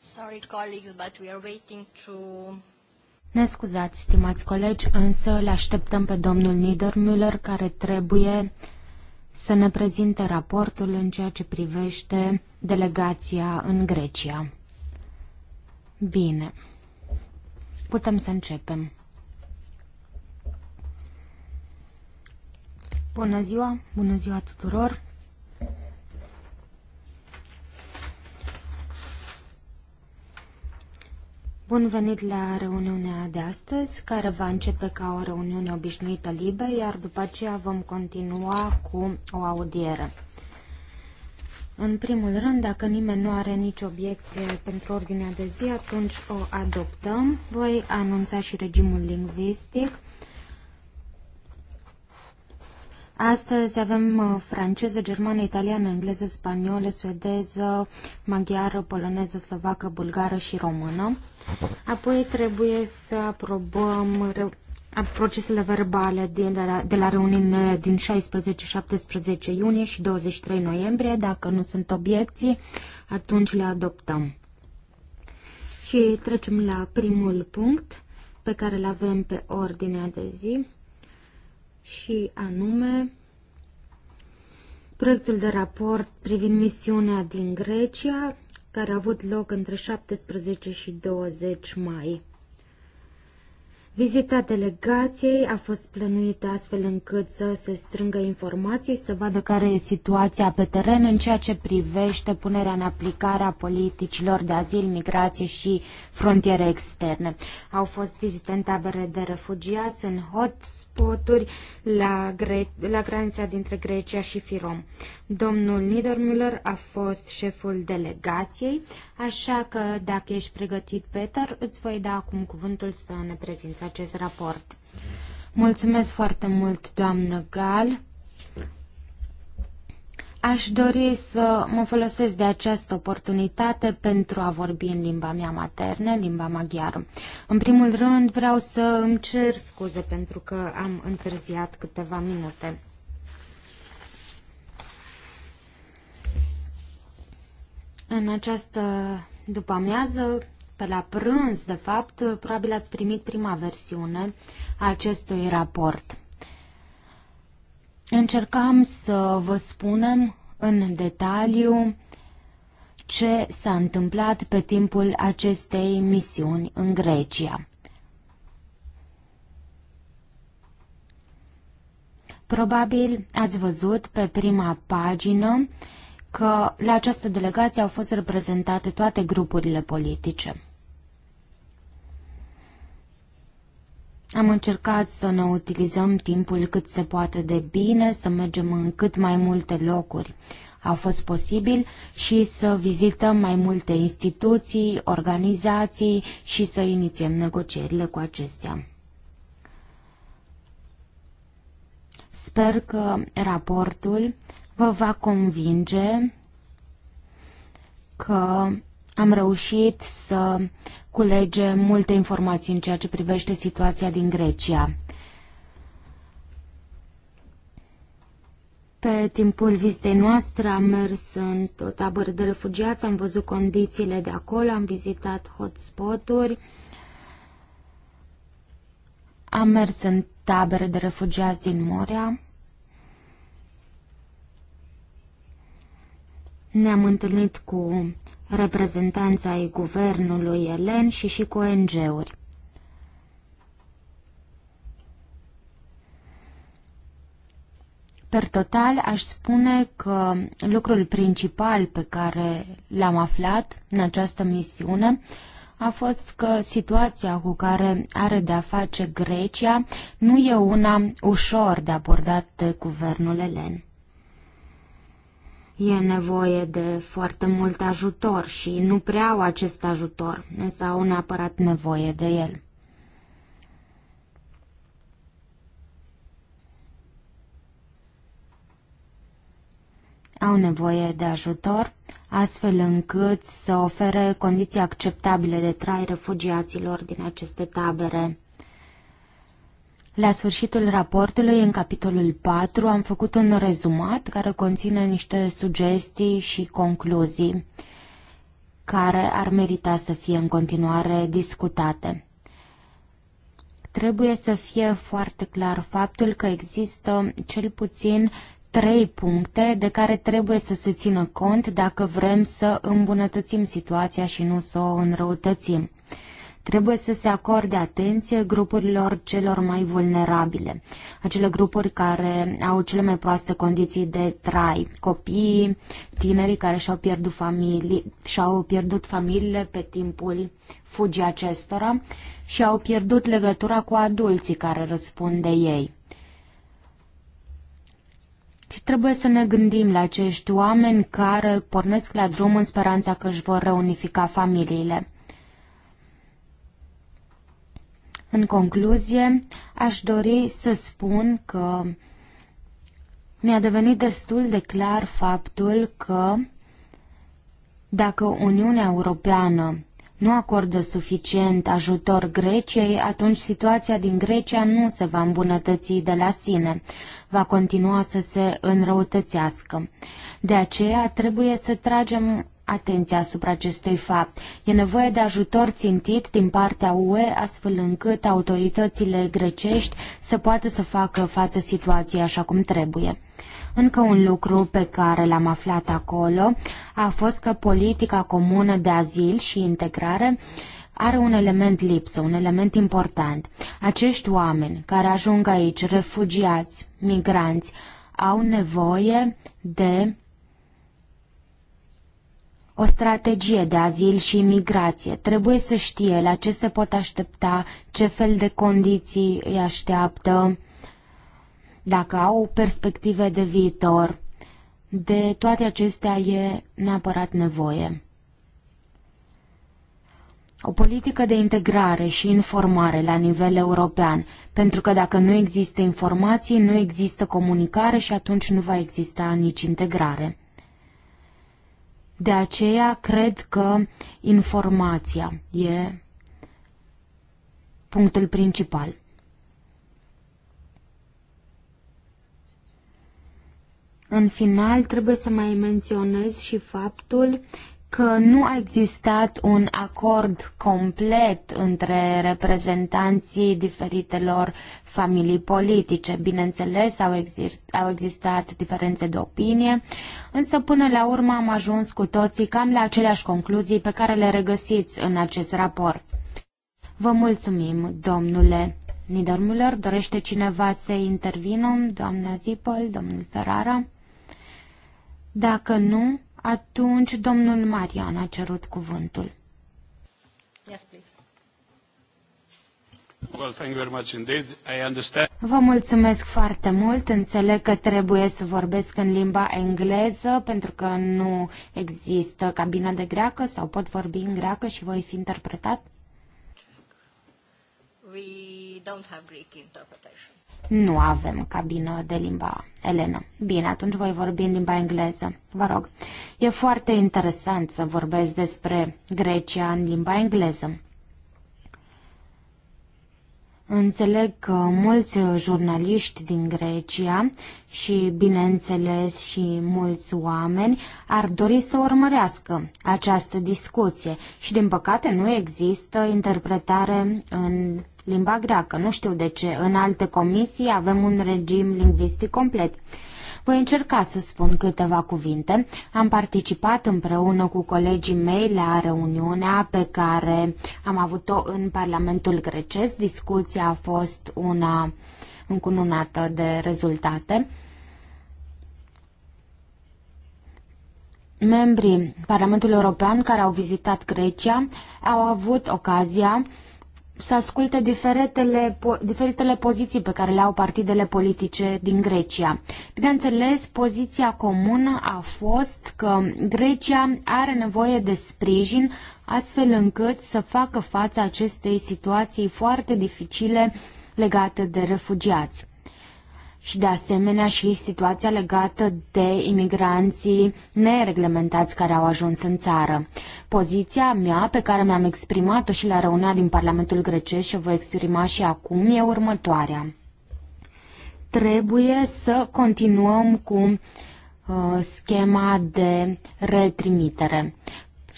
Sorry, colleagues, but we are waiting to... Ne scuzați, stimați colegi, însă îl așteptăm pe domnul Niedermüller, care trebuie să ne prezinte raportul în ceea ce privește delegația în Grecia. Bine, putem să începem. Bună ziua, bună ziua tuturor! Bun venit la reuniunea de astăzi, care va începe ca o reuniune obișnuită liberă, iar după aceea vom continua cu o audiere. În primul rând, dacă nimeni nu are nicio obiecție pentru ordinea de zi, atunci o adoptăm. Voi anunța și regimul lingvistic. Astăzi avem uh, franceză, germană, italiană, engleză, spaniolă, suedeză, maghiară, poloneză, slovacă, bulgară și română. Apoi trebuie să aprobăm procesele verbale de la, de la reuniune din 16-17 iunie și 23 noiembrie. Dacă nu sunt obiecții, atunci le adoptăm. Și trecem la primul punct pe care îl avem pe ordinea de zi și anume proiectul de raport privind misiunea din Grecia, care a avut loc între 17 și 20 mai. Vizita delegației a fost plănuită astfel încât să se strângă informații, să vadă care e situația pe teren în ceea ce privește punerea în aplicare a politicilor de azil, migrație și frontiere externe. Au fost vizite în tabere de refugiați, în hotspoturi, la, Gre- la granița dintre Grecia și Firom. Domnul Niedermüller a fost șeful delegației, așa că dacă ești pregătit, Peter, îți voi da acum cuvântul să ne prezinți acest raport. Mulțumesc foarte mult, doamnă Gal. Aș dori să mă folosesc de această oportunitate pentru a vorbi în limba mea maternă, limba maghiară. În primul rând vreau să îmi cer scuze pentru că am întârziat câteva minute. În această după-amiază, pe la prânz, de fapt, probabil ați primit prima versiune a acestui raport. Încercam să vă spunem în detaliu ce s-a întâmplat pe timpul acestei misiuni în Grecia. Probabil ați văzut pe prima pagină uh, că la această delegație au fost reprezentate toate grupurile politice. Am încercat să ne utilizăm timpul cât se poate de bine, să mergem în cât mai multe locuri a fost posibil și să vizităm mai multe instituții, organizații și să inițiem negocierile cu acestea. Sper că raportul vă va convinge că am reușit să culegem multe informații în ceea ce privește situația din Grecia. Pe timpul vizitei noastre am mers în o tabără de refugiați, am văzut condițiile de acolo, am vizitat hotspot-uri, am mers în tabere de refugiați din Morea, Ne-am întâlnit cu reprezentanța ai guvernului elen și și cu ONG-uri. Per total, aș spune că lucrul principal pe care l-am aflat în această misiune a fost că situația cu care are de-a face Grecia nu e una ușor de abordat de guvernul elen. E nevoie de foarte mult ajutor și nu prea au acest ajutor, însă au neapărat nevoie de el. Au nevoie de ajutor, astfel încât să ofere condiții acceptabile de trai refugiaților din aceste tabere. La sfârșitul raportului, în capitolul 4, am făcut un rezumat care conține niște sugestii și concluzii care ar merita să fie în continuare discutate. Trebuie să fie foarte clar faptul că există cel puțin trei puncte de care trebuie să se țină cont dacă vrem să îmbunătățim situația și nu să o înrăutățim. Trebuie să se acorde atenție grupurilor celor mai vulnerabile, acele grupuri care au cele mai proaste condiții de trai, copiii, tinerii care și-au pierdut, familii, și-au pierdut familiile pe timpul fugii acestora și au pierdut legătura cu adulții care răspund de ei. Și trebuie să ne gândim la acești oameni care pornesc la drum în speranța că își vor reunifica familiile. În concluzie, aș dori să spun că mi-a devenit destul de clar faptul că dacă Uniunea Europeană nu acordă suficient ajutor Greciei, atunci situația din Grecia nu se va îmbunătăți de la sine, va continua să se înrăutățească. De aceea trebuie să tragem atenția asupra acestui fapt. E nevoie de ajutor țintit din partea UE, astfel încât autoritățile grecești să poată să facă față situației așa cum trebuie. Încă un lucru pe care l-am aflat acolo a fost că politica comună de azil și integrare are un element lipsă, un element important. Acești oameni care ajung aici, refugiați, migranți, au nevoie de o strategie de azil și imigrație. Trebuie să știe la ce se pot aștepta, ce fel de condiții îi așteaptă, dacă au perspective de viitor. De toate acestea e neapărat nevoie. O politică de integrare și informare la nivel european, pentru că dacă nu există informații, nu există comunicare și atunci nu va exista nici integrare. De aceea cred că informația e punctul principal. În final, trebuie să mai menționez și faptul că nu a existat un acord complet între reprezentanții diferitelor familii politice. Bineînțeles, au, exist, au existat diferențe de opinie, însă până la urmă am ajuns cu toții cam la aceleași concluzii pe care le regăsiți în acest raport. Vă mulțumim, domnule Niedermüller. Dorește cineva să intervină? Doamna Zipol, domnul Ferrara? Dacă nu, atunci domnul Marian a cerut cuvântul. Yes, please. Well, thank you very much indeed. I understand. Vă mulțumesc foarte mult. Înțeleg că trebuie să vorbesc în limba engleză pentru că nu există cabina de greacă sau pot vorbi în greacă și voi fi interpretat? We don't have Greek interpretation. Nu avem cabină de limba elenă. Bine, atunci voi vorbi în limba engleză. Vă rog. E foarte interesant să vorbesc despre Grecia în limba engleză. Înțeleg că mulți jurnaliști din Grecia și, bineînțeles, și mulți oameni ar dori să urmărească această discuție și, din păcate, nu există interpretare în limba greacă. Nu știu de ce. În alte comisii avem un regim lingvistic complet. Voi încerca să spun câteva cuvinte. Am participat împreună cu colegii mei la reuniunea pe care am avut-o în Parlamentul grecesc. Discuția a fost una încununată de rezultate. Membrii Parlamentului European care au vizitat Grecia au avut ocazia să asculte diferitele, diferitele poziții pe care le au partidele politice din Grecia. Bineînțeles, poziția comună a fost că Grecia are nevoie de sprijin astfel încât să facă față acestei situații foarte dificile legate de refugiați și de asemenea și situația legată de imigranții nereglementați care au ajuns în țară. Poziția mea pe care mi-am exprimat-o și la reuniunea din Parlamentul grecesc și o voi exprima și acum e următoarea. Trebuie să continuăm cu uh, schema de retrimitere.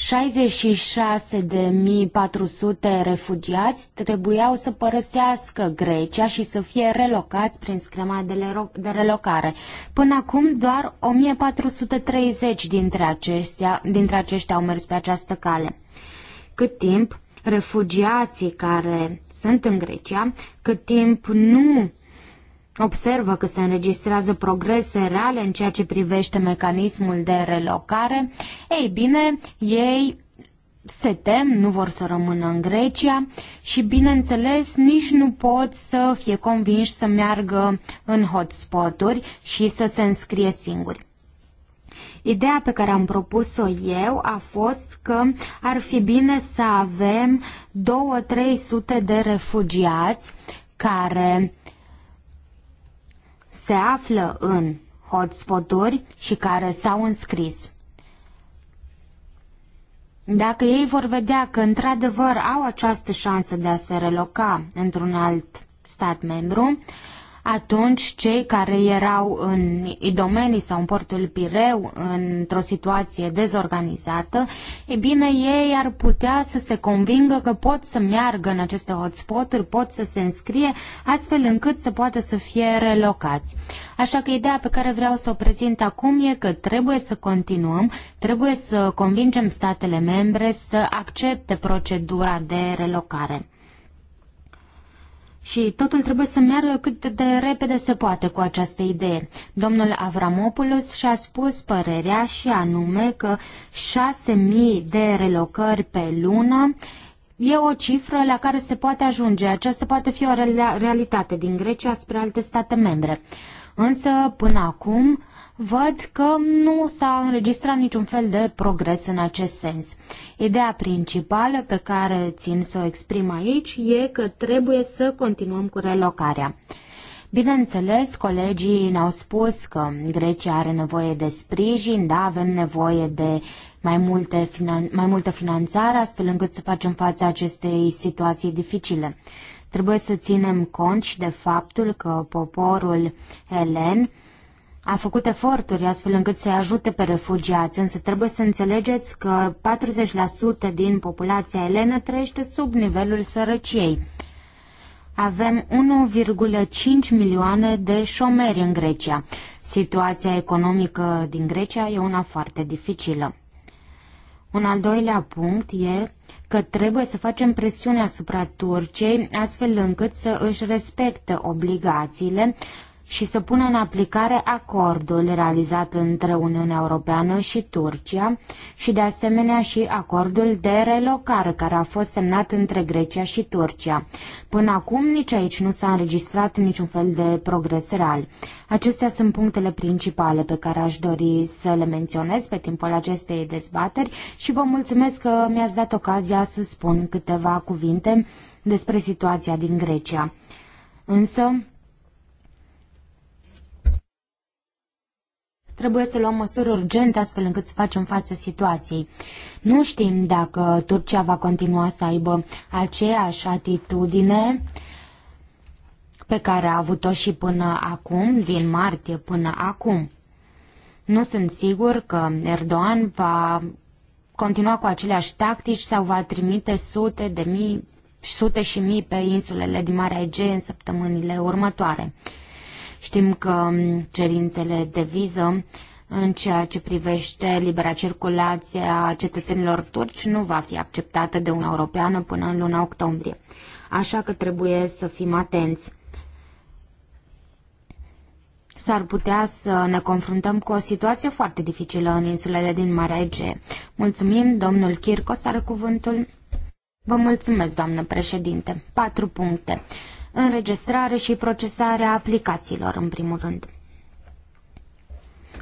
66.400 refugiați trebuiau să părăsească Grecia și să fie relocați prin schema de relocare. Până acum, doar 1.430 dintre, acestea, dintre aceștia au mers pe această cale. Cât timp refugiații care sunt în Grecia, cât timp nu observă că se înregistrează progrese reale în ceea ce privește mecanismul de relocare, ei bine, ei se tem, nu vor să rămână în Grecia și, bineînțeles, nici nu pot să fie convinși să meargă în hotspoturi și să se înscrie singuri. Ideea pe care am propus-o eu a fost că ar fi bine să avem 2-300 de refugiați care se află în hotspoturi și care s-au înscris. Dacă ei vor vedea că într-adevăr au această șansă de a se reloca într-un alt stat membru, uh, atunci cei care erau în domenii sau în portul Pireu într-o situație dezorganizată, e bine, ei ar putea să se convingă că pot să meargă în aceste hotspoturi, pot să se înscrie, astfel încât să poată să fie relocați. Așa că ideea pe care vreau să o prezint acum e că trebuie să continuăm, trebuie să convingem statele membre să accepte procedura de relocare și totul trebuie să meargă cât de repede se poate cu această idee. Domnul Avramopoulos și-a spus părerea și anume că 6.000 de relocări pe lună e o cifră la care se poate ajunge. Aceasta poate fi o realitate din Grecia spre alte state membre. Însă, până acum, văd că nu s-a înregistrat niciun fel de progres în acest sens. Ideea principală pe care țin să o exprim aici e că trebuie să continuăm cu relocarea. Bineînțeles, colegii ne-au spus că Grecia are nevoie de sprijin, da, avem nevoie de mai, multe finan- mai multă finanțare, astfel încât să facem față acestei situații dificile. Trebuie să ținem cont și de faptul că poporul elen a făcut eforturi astfel încât să ajute pe refugiați, însă trebuie să înțelegeți că 40% din populația elenă trăiește sub nivelul sărăciei. Avem 1,5 milioane de șomeri în Grecia. Situația economică din Grecia e una foarte dificilă. Un al doilea punct e că trebuie să facem presiune asupra Turciei astfel încât să își respecte obligațiile și să pună în aplicare acordul realizat între Uniunea Europeană și Turcia și de asemenea și acordul de relocare care a fost semnat între Grecia și Turcia. Până acum nici aici nu s-a înregistrat niciun fel de progres real. Acestea sunt punctele principale pe care aș dori să le menționez pe timpul acestei dezbateri și vă mulțumesc că mi-ați dat ocazia să spun câteva cuvinte despre situația din Grecia. Însă, Trebuie să luăm măsuri urgente astfel încât să facem față situației. Nu știm dacă Turcia va continua să aibă aceeași atitudine pe care a avut-o și până acum, din martie până acum. Nu sunt sigur că Erdogan va continua cu aceleași tactici sau va trimite sute de mii, sute și mii pe insulele din Marea Egee în săptămânile următoare. Știm că mm, cerințele de viză în ceea ce privește libera circulație a cetățenilor turci nu va fi acceptată de Uniunea Europeană până în luna octombrie. Așa că trebuie să fim atenți. S-ar putea să ne confruntăm cu o situație foarte dificilă în insulele din Marea Egee. Mulțumim, domnul Kirkos are cuvântul. Vă mulțumesc, doamnă președinte. Patru puncte înregistrare și procesarea aplicațiilor, în primul rând.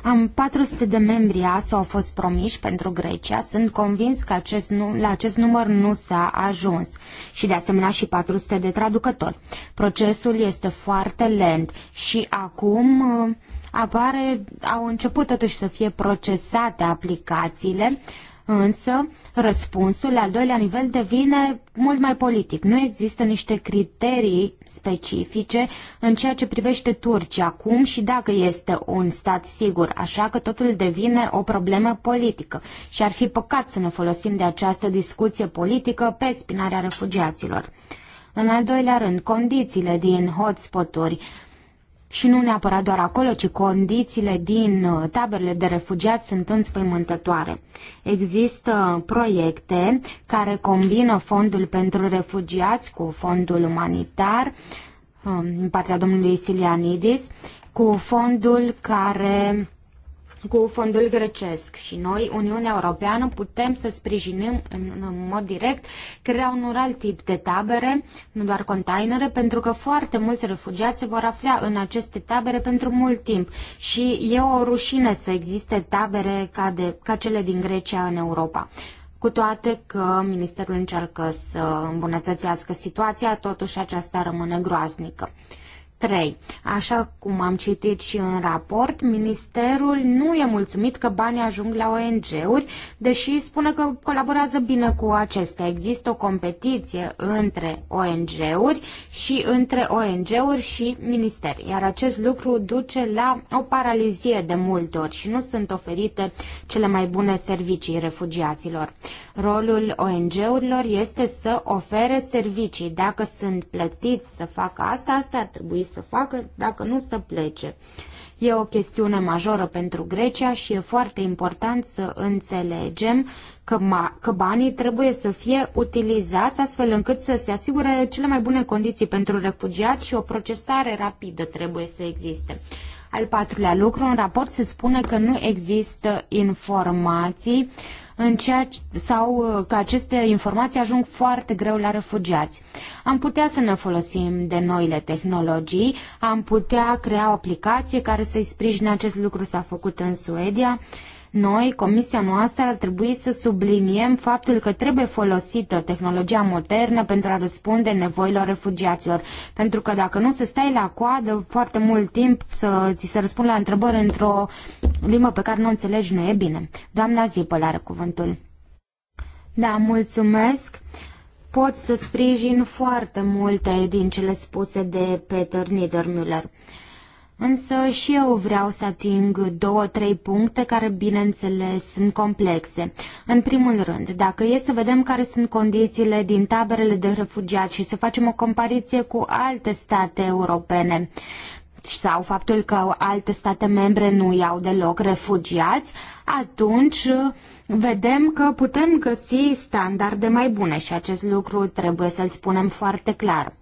Am 400 de membri ASO au fost promiși pentru Grecia. Sunt convins că acest num- la acest număr nu s-a ajuns și de asemenea și 400 de traducători. Procesul este foarte lent și acum uh, apare, au început totuși să fie procesate aplicațiile. Uh, Însă, răspunsul la al doilea nivel devine mult mai politic. Nu există niște criterii specifice în ceea ce privește Turcia acum și dacă este un stat sigur, așa că totul devine o problemă politică și ar fi păcat să ne folosim de această discuție politică pe spinarea refugiaților. În al doilea rând, condițiile din hotspoturi. uri și nu neapărat doar acolo, ci condițiile din uh, taberele de refugiați sunt înspăimântătoare. Există proiecte care combină fondul pentru refugiați cu fondul umanitar, în um, partea domnului Silianidis, cu fondul care cu fondul grecesc și noi, Uniunea Europeană, putem să sprijinim în, în mod direct crearea unor alt tip de tabere, nu doar containere, pentru că foarte mulți refugiați se vor afla în aceste tabere pentru mult timp și e o rușine să existe tabere ca, de, ca cele din Grecia în Europa. Cu toate că Ministerul încearcă să îmbunătățească situația, totuși aceasta rămâne groaznică. 3. Așa cum am citit și în raport, ministerul nu e mulțumit că banii ajung la ONG-uri, deși spune că colaborează bine cu acestea. Există o competiție între ONG-uri și între ONG-uri și minister, iar acest lucru duce la o paralizie de multe ori și nu sunt oferite cele mai bune servicii refugiaților. Rolul ONG-urilor este să ofere servicii. Dacă sunt plătiți să facă asta, asta ar trebui să facă, dacă nu să plece. E o chestiune majoră pentru Grecia și e foarte important să înțelegem că, ma- că banii trebuie să fie utilizați astfel încât să se asigure cele mai bune condiții pentru refugiați și o procesare rapidă trebuie să existe. Al patrulea lucru, în raport se spune că nu există informații uh, în ceea, sau uh, că aceste informații ajung foarte greu la refugiați. Am putea să ne folosim de noile tehnologii, am putea crea o aplicație care să-i sprijine acest lucru s-a făcut în Suedia. Uh, noi, comisia noastră, ar trebui să subliniem faptul că trebuie folosită tehnologia modernă pentru a răspunde nevoilor refugiaților. Pentru că dacă nu se stai la coadă foarte mult timp să ți se răspund la întrebări într-o limbă pe care nu o înțelegi, nu e bine. Doamna Zipăl are cuvântul. Da, mulțumesc pot să sprijin foarte multe din cele spuse de Peter Niedermüller. Însă și eu vreau să ating două, trei puncte care, bineînțeles, sunt complexe. În primul rând, dacă e să vedem care sunt condițiile din taberele de refugiați și să facem o comparație cu alte state europene, sau faptul că alte state membre nu iau deloc refugiați, atunci uh, vedem că putem găsi standarde mai bune și acest lucru trebuie să-l spunem foarte clar.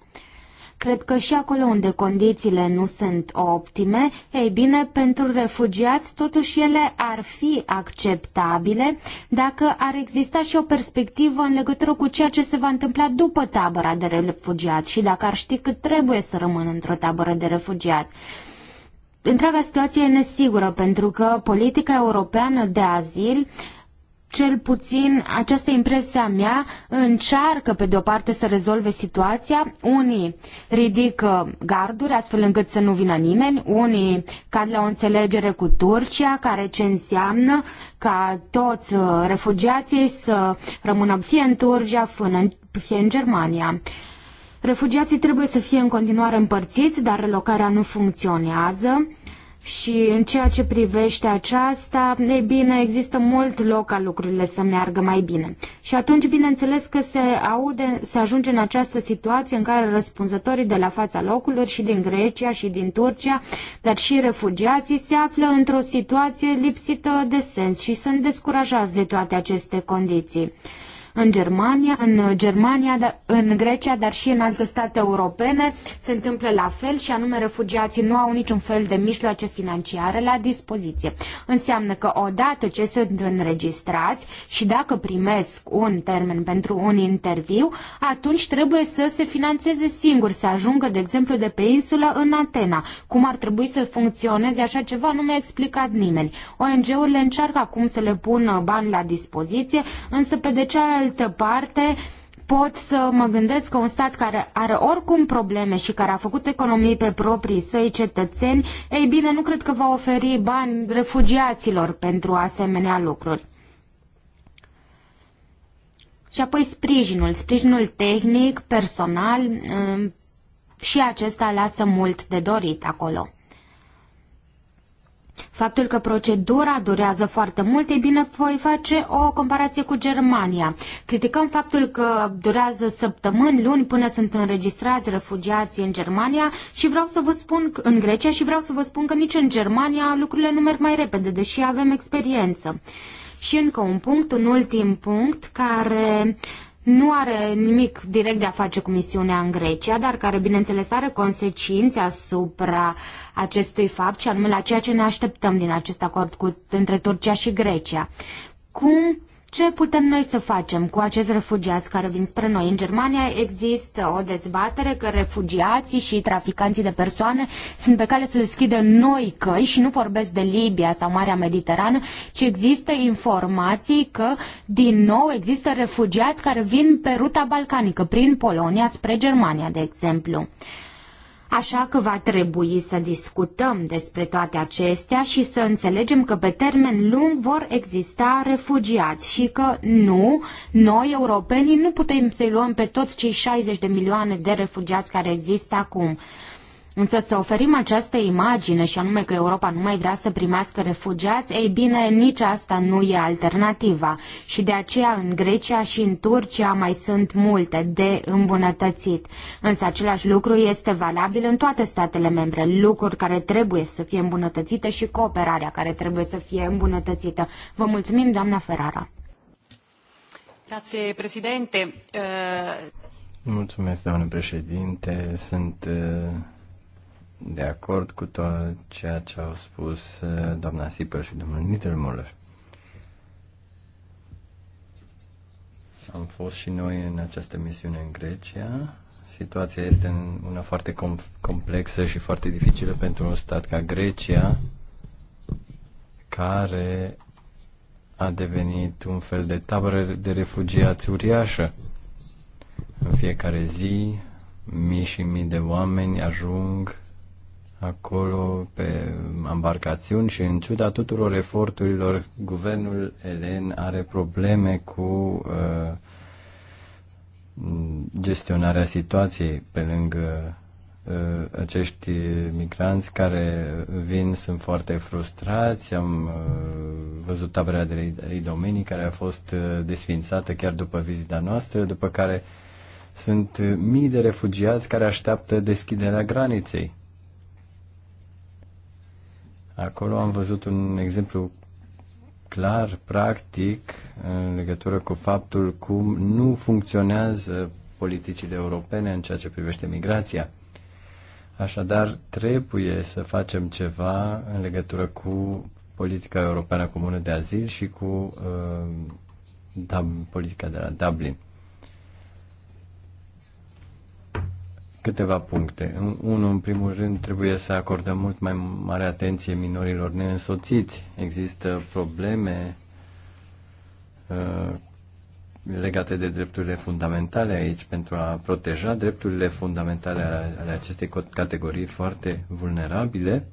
Cred că și acolo unde condițiile nu sunt optime, ei bine, pentru refugiați totuși ele ar fi acceptabile dacă ar exista și o perspectivă în legătură cu ceea ce se va întâmpla după tabăra de refugiați și dacă ar ști cât trebuie să rămână într-o tabără de refugiați. Întreaga situație e nesigură pentru că politica europeană de azil cel puțin această impresia mea încearcă pe de o parte să rezolve situația, unii ridică garduri astfel încât să nu vină nimeni, unii cad la o înțelegere cu Turcia, care ce înseamnă ca toți uh, refugiații să rămână fie în Turcia, fie în Germania. Refugiații trebuie să fie în continuare împărțiți, dar relocarea nu funcționează. Și în ceea ce privește aceasta, e bine, există mult loc ca lucrurile să meargă mai bine. Și atunci, bineînțeles că se, aude, se ajunge în această situație în care răspunzătorii de la fața locului și din Grecia și din Turcia, dar și refugiații se află într-o situație lipsită de sens și sunt descurajați de toate aceste condiții în Germania, în Germania, da, în Grecia, dar și în alte state europene se întâmplă la fel și anume refugiații nu au niciun fel de mijloace financiare la dispoziție. Înseamnă că odată ce sunt înregistrați și dacă primesc un termen pentru un interviu, atunci trebuie să se financeze singur, să ajungă, de exemplu, de pe insulă în Atena. Cum ar trebui să funcționeze așa ceva nu mi-a explicat nimeni. ONG-urile încearcă acum să le pună bani la dispoziție, însă pe de cealaltă altă parte, pot să mă gândesc că un stat care are oricum probleme și care a făcut economii pe proprii săi cetățeni, ei bine, nu cred că va oferi bani refugiaților pentru asemenea lucruri. Și apoi sprijinul, sprijinul tehnic, personal, mm, și acesta lasă mult de dorit acolo. Faptul că procedura durează foarte mult, e bine, voi face o comparație cu Germania. Criticăm faptul că durează săptămâni, luni până sunt înregistrați refugiații în Germania și vreau să vă spun că în Grecia și vreau să vă spun că nici în Germania lucrurile nu merg mai repede, deși avem experiență. Și încă un punct, un ultim punct care nu are nimic direct de a face cu misiunea în Grecia, dar care, bineînțeles, are consecințe asupra uh, acestui fapt și anume la ceea ce ne așteptăm din acest acord cu, între Turcia și Grecia. Cum ce putem noi să facem cu acești refugiați care vin spre noi? În Germania există o dezbatere că refugiații și traficanții de persoane sunt pe cale să deschidă noi căi și nu vorbesc de Libia sau Marea Mediterană, ci există informații că din nou există refugiați care vin pe ruta balcanică, prin Polonia spre Germania, de exemplu. Uh, Așa că va trebui să discutăm despre toate acestea și să înțelegem că pe termen lung vor exista refugiați și că nu, noi europenii nu putem să-i luăm pe toți cei 60 de milioane de refugiați care există acum. Însă să oferim această imagine și anume că Europa nu mai vrea să primească refugiați, ei bine, nici asta nu e alternativa. Și de aceea în Grecia și în Turcia mai sunt multe de îmbunătățit. Însă același lucru este valabil în toate statele membre, lucruri care trebuie să fie îmbunătățite și cooperarea care trebuie să fie îmbunătățită. Vă mulțumim, doamna Ferrara. Grazie, Presidente. Mulțumesc, doamnă președinte. Sunt uh, de acord cu tot ceea ce au spus uh, doamna Sipăr și domnul Nittelmuller. Am fost și noi în această misiune în Grecia. Situația este una foarte complexă și foarte dificilă pentru un stat ca Grecia, care a devenit un fel de tabără de refugiați uriașă. În fiecare zi, mii și mii de oameni ajung acolo pe embarcațiuni și în ciuda tuturor eforturilor, guvernul elen are probleme cu uh, gestionarea situației pe lângă uh, acești migranți care vin sunt foarte frustrați. Am uh, văzut tabăra de domenii care a fost uh, desfințată chiar după vizita noastră, după care sunt mii de refugiați care așteaptă deschiderea graniței Acolo am văzut un exemplu clar, practic, în legătură cu faptul cum nu funcționează politicile europene în ceea ce privește migrația. Așadar, trebuie să facem ceva în legătură cu politica europeană comună de azil și cu uh, politica de la Dublin. câteva puncte. În, unul, în primul rând, trebuie să acordăm mult mai mare atenție minorilor neînsoțiți. Există probleme uh, legate de drepturile fundamentale aici pentru a proteja drepturile fundamentale ale, ale acestei categorii foarte vulnerabile.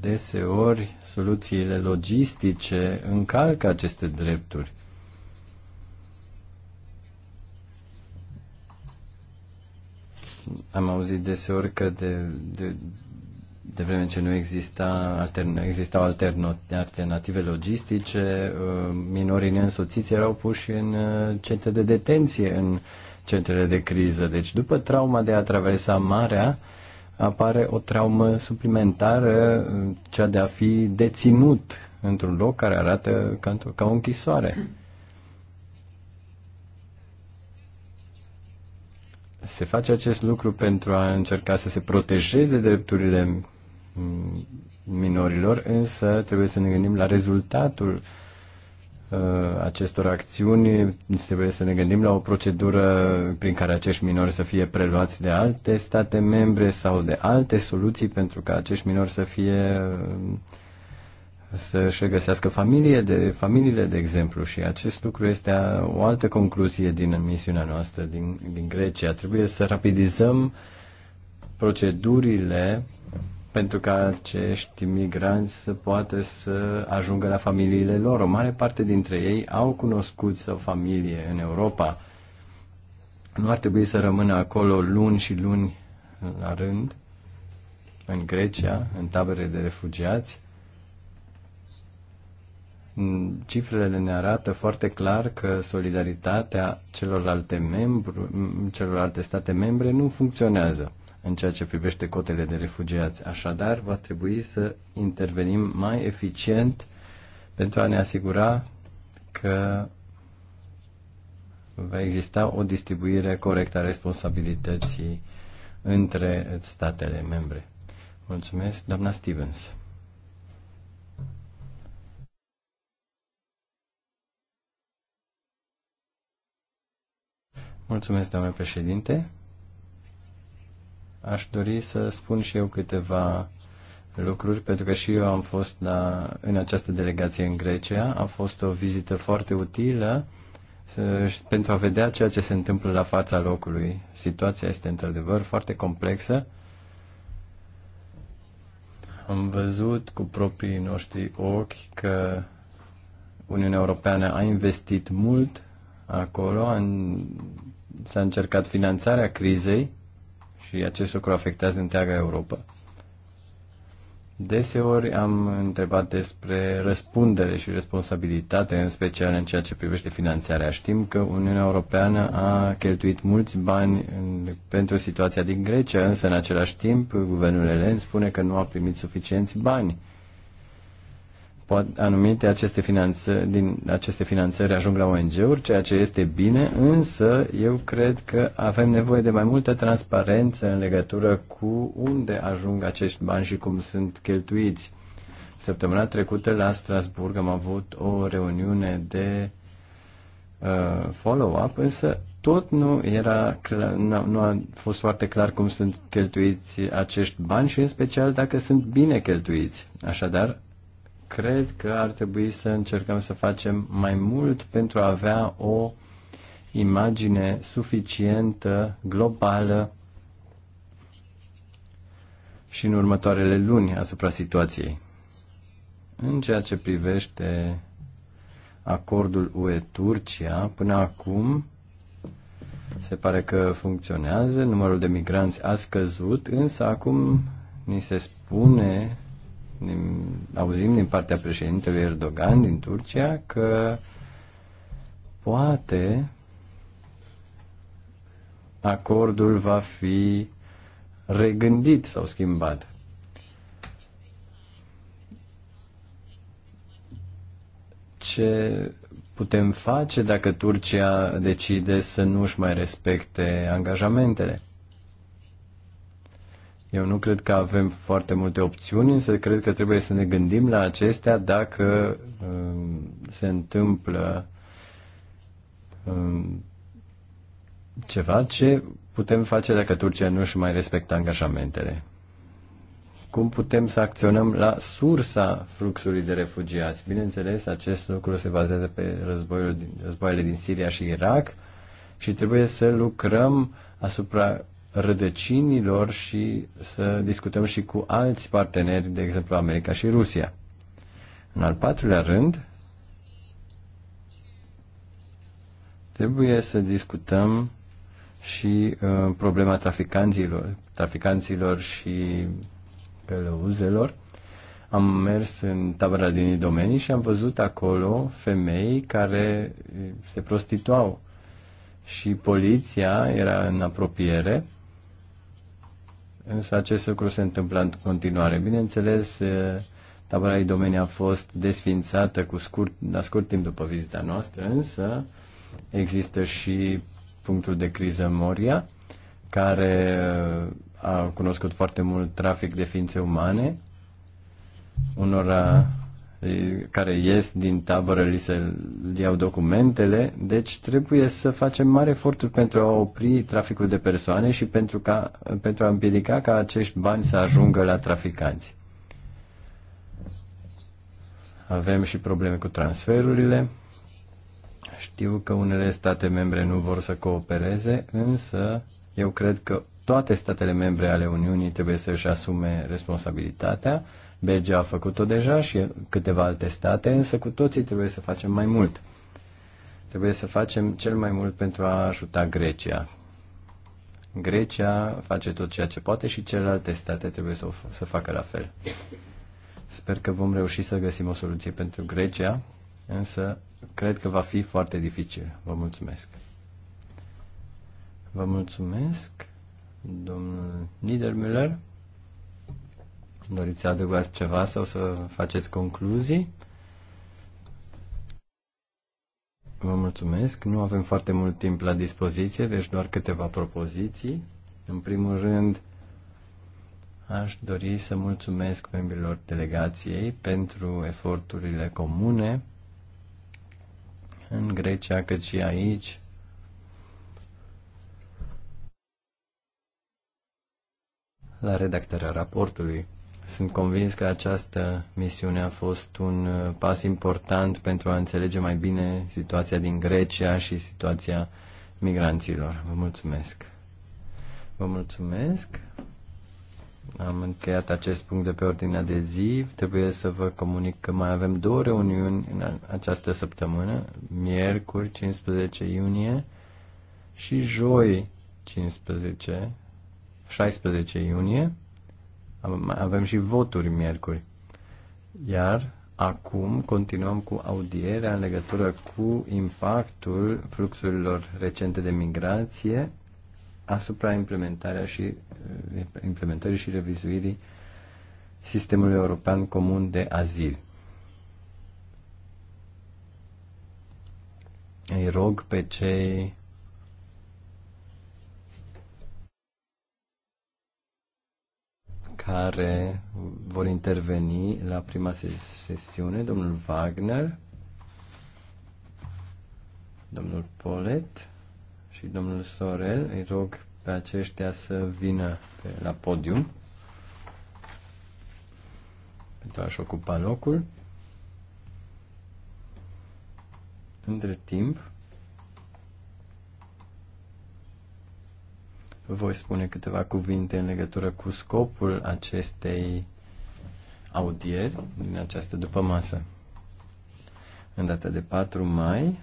Deseori, soluțiile logistice încalcă aceste drepturi am auzit deseori că de, de, de vreme ce nu exista altern, existau altern, alternative logistice, uh, minorii neînsoțiți erau puși în uh, centre de detenție, în centrele de criză. Deci după trauma de a traversa marea, apare o traumă suplimentară, uh, cea de a fi deținut într-un loc care arată ca, ca o închisoare. se face acest lucru pentru a încerca să se protejeze drepturile minorilor, însă trebuie să ne gândim la rezultatul uh, acestor acțiuni, trebuie să ne gândim la o procedură prin care acești minori să fie preluați de alte state membre sau de alte soluții pentru ca acești minori să fie uh, să-și găsească familie de, familiile, de exemplu, și acest lucru este o altă concluzie din misiunea noastră din, din Grecia. Trebuie să rapidizăm procedurile pentru ca acești migranți să poată să ajungă la familiile lor. O mare parte dintre ei au cunoscut sau familie în Europa. Nu ar trebui să rămână acolo luni și luni la rând, în Grecia, în tabere de refugiați, Mm, cifrele ne arată foarte clar că solidaritatea celorlalte, membru, mm, celorlalte state membre nu funcționează în ceea ce privește cotele de refugiați. Așadar, va trebui să intervenim mai eficient pentru a ne asigura că va exista o distribuire corectă a responsabilității între statele membre. Mulțumesc, doamna Stevens. Mulțumesc, doamne președinte. Aș dori să spun și eu câteva lucruri, pentru că și eu am fost la, în această delegație în Grecia. A fost o vizită foarte utilă să, pentru a vedea ceea ce se întâmplă la fața locului. Situația este într-adevăr foarte complexă. Am văzut cu proprii noștri ochi că Uniunea Europeană a investit mult Acolo În, s-a încercat finanțarea crizei și acest lucru afectează întreaga Europa. Deseori am întrebat despre răspundere și responsabilitate, în special în ceea ce privește finanțarea. Știm că Uniunea Europeană a cheltuit mulți bani în, pentru situația din Grecia, însă în același timp guvernul elen spune că nu a primit suficienți bani anumite aceste finanțări, din aceste finanțări ajung la ONG-uri, ceea ce este bine, însă eu cred că avem nevoie de mai multă transparență în legătură cu unde ajung acești bani și cum sunt cheltuiți. Săptămâna trecută la Strasburg am avut o reuniune de uh, follow-up, însă tot nu era clar, nu, nu a fost foarte clar cum sunt cheltuiți acești bani și în special dacă sunt bine cheltuiți. Așadar, cred că ar trebui să încercăm să facem mai mult pentru a avea o imagine suficientă, globală și în următoarele luni asupra situației. În ceea ce privește acordul UE-Turcia, până acum se pare că funcționează, numărul de migranți a scăzut, însă acum ni se spune auzim din partea președintelui Erdogan din Turcia că poate acordul va fi regândit sau schimbat. Ce putem face dacă Turcia decide să nu și mai respecte angajamentele? Eu nu cred că avem foarte multe opțiuni, însă cred că trebuie să ne gândim la acestea dacă um, se întâmplă um, ceva ce putem face dacă Turcia nu își mai respectă angajamentele. Cum putem să acționăm la sursa fluxului de refugiați? Bineînțeles, acest lucru se bazează pe războiul, războaiele din Siria și Irak și trebuie să lucrăm asupra rădăcinilor și să discutăm și cu alți parteneri, de exemplu America și Rusia. În al patrulea rând, trebuie să discutăm și uh, problema traficanților, traficanților și călăuzelor. Am mers în tabăra din domenii și am văzut acolo femei care uh, se prostituau și poliția era în apropiere Însă acest lucru se întâmplă în continuare. Bineînțeles, tabăra Idomeni a fost desfințată cu scurt, la scurt timp după vizita noastră, însă există și punctul de criză Moria, care a cunoscut foarte mult trafic de ființe umane. Unora care ies din tabără, li se iau documentele, deci trebuie să facem mari eforturi pentru a opri traficul de persoane și pentru, ca, pentru a împiedica ca acești bani să ajungă la traficanți. Avem și probleme cu transferurile. Știu că unele state membre nu vor să coopereze, însă eu cred că toate statele membre ale Uniunii trebuie să-și asume responsabilitatea Belgia a făcut-o deja și câteva alte state, însă cu toții trebuie să facem mai mult. Trebuie să facem cel mai mult pentru a ajuta Grecia. Grecia face tot ceea ce poate și celelalte state trebuie să, să facă la fel. Sper că vom reuși să găsim o soluție pentru Grecia, însă cred că va fi foarte dificil. Vă mulțumesc. Vă mulțumesc, domnul Niedermüller. Doriți să adăugați ceva sau să faceți concluzii? Vă mulțumesc. Nu avem foarte mult timp la dispoziție, deci doar câteva propoziții. În primul rând, aș dori să mulțumesc membrilor delegației pentru eforturile comune în Grecia, cât și aici. la redactarea raportului. Sunt convins că această misiune a fost un uh, pas important pentru a înțelege mai bine situația din Grecia și situația migranților. Vă mulțumesc. Vă mulțumesc. Am încheiat acest punct de pe ordinea de zi. Trebuie să vă comunic că mai avem două reuniuni în această săptămână, miercuri 15 iunie și joi 15 16 iunie avem și voturi miercuri. Iar acum continuăm cu audierea în legătură cu impactul fluxurilor recente de migrație asupra implementarea și, eh, implementării și revizuirii sistemului european comun de azil. Îi rog pe cei care vor interveni la prima sesiune, domnul Wagner, domnul Polet și domnul Sorel. Îi rog pe aceștia să vină pe, la podium pentru a-și ocupa locul. Între timp, voi spune câteva cuvinte în legătură cu scopul acestei audieri din această dupămasă. În data de 4 mai,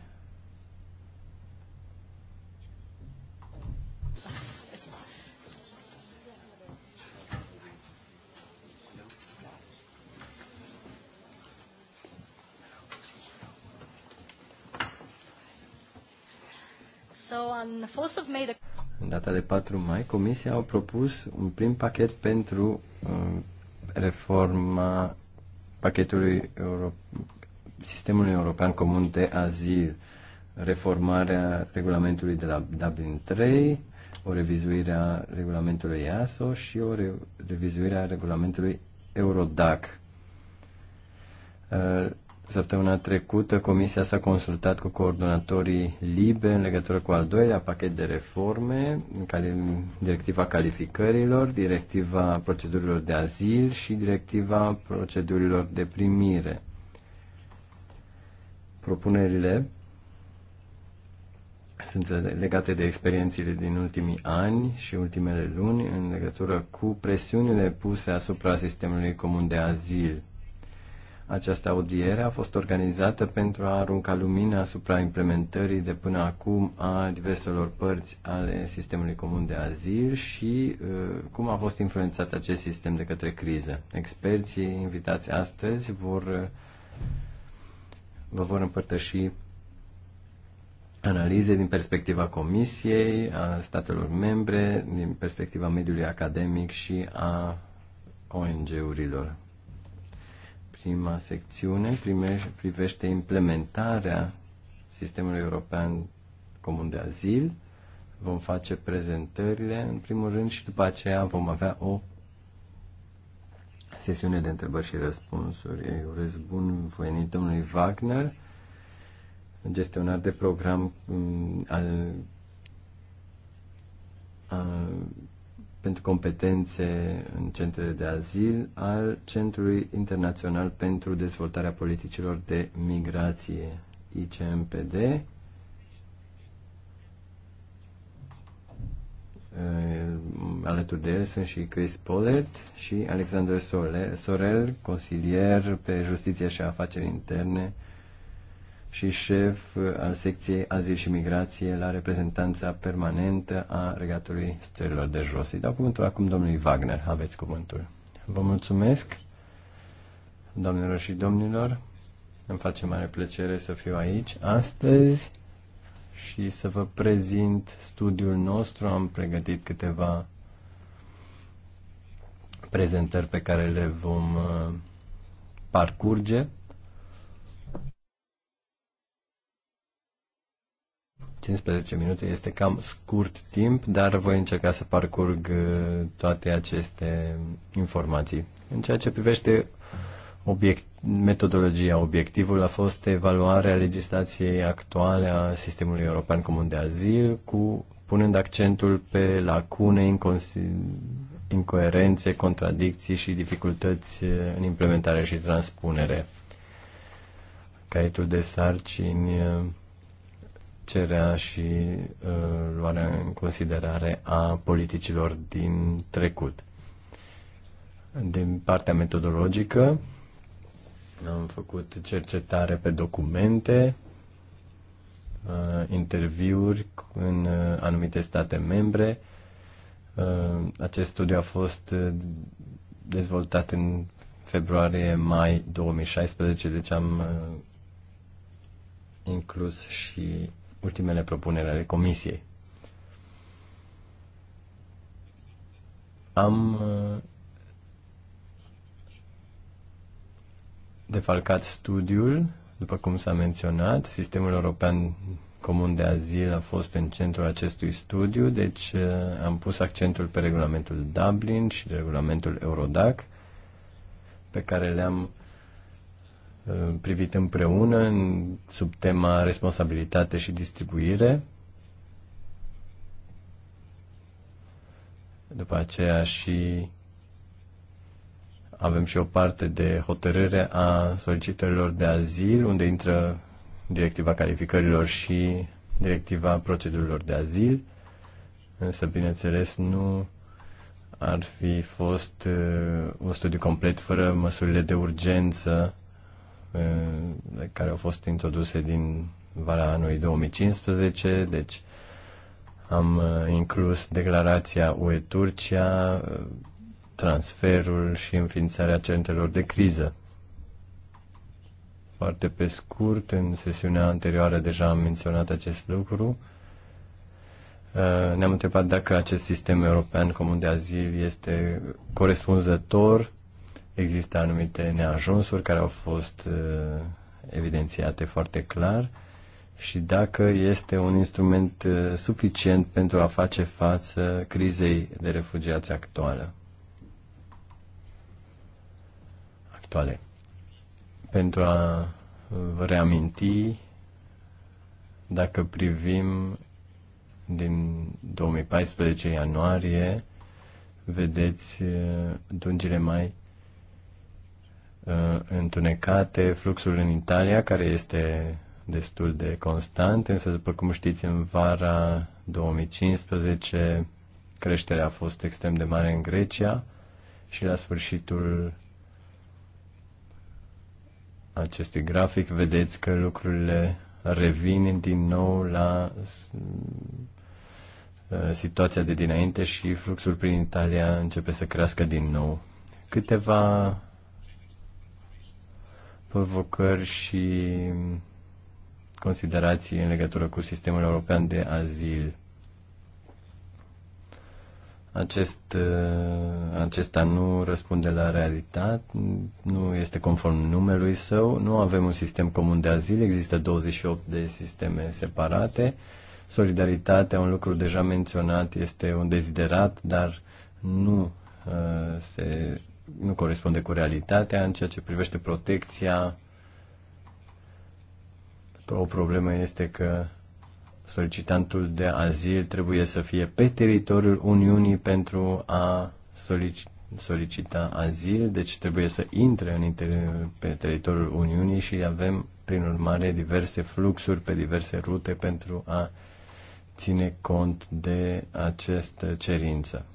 So on the 4th of May, the de 4 mai, Comisia a propus un prim pachet pentru uh, reforma pachetului Euro- sistemului european comun de azil, reformarea regulamentului de la Dublin 3, o revizuire a regulamentului EASO și o re- revizuire a regulamentului Eurodac. Uh, Săptămâna trecută, Comisia s-a consultat cu coordonatorii LIBE în legătură cu al doilea pachet de reforme, directiva calificărilor, directiva procedurilor de azil și directiva procedurilor de primire. Propunerile sunt legate de experiențele din ultimii ani și ultimele luni în legătură cu presiunile puse asupra sistemului comun de azil această audiere a fost organizată pentru a arunca lumină asupra implementării de până acum a diverselor părți ale sistemului comun de azil și uh, cum a fost influențat acest sistem de către criză. Experții invitați astăzi vor, vă vor împărtăși analize din perspectiva Comisiei, a statelor membre, din perspectiva mediului academic și a ONG-urilor. Prima secțiune privește implementarea sistemului european comun de azil. Vom face prezentările în primul rând și după aceea vom avea o sesiune de întrebări și răspunsuri. Eu urez bun venit domnului Wagner, gestionar de program mm, al, al pentru competențe în centrele de azil al Centrului Internațional pentru Dezvoltarea Politicilor de Migrație, ICMPD. Eh, alături de el sunt și Chris Pollet și Alexandru Sorel, consilier pe justiție și afaceri interne și șef al secției Azil și Migrație la reprezentanța permanentă a Regatului Stărilor de Jos. Îi dau cuvântul acum domnului Wagner. Aveți cuvântul. Vă mulțumesc, domnilor și domnilor. Îmi face mare plăcere să fiu aici astăzi și să vă prezint studiul nostru. Am pregătit câteva prezentări pe care le vom uh, parcurge 15 minute este cam scurt timp, dar voi încerca să parcurg uh, toate aceste informații. În ceea ce privește obiect, metodologia, obiectivul a fost evaluarea legislației actuale a sistemului european comun de azil, cu punând accentul pe lacune, incoerențe, contradicții și dificultăți uh, în implementare și transpunere. Caietul de sarcini uh, cerea și uh, luarea în considerare a politicilor din trecut. Din partea metodologică, am făcut cercetare pe documente, uh, interviuri în uh, anumite state membre. Uh, acest studiu a fost uh, dezvoltat în februarie-mai 2016, deci am uh, inclus și ultimele propuneri ale Comisiei. Am uh, defalcat studiul, după cum s-a menționat, sistemul european comun de azil a fost în centrul acestui studiu, deci uh, am pus accentul pe regulamentul Dublin și regulamentul Eurodac, pe care le-am Uh, privit împreună sub tema responsabilitate și distribuire. După aceea și avem și o parte de hotărâre a solicitărilor de azil, unde intră directiva calificărilor și directiva procedurilor de azil. Însă, bineînțeles, nu ar fi fost uh, un studiu complet fără măsurile de urgență care au fost introduse din vara anului 2015, deci am uh, inclus declarația UE-Turcia, uh, transferul și înființarea centrelor de criză. Foarte pe scurt, în sesiunea anterioară deja am menționat acest lucru. Uh, ne-am întrebat dacă acest sistem european comun de azil este corespunzător Există anumite neajunsuri care au fost uh, evidențiate foarte clar și dacă este un instrument uh, suficient pentru a face față crizei de refugiați actuală. Actuale. Pentru a vă reaminti, dacă privim din 2014 ianuarie, vedeți uh, dungile mai Uh, întunecate, fluxul în Italia, care este destul de constant, însă, după cum știți, în vara 2015 creșterea a fost extrem de mare în Grecia și la sfârșitul acestui grafic vedeți că lucrurile revin din nou la uh, situația de dinainte și fluxul prin Italia începe să crească din nou. Câteva provocări și considerații în legătură cu sistemul european de azil. Acest, uh, acesta nu răspunde la realitate, nu este conform numelui său, nu avem un sistem comun de azil, există 28 de sisteme separate. Solidaritatea, un lucru deja menționat, este un deziderat, dar nu uh, se nu corespunde cu realitatea în ceea ce privește protecția. O problemă este că solicitantul de azil trebuie să fie pe teritoriul Uniunii pentru a solicita azil, deci trebuie să intre în inter- pe teritoriul Uniunii și avem, prin urmare, diverse fluxuri pe diverse rute pentru a ține cont de această cerință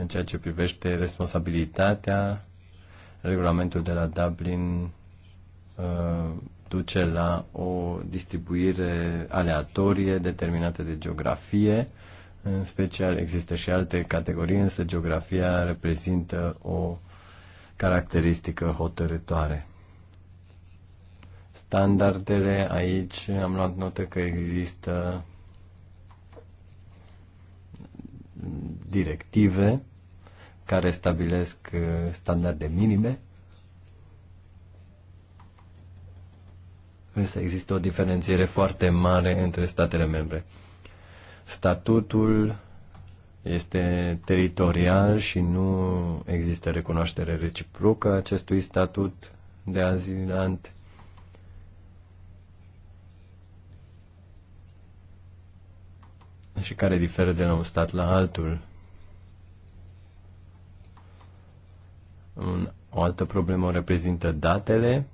în ceea ce privește responsabilitatea, regulamentul de la Dublin uh, duce la o distribuire aleatorie determinată de geografie. În special există și alte categorii, însă geografia reprezintă o caracteristică hotărătoare. Standardele aici, am luat notă că există directive care stabilesc uh, standarde minime, însă există o diferențiere foarte mare între statele membre. Statutul este teritorial și nu există recunoaștere reciprocă acestui statut de azilant. și care diferă de la un stat la altul. Un, o altă problemă reprezintă datele.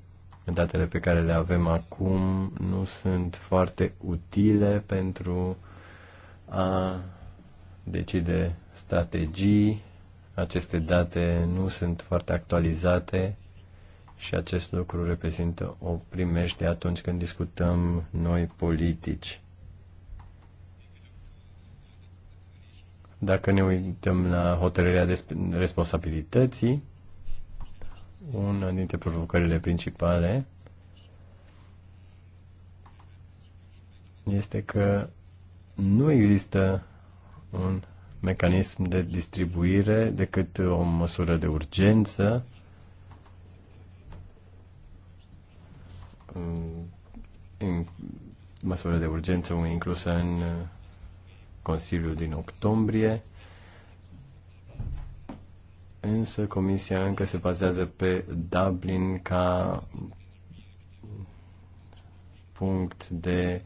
Datele pe care le avem acum nu sunt foarte utile pentru a decide strategii. Aceste date nu sunt foarte actualizate și acest lucru reprezintă o primește atunci când discutăm noi politici. Dacă ne uităm la hotărârea responsabilității, una dintre provocările principale este că nu există un mecanism de distribuire decât o măsură de urgență în măsură de urgență inclusă în Consiliul din octombrie însă Comisia încă se bazează pe Dublin ca punct de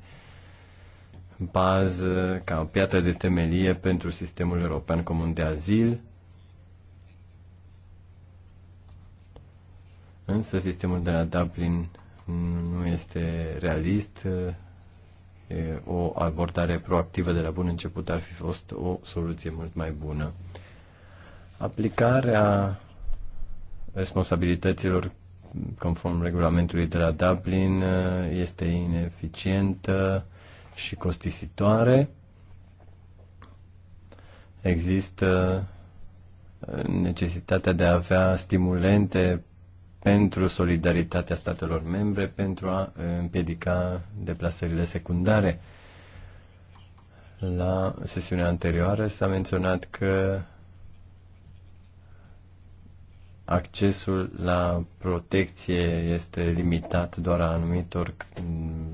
bază, ca piatră de temelie pentru sistemul european comun de azil. Însă sistemul de la Dublin nu este realist. O abordare proactivă de la bun început ar fi fost o soluție mult mai bună. Aplicarea responsabilităților conform regulamentului de la Dublin uh, este ineficientă și costisitoare. Există uh, necesitatea de a avea stimulente pentru solidaritatea statelor membre pentru a uh, împiedica deplasările secundare. La sesiunea anterioară s-a menționat că accesul la protecție este limitat doar a anumitor mm,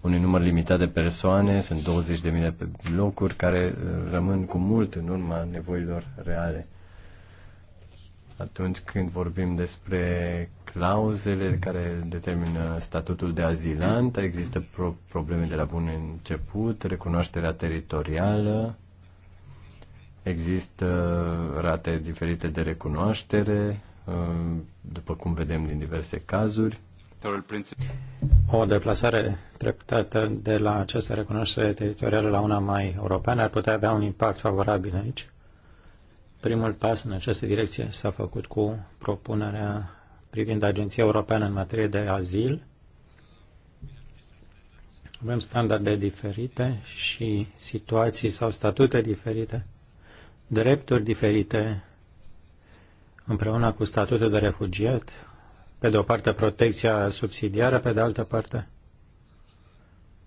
unui număr limitat de persoane, sunt 20.000 de locuri care uh, rămân cu mult în urma nevoilor reale. Atunci când vorbim despre clauzele care determină statutul de azilant, există pro- probleme de la bun început, recunoașterea teritorială, Există rate diferite de recunoaștere, uh, după cum vedem din diverse cazuri. O deplasare treptată de la această recunoaștere teritorială la una mai europeană ar putea avea un impact favorabil aici. Primul pas în această direcție s-a făcut cu propunerea privind Agenția Europeană în materie de azil. Avem standarde diferite și situații sau statute diferite drepturi diferite împreună cu statutul de refugiat, pe de o parte protecția subsidiară, pe de altă parte.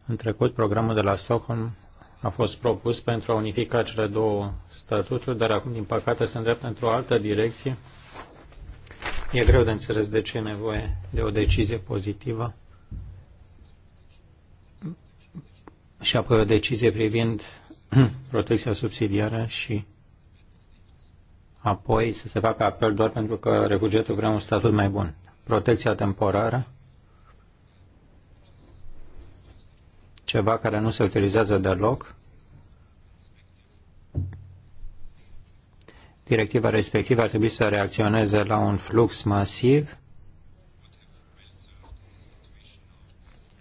În trecut, programul de la Stockholm a fost propus pentru a unifica cele două statuturi, dar acum, din păcate, se îndreaptă într-o altă direcție. E greu de înțeles de ce e nevoie de o decizie pozitivă și apoi o decizie privind protecția subsidiară și apoi să se facă apel doar pentru că refugiatul vrea un statut mai bun. Protecția temporară, ceva care nu se utilizează deloc, directiva respectivă ar trebui să reacționeze la un flux masiv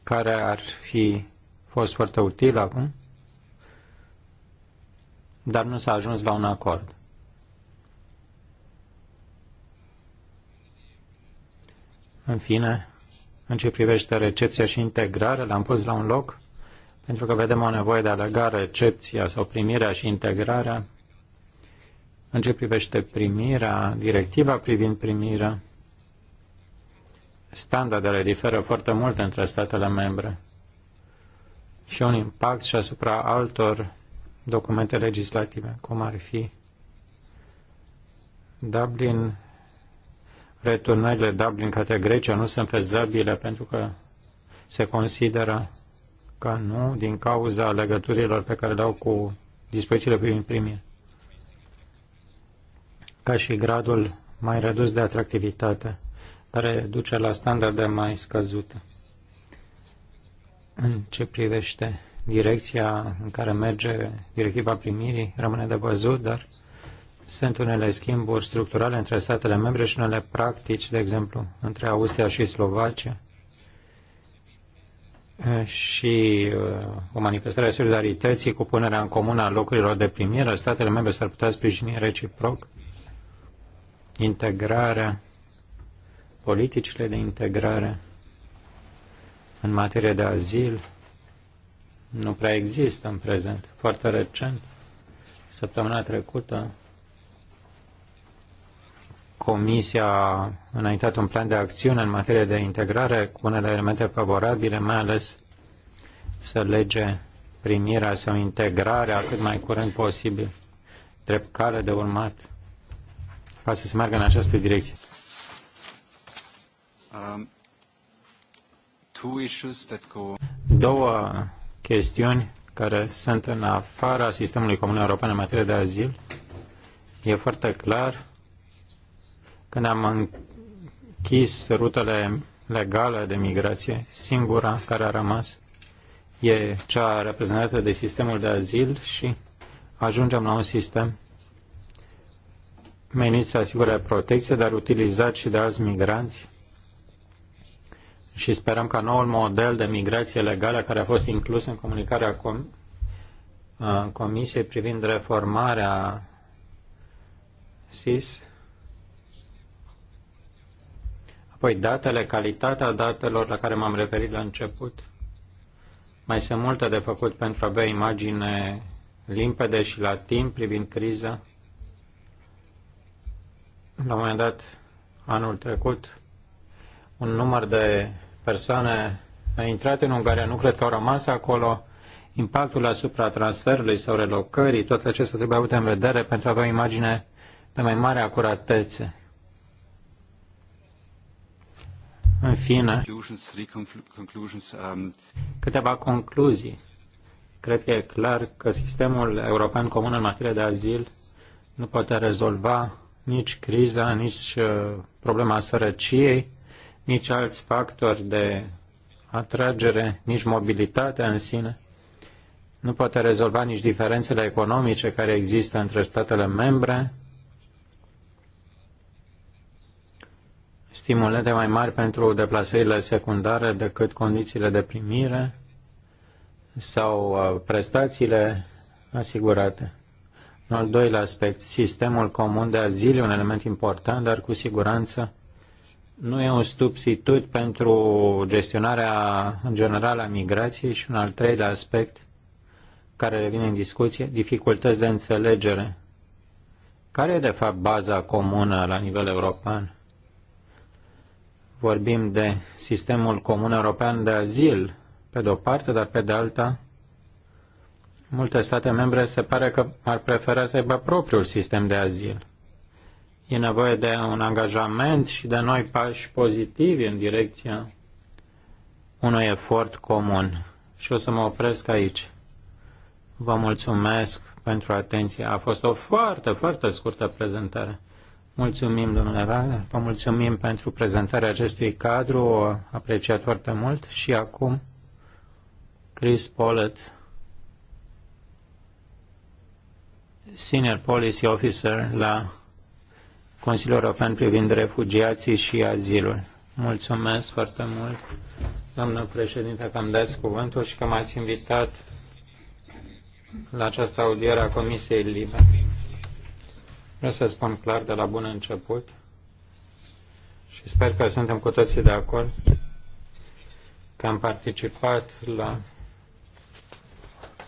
care ar fi fost foarte util acum, dar nu s-a ajuns la un acord. În fine, în ce privește recepția și integrarea, l-am pus la un loc pentru că vedem o nevoie de a lega recepția sau primirea și integrarea. În ce privește primirea, directiva privind primirea, standardele diferă foarte mult între statele membre și un impact și asupra altor documente legislative, cum ar fi Dublin returnările Dublin către Grecia nu sunt fezabile pentru că se consideră că nu din cauza legăturilor pe care le au cu dispozițiile privind primie, ca și gradul mai redus de atractivitate, care duce la standarde mai scăzute. În ce privește direcția în care merge directiva primirii, rămâne de văzut, dar sunt unele schimburi structurale între statele membre și unele practici, de exemplu, între Austria și Slovacia și uh, o manifestare a solidarității cu punerea în comun a locurilor de primire. Statele membre s-ar putea sprijini reciproc integrarea, politicile de integrare în materie de azil nu prea există în prezent. Foarte recent, săptămâna trecută, Comisia a înaintat un plan de acțiune în materie de integrare cu unele elemente favorabile, mai ales să lege primirea sau integrarea cât mai curând posibil, drept cale de urmat, ca să se meargă în această direcție. Um, go... Două chestiuni care sunt în afara sistemului comun european în materie de azil. E foarte clar când am închis rutele legale de migrație, singura care a rămas e cea reprezentată de sistemul de azil și ajungem la un sistem menit să asigure protecție, dar utilizat și de alți migranți. Și sperăm ca noul model de migrație legală care a fost inclus în comunicarea com- Comisiei privind reformarea SIS Păi datele, calitatea datelor la care m-am referit la început. Mai sunt multe de făcut pentru a avea imagine limpede și la timp privind criza. La un moment dat, anul trecut, un număr de persoane a intrat în Ungaria, nu cred că au rămas acolo, impactul asupra transferului sau relocării, toate acestea trebuie avute în vedere pentru a avea o imagine de mai mare acuratețe. În fine, um, câteva concluzii. Cred că e clar că sistemul european comun în materie de azil nu poate rezolva nici criza, nici uh, problema sărăciei, nici alți factori de atragere, nici mobilitatea în sine. Nu poate rezolva nici diferențele economice care există între statele membre, stimulente mai mari pentru deplasările secundare decât condițiile de primire sau uh, prestațiile asigurate. În al doilea aspect, sistemul comun de azil e un element important, dar cu siguranță nu e un substitut pentru gestionarea în general a migrației și un al treilea aspect care revine în discuție, dificultăți de înțelegere. Care e de fapt baza comună la nivel european? Vorbim de sistemul comun european de azil, pe de o parte, dar pe de alta, multe state membre se pare că ar prefera să aibă propriul sistem de azil. E nevoie de un angajament și de noi pași pozitivi în direcția unui efort comun. Și o să mă opresc aici. Vă mulțumesc pentru atenție. A fost o foarte, foarte scurtă prezentare. Mulțumim, domnule Val, vă mulțumim pentru prezentarea acestui cadru, apreciat foarte mult și acum Chris Pollett, Senior Policy Officer la Consiliul European privind refugiații și azilul. Mulțumesc foarte mult, doamnă președinte, că am dat cuvântul și că m-ați invitat la această audiere a Comisiei Libe. Vreau să spun clar de la bun început și sper că suntem cu toții de acord că am participat la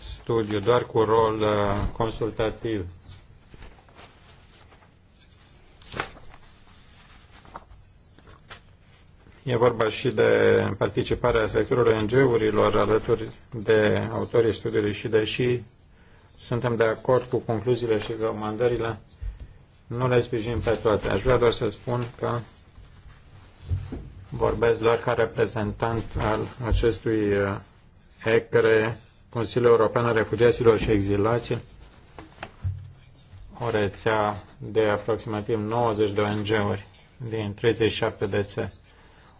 studiu doar cu rol uh, consultativ. E vorba și de participarea sectorului ng urilor alături de autorii studiului și deși suntem de acord cu concluziile și recomandările, nu le sprijin pe toate. Aș vrea doar să spun că vorbesc doar ca reprezentant al acestui uh, ECRE, Consiliul European al Refugiaților și Exilaților, o rețea de aproximativ 90 de ONG-uri din 37 de țări.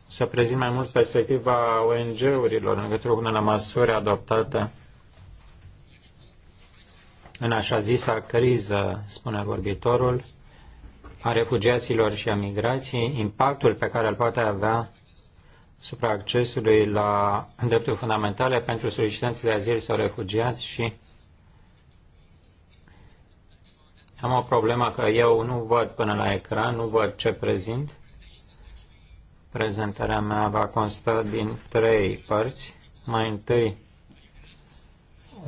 O să prezint mai mult perspectiva ONG-urilor în legătură cu unele măsuri adoptate în așa zisa criză, spune vorbitorul, a refugiaților și a migrației, impactul pe care îl poate avea supra accesului la drepturi fundamentale pentru solicitanții de azil sau refugiați și am o problemă că eu nu văd până la ecran, nu văd ce prezint. Prezentarea mea va consta din trei părți. Mai întâi,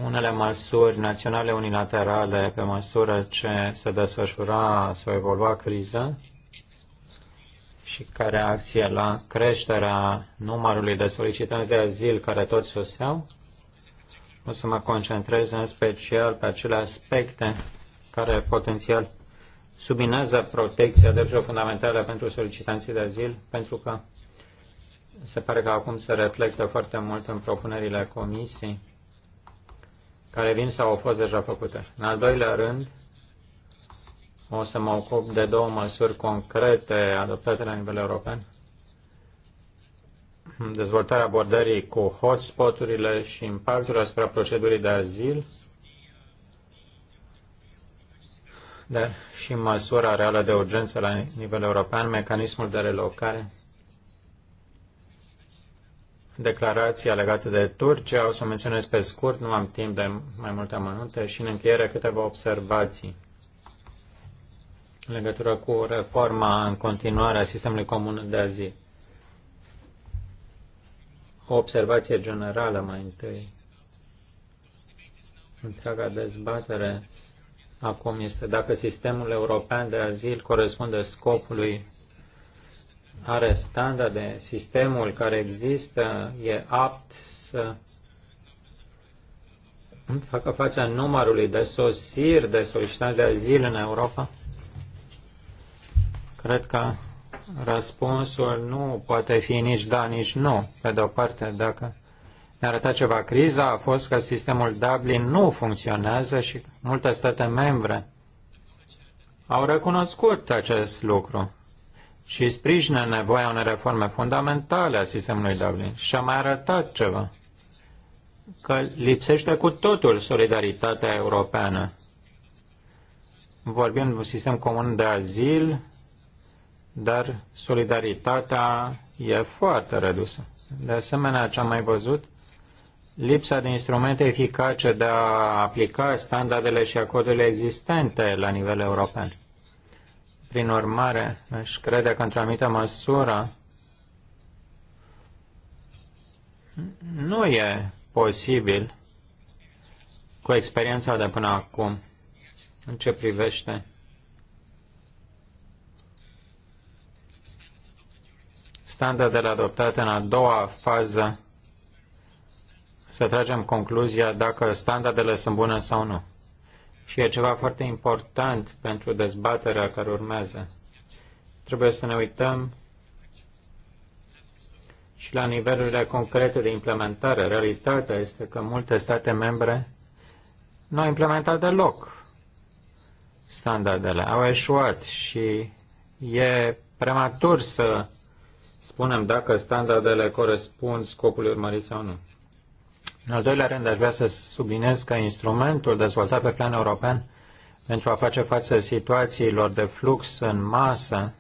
unele măsuri naționale unilaterale pe măsură ce se desfășura sau evolua criza și ca reacție la creșterea numărului de solicitanți de azil care tot soseau, o să mă concentrez în special pe acele aspecte care potențial subminează protecția drepturilor fundamentale pentru solicitanții de azil, pentru că se pare că acum se reflectă foarte mult în propunerile comisiei care vin sau au fost deja făcute. În al doilea rând, o să mă ocup de două măsuri concrete adoptate la nivel european. Dezvoltarea abordării cu hotspoturile și impactul asupra procedurii de azil, dar și măsura reală de urgență la nivel european, mecanismul de relocare declarația legată de Turcia. O să menționez pe scurt, nu am timp de mai multe amănunte și în încheiere câteva observații în legătură cu reforma în continuare a sistemului comun de azil. O observație generală mai întâi. Întreaga dezbatere acum este dacă sistemul european de azil corespunde scopului are standarde, sistemul care există e apt să facă fața numărului de sosiri de solicitanți de azil în Europa? Cred că răspunsul nu poate fi nici da, nici nu. Pe de o parte, dacă ne arăta ceva criza, a fost că sistemul Dublin nu funcționează și multe state membre au recunoscut acest lucru și sprijină nevoia unei reforme fundamentale a sistemului Dublin. Și a mai arătat ceva, că lipsește cu totul solidaritatea europeană. Vorbim de un sistem comun de azil, dar solidaritatea e foarte redusă. De asemenea, ce am mai văzut, lipsa de instrumente eficace de a aplica standardele și acordurile existente la nivel european. Prin urmare, își crede că într-o anumită măsură nu e posibil cu experiența de până acum în ce privește standardele adoptate în a doua fază să tragem concluzia dacă standardele sunt bune sau nu și e ceva foarte important pentru dezbaterea care urmează. Trebuie să ne uităm și la nivelurile concrete de implementare. Realitatea este că multe state membre nu au implementat deloc standardele, au eșuat și e prematur să spunem dacă standardele corespund scopului urmărit sau nu. În al doilea rând, aș vrea să subliniez că instrumentul dezvoltat pe plan european pentru a face față situațiilor de flux în masă,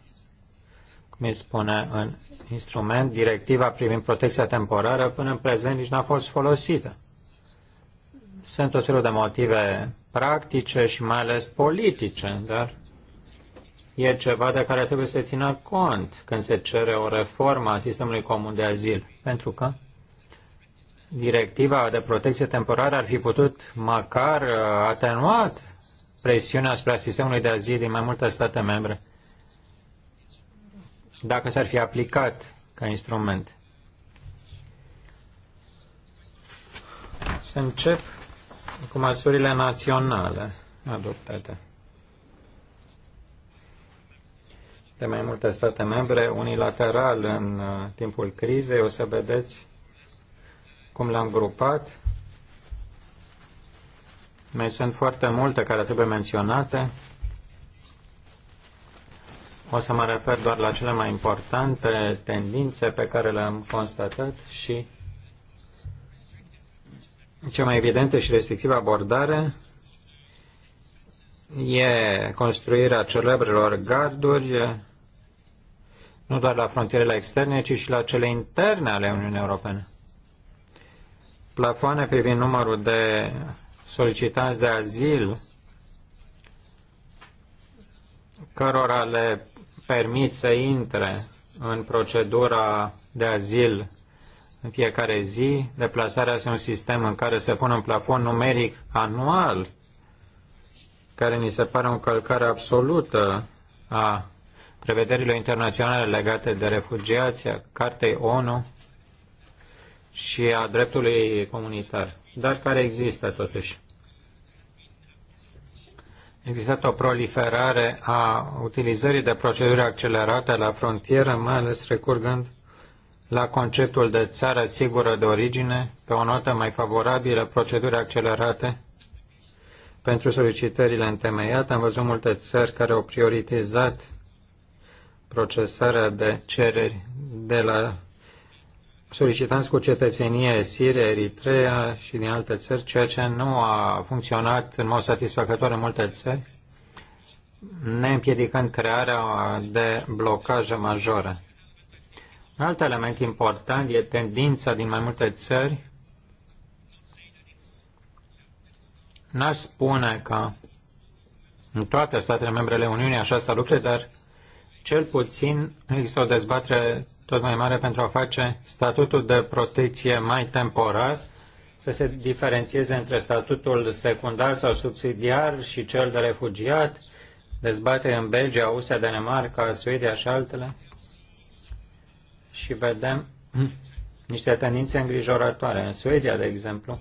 cum îi spune în instrument, directiva privind protecția temporară, până în prezent nici n-a fost folosită. Sunt tot felul de motive practice și mai ales politice, dar e ceva de care trebuie să țină cont când se cere o reformă a sistemului comun de azil, pentru că directiva de protecție temporară ar fi putut măcar uh, atenuat presiunea asupra sistemului de azil din mai multe state membre dacă s-ar fi aplicat ca instrument. Să încep cu măsurile naționale adoptate. De mai multe state membre, unilateral în uh, timpul crizei, o să vedeți cum le am grupat. Mai sunt foarte multe care trebuie menționate. O să mă refer doar la cele mai importante tendințe pe care le-am constatat și cea mai evidentă și restrictivă abordare e construirea celebrelor garduri, nu doar la frontierele externe, ci și la cele interne ale Uniunii Europene plafoane privind numărul de solicitanți de azil cărora le permit să intre în procedura de azil în fiecare zi. Deplasarea este un sistem în care se pune un plafon numeric anual, care ni se pare o încălcare absolută a prevederilor internaționale legate de refugiația Cartei ONU și a dreptului comunitar, dar care există totuși. Există o proliferare a utilizării de proceduri accelerate la frontieră, mai ales recurgând la conceptul de țară sigură de origine, pe o notă mai favorabilă, proceduri accelerate pentru solicitările întemeiate. Am văzut multe țări care au prioritizat procesarea de cereri de la solicitanți cu cetățenie Siria, Eritrea și din alte țări, ceea ce nu a funcționat în mod satisfăcător în multe țări, ne împiedicând crearea de blocaje majore. Un alt element important e tendința din mai multe țări. N-aș spune că în toate statele membrele Uniunii așa s-a lucrat, dar cel puțin există o dezbatere tot mai mare pentru a face statutul de protecție mai temporar, să se diferențieze între statutul secundar sau subsidiar și cel de refugiat, dezbatere în Belgia, USA, Danemarca, Suedia și altele. Și vedem niște tendințe îngrijorătoare. În Suedia, de exemplu,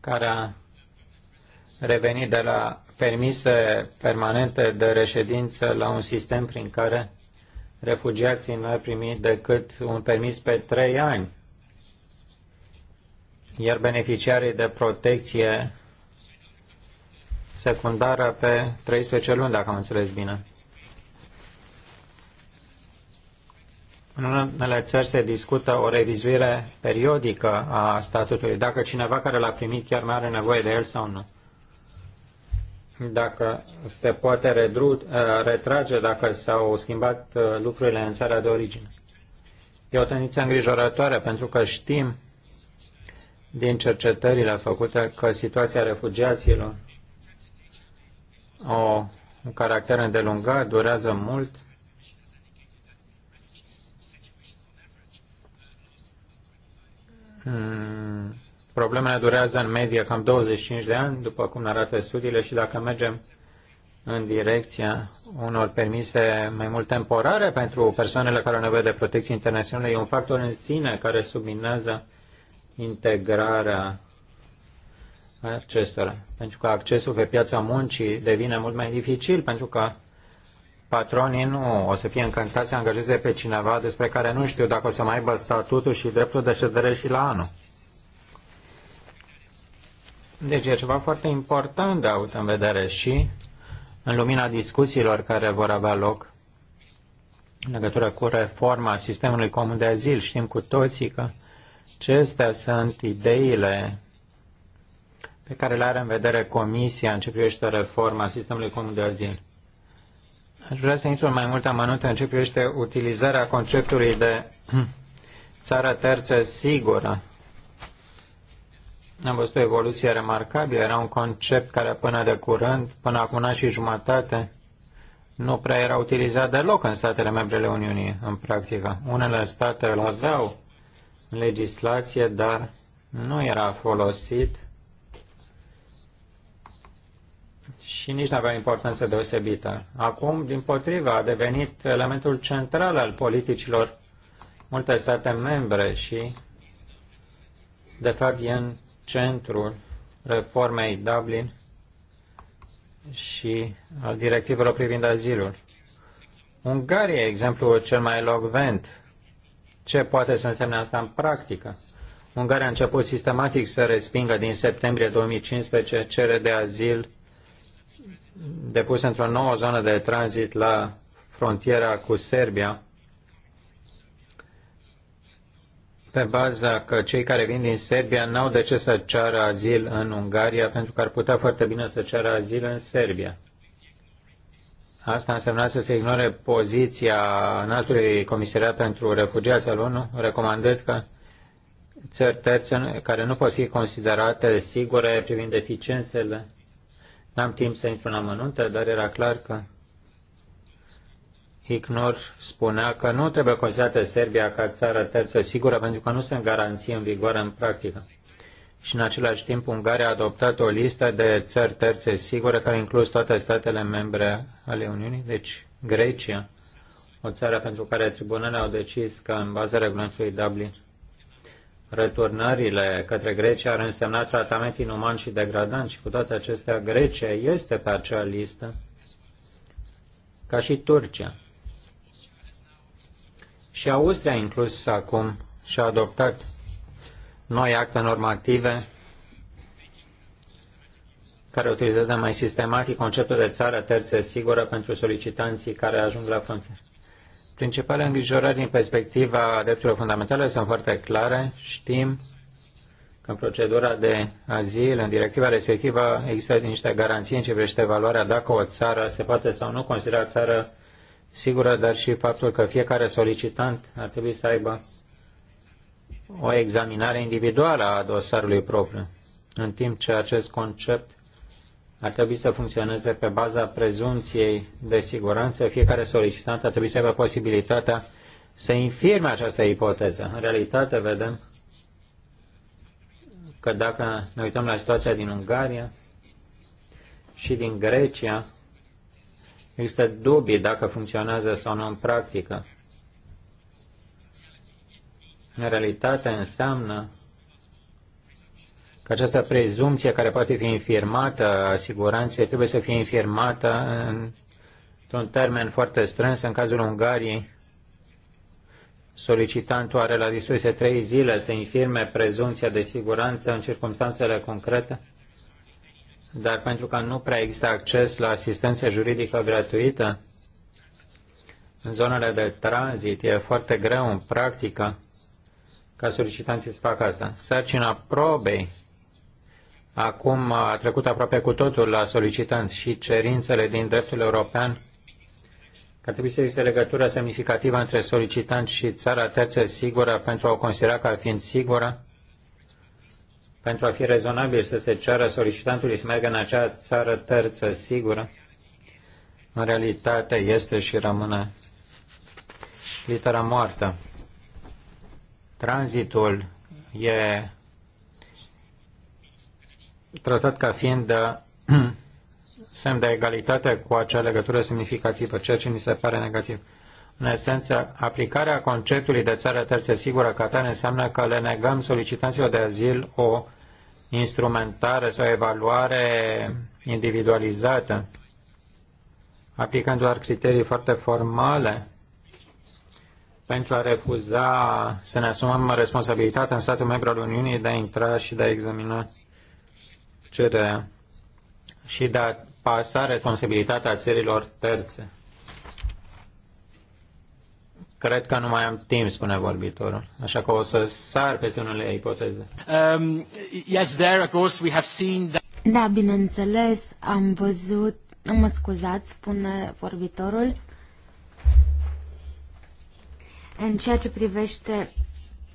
care a revenit de la permise permanente de reședință la un sistem prin care refugiații nu ar primi decât un permis pe trei ani, iar beneficiarii de protecție secundară pe 13 luni, dacă am înțeles bine. În unele țări se discută o revizuire periodică a statutului, dacă cineva care l-a primit chiar mai are nevoie de el sau nu dacă se poate redru, uh, retrage dacă s-au schimbat uh, lucrurile în țara de origine. E o tendință îngrijorătoare pentru că știm din cercetările făcute că situația refugiaților o un caracter îndelungat, durează mult. Hmm Problemele durează în medie cam 25 de ani, după cum ne arată studiile, și dacă mergem în direcția unor permise mai mult temporare pentru persoanele care au nevoie de protecție internațională, e un factor în sine care subminează integrarea acestora. Pentru că accesul pe piața muncii devine mult mai dificil, pentru că patronii nu o să fie încântați să angajeze pe cineva despre care nu știu dacă o să mai aibă statutul și dreptul de ședere și la anul. Deci e ceva foarte important de avut în vedere și în lumina discuțiilor care vor avea loc în legătură cu reforma sistemului comun de azil. Știm cu toții că acestea sunt ideile pe care le are în vedere Comisia în ce privește reforma sistemului comun de azil. Aș vrea să intru mai multe amănunte în ce privește utilizarea conceptului de țară terță sigură am văzut o evoluție remarcabilă, era un concept care până de curând, până acum una și jumătate, nu prea era utilizat deloc în statele membrele Uniunii, în practică. Unele state îl aveau în legislație, dar nu era folosit și nici nu avea importanță deosebită. Acum, din potrivă, a devenit elementul central al politicilor multe state membre și, de fapt, e în centrul reformei Dublin și al directivelor privind azilul. Ungaria e exemplul cel mai elogvent. Ce poate să însemne asta în practică? Ungaria a început sistematic să respingă din septembrie 2015 cere de azil depuse într-o nouă zonă de tranzit la frontiera cu Serbia, pe baza că cei care vin din Serbia n-au de ce să ceară azil în Ungaria, pentru că ar putea foarte bine să ceară azil în Serbia. Asta însemna să se ignore poziția înaltului comisariat pentru refugiați al ONU, recomandând că țări terțe care nu pot fi considerate sigure privind deficiențele. N-am timp să intru în amănunte, dar era clar că Ignor spunea că nu trebuie considerată Serbia ca țară terță sigură pentru că nu sunt garanții în vigoare în practică. Și în același timp Ungaria a adoptat o listă de țări terțe sigure care inclus toate statele membre ale Uniunii, deci Grecia, o țară pentru care tribunalele au decis că în baza regulamentului Dublin returnările către Grecia ar însemna tratament inuman și degradant și cu toate acestea Grecia este pe acea listă ca și Turcia. Și Austria inclus acum și-a adoptat noi acte normative care utilizează mai sistematic conceptul de țară terță sigură pentru solicitanții care ajung la frontieră. Principalele îngrijorări din perspectiva drepturilor fundamentale sunt foarte clare. Știm că în procedura de azil, în directiva respectivă, există niște garanții în ce privește valoarea dacă o țară se poate sau nu considera țară sigură, dar și faptul că fiecare solicitant ar trebui să aibă o examinare individuală a dosarului propriu, în timp ce acest concept ar trebui să funcționeze pe baza prezumției de siguranță. Fiecare solicitant ar trebui să aibă posibilitatea să infirme această ipoteză. În realitate vedem că dacă ne uităm la situația din Ungaria și din Grecia, Există dubii dacă funcționează sau nu în practică. În realitate înseamnă că această prezumție care poate fi infirmată a siguranței trebuie să fie infirmată în un termen foarte strâns. În cazul Ungariei, solicitantul are la dispoziție trei zile să infirme prezumția de siguranță în circunstanțele concrete dar pentru că nu prea există acces la asistență juridică gratuită, în zonele de tranzit e foarte greu în practică ca solicitanții să facă asta. Sarcina probei acum a trecut aproape cu totul la solicitanți și cerințele din dreptul european ar trebui să existe legătură semnificativă între solicitant și țara terță sigură pentru a o considera ca fiind sigură pentru a fi rezonabil să se ceară solicitantului să meargă în acea țară terță sigură, în realitate este și rămâne litera moartă. Tranzitul e tratat ca fiind de semn de egalitate cu acea legătură semnificativă, ceea ce mi se pare negativ. În esență, aplicarea conceptului de țară terță sigură ca înseamnă că le negăm solicitanților de azil o instrumentare sau evaluare individualizată, aplicând doar criterii foarte formale pentru a refuza să ne asumăm responsabilitatea în statul membru al Uniunii de a intra și de a examina cererea și de a pasa responsabilitatea țărilor terțe. Cred că nu mai am timp, spune vorbitorul, așa că o să sar peste unele ipoteze. Um, yes, there, of course, we have seen that... Da, bineînțeles, am văzut, mă scuzați, spune vorbitorul, în ceea ce privește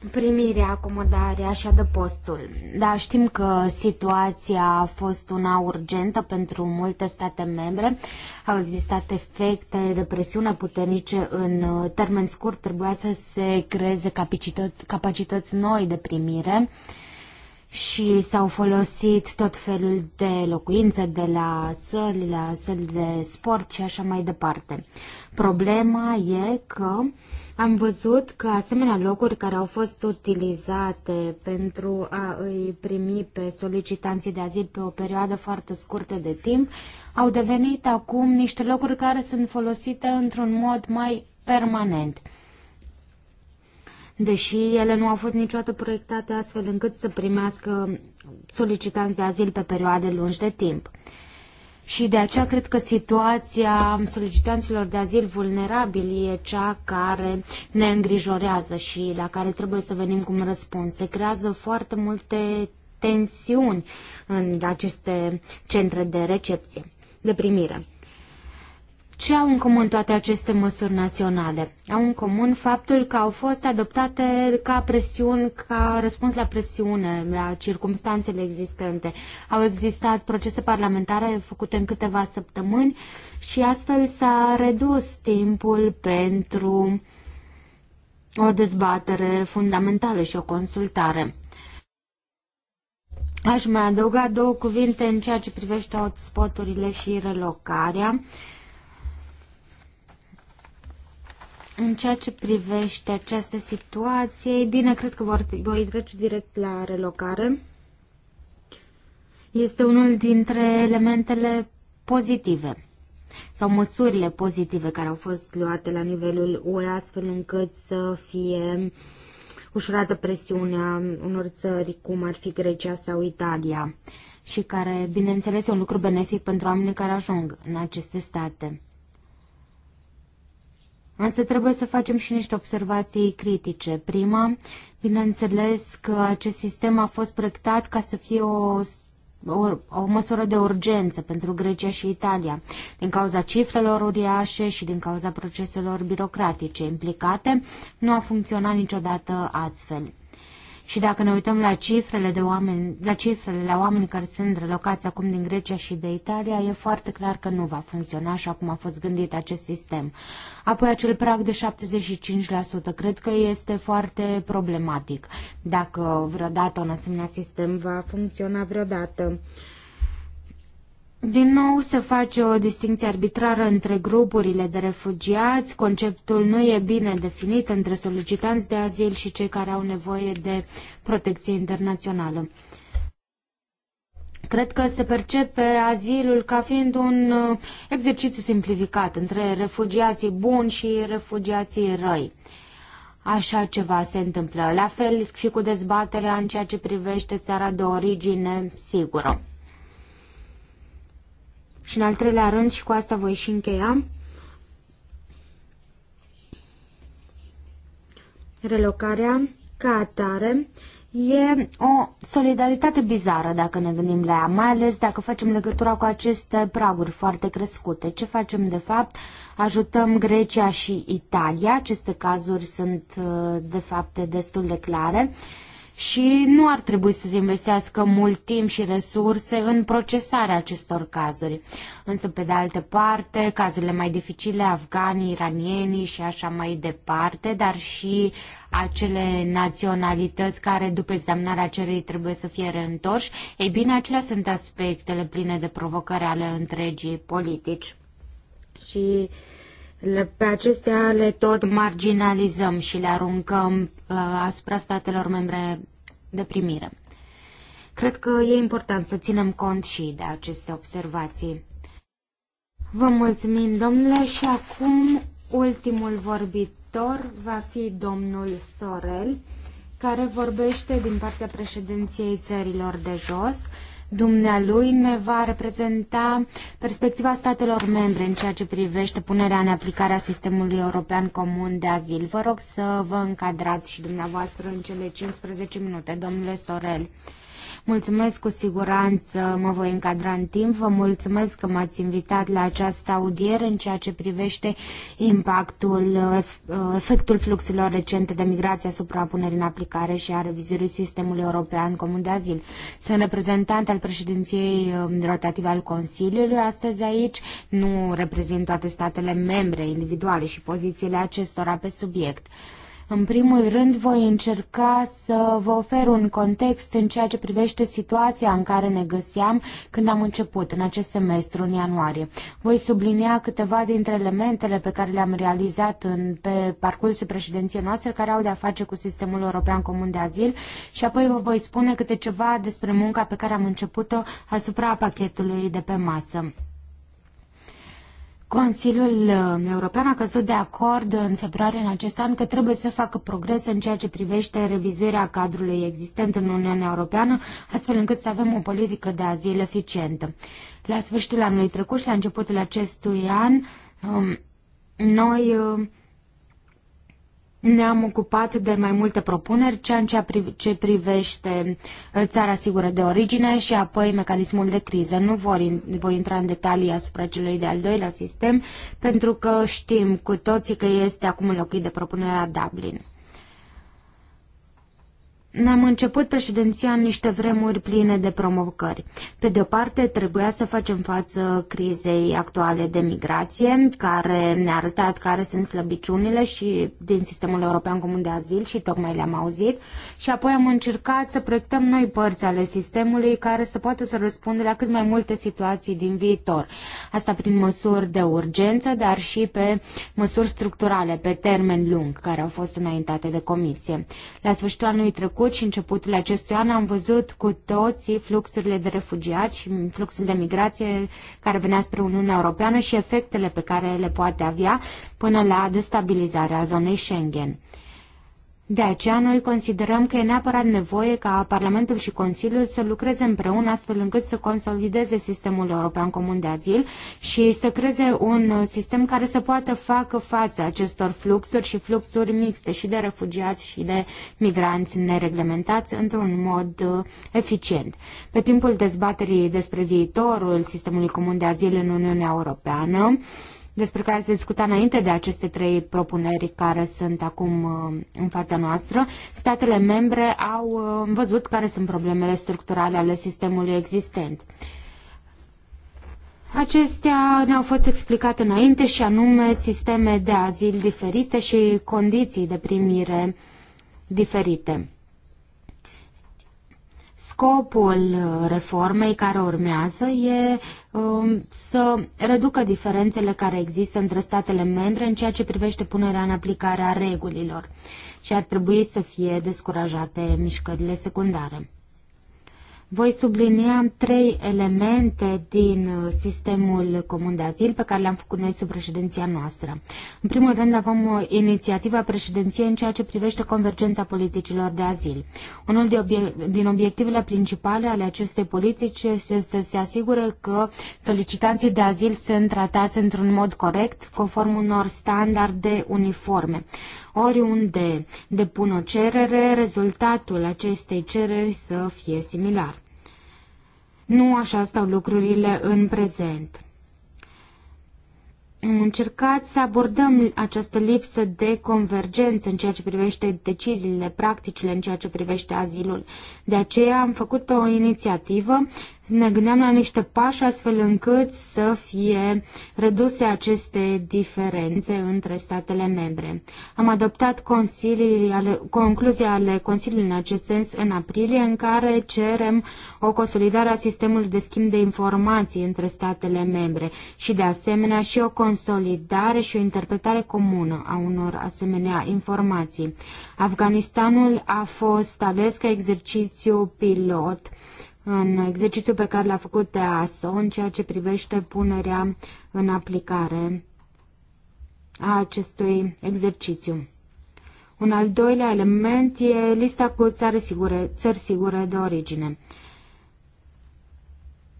primirea, acomodarea și adăpostul. Da, știm că situația a fost una urgentă pentru multe state membre. Au existat efecte de presiune puternice în uh, termen scurt. Trebuia să se creeze capacități, capacități noi de primire și s-au folosit tot felul de locuințe de la săli, la săli de sport și așa mai departe. Problema e că uh, am văzut că asemenea locuri care au fost utilizate pentru a îi primi pe solicitanții de azil pe o perioadă foarte scurtă de timp au devenit acum niște locuri care sunt folosite într-un mod mai permanent. Deși ele nu au fost niciodată proiectate astfel încât să primească solicitanți de azil pe perioade lungi de timp. Și de aceea cred că situația solicitanților de azil vulnerabili e cea care ne îngrijorează și la care trebuie să venim cu un răspuns. Se creează foarte multe tensiuni în aceste centre de recepție, de primire. Ce au în comun toate aceste măsuri naționale? Au în comun faptul că au fost adoptate ca presiuni, ca răspuns la presiune, la circumstanțele existente. Au existat procese parlamentare făcute în câteva săptămâni și astfel s-a redus timpul pentru o dezbatere fundamentală și o consultare. Aș mai adăuga două cuvinte în ceea ce privește hotspoturile și relocarea. Uh, În ceea ce privește această situație, e bine, cred că vor, voi trece direct la relocare. Este unul dintre elementele pozitive sau măsurile pozitive care au fost luate la nivelul UE astfel încât să fie ușurată presiunea unor țări cum ar fi Grecia sau Italia și care, bineînțeles, e un lucru benefic pentru oamenii care ajung în aceste state. Însă trebuie să facem și niște observații critice. Prima, bineînțeles că acest sistem a fost proiectat ca să fie o o, o măsură de urgență pentru Grecia și Italia, din cauza cifrelor uriașe și din cauza proceselor birocratice implicate, nu a funcționat niciodată astfel. Și dacă ne uităm la cifrele, de oameni, la cifrele, la oameni care sunt relocați acum din Grecia și de Italia, e foarte clar că nu va funcționa așa cum a fost gândit acest sistem. Apoi acel prag de 75% cred că este foarte problematic. Dacă vreodată un asemenea sistem va funcționa vreodată. Uh, din nou se face o distinție arbitrară între grupurile de refugiați, conceptul nu e bine definit între solicitanți de azil și cei care au nevoie de protecție internațională. Cred că se percepe azilul ca fiind un uh, exercițiu simplificat între refugiații buni și refugiații răi. Așa ceva se întâmplă. La fel și cu dezbaterea în ceea ce privește țara de origine sigură. Și în al treilea rând, și cu asta voi și încheia, relocarea ca atare E o solidaritate bizară dacă ne gândim la ea, mai ales dacă facem legătura cu aceste praguri foarte crescute. Ce facem de fapt? Ajutăm Grecia și Italia, aceste cazuri sunt de fapt destul de clare și nu ar trebui să se investească mult timp și resurse în procesarea acestor cazuri. Însă, pe de altă parte, cazurile mai dificile, afganii, iranienii și așa mai departe, dar și acele naționalități care după examinarea cererii trebuie să fie reîntorși, ei bine, acelea sunt aspectele pline de provocări ale întregii politici. Și pe acestea le tot marginalizăm și le aruncăm uh, asupra statelor membre de primire. Cred că e important să ținem cont și de aceste observații. Vă mulțumim, domnule, și acum ultimul vorbitor va fi domnul Sorel, care vorbește din partea președinției țărilor de jos, Dumnealui ne va reprezenta perspectiva statelor membre în ceea ce privește punerea în aplicare a sistemului european comun de azil. Vă rog să vă încadrați și dumneavoastră în cele 15 minute, domnule Sorel. Mulțumesc cu siguranță, mă voi încadra în timp. Vă mulțumesc că m-ați invitat la această audiere în ceea ce privește impactul, efectul fluxurilor recente de migrație asupra punerii în aplicare și a revizuirii sistemului european comun de azil. Sunt reprezentant al președinției um, rotative al Consiliului astăzi aici. Nu reprezint toate statele membre individuale și pozițiile acestora pe subiect. În primul rând, voi încerca să vă ofer un context în ceea ce privește situația în care ne găseam când am început în acest semestru, în ianuarie. Voi sublinia câteva dintre elementele pe care le-am realizat în, pe parcursul președinției noastre, care au de-a face cu sistemul european comun de azil și apoi vă voi spune câte ceva despre munca pe care am început-o asupra pachetului de pe masă. Consiliul uh, European a căzut de acord în februarie în acest an că trebuie să facă progrese în ceea ce privește revizuirea cadrului existent în Uniunea Europeană, astfel încât să avem o politică de azil eficientă. La sfârșitul anului trecut și la începutul acestui an, um, noi uh, ne-am ocupat de mai multe propuneri, ceea în ce privește uh, țara sigură de origine și apoi mecanismul de criză. Nu vor, voi intra în detalii asupra celui de-al doilea sistem, pentru că știm cu toții că este acum înlocuit de propunerea Dublin. Ne-am început președinția în niște vremuri pline de provocări. Pe de o parte, trebuia să facem față crizei actuale de migrație, care ne-a arătat care sunt slăbiciunile și din sistemul european comun de azil și tocmai le-am auzit. Și apoi am încercat să proiectăm noi părți ale sistemului care să poată să răspundă la cât mai multe situații din viitor. Asta prin măsuri de urgență, dar și pe măsuri structurale, pe termen lung, care au fost înaintate de comisie. La sfârșitul anului trecut, trecut și începutul acestui an am văzut cu toții fluxurile de refugiați și fluxul de migrație care venea spre Uniunea Europeană și efectele pe care le poate avea până la destabilizarea zonei Schengen. De aceea, noi considerăm că e neapărat nevoie ca Parlamentul și Consiliul să lucreze împreună astfel încât să consolideze sistemul european comun de azil și să creeze un sistem care să poată facă față acestor fluxuri și fluxuri mixte și de refugiați și de migranți nereglementați într-un mod uh, eficient. Pe timpul dezbaterii despre viitorul sistemului comun de azil în Uniunea Europeană, despre care se discuta înainte de aceste trei propuneri care sunt acum uh, în fața noastră, statele membre au uh, văzut care sunt problemele structurale ale sistemului existent. Acestea ne-au fost explicate înainte și anume sisteme de azil diferite și condiții de primire diferite. Scopul reformei care urmează e um, să reducă diferențele care există între statele membre în ceea ce privește punerea în aplicare a regulilor și ar trebui să fie descurajate mișcările secundare. Voi sublinia trei elemente din uh, sistemul comun de azil pe care le-am făcut noi sub președinția noastră. În primul rând avem uh, inițiativa președinției în ceea ce privește convergența politicilor de azil. Unul de obie- din obiectivele principale ale acestei politici este să se asigure că solicitanții de azil sunt tratați într-un mod corect, conform unor standarde uniforme oriunde depun o cerere, rezultatul acestei cereri să fie similar. Nu așa stau lucrurile în prezent. Am încercat să abordăm această lipsă de convergență în ceea ce privește deciziile, practicile, în ceea ce privește azilul. De aceea am făcut o inițiativă ne gândeam la niște pași astfel încât să fie reduse aceste diferențe între statele membre. Am adoptat ale, concluzia ale Consiliului în acest sens în aprilie, în care cerem o consolidare a sistemului de schimb de informații între statele membre și, de asemenea, și o consolidare și o interpretare comună a unor asemenea informații. Afganistanul a fost ales ca exercițiu pilot în exercițiul pe care l-a făcut EASO în ceea ce privește punerea în aplicare a acestui exercițiu. Un al doilea element e lista cu țări sigure, țări sigure de origine.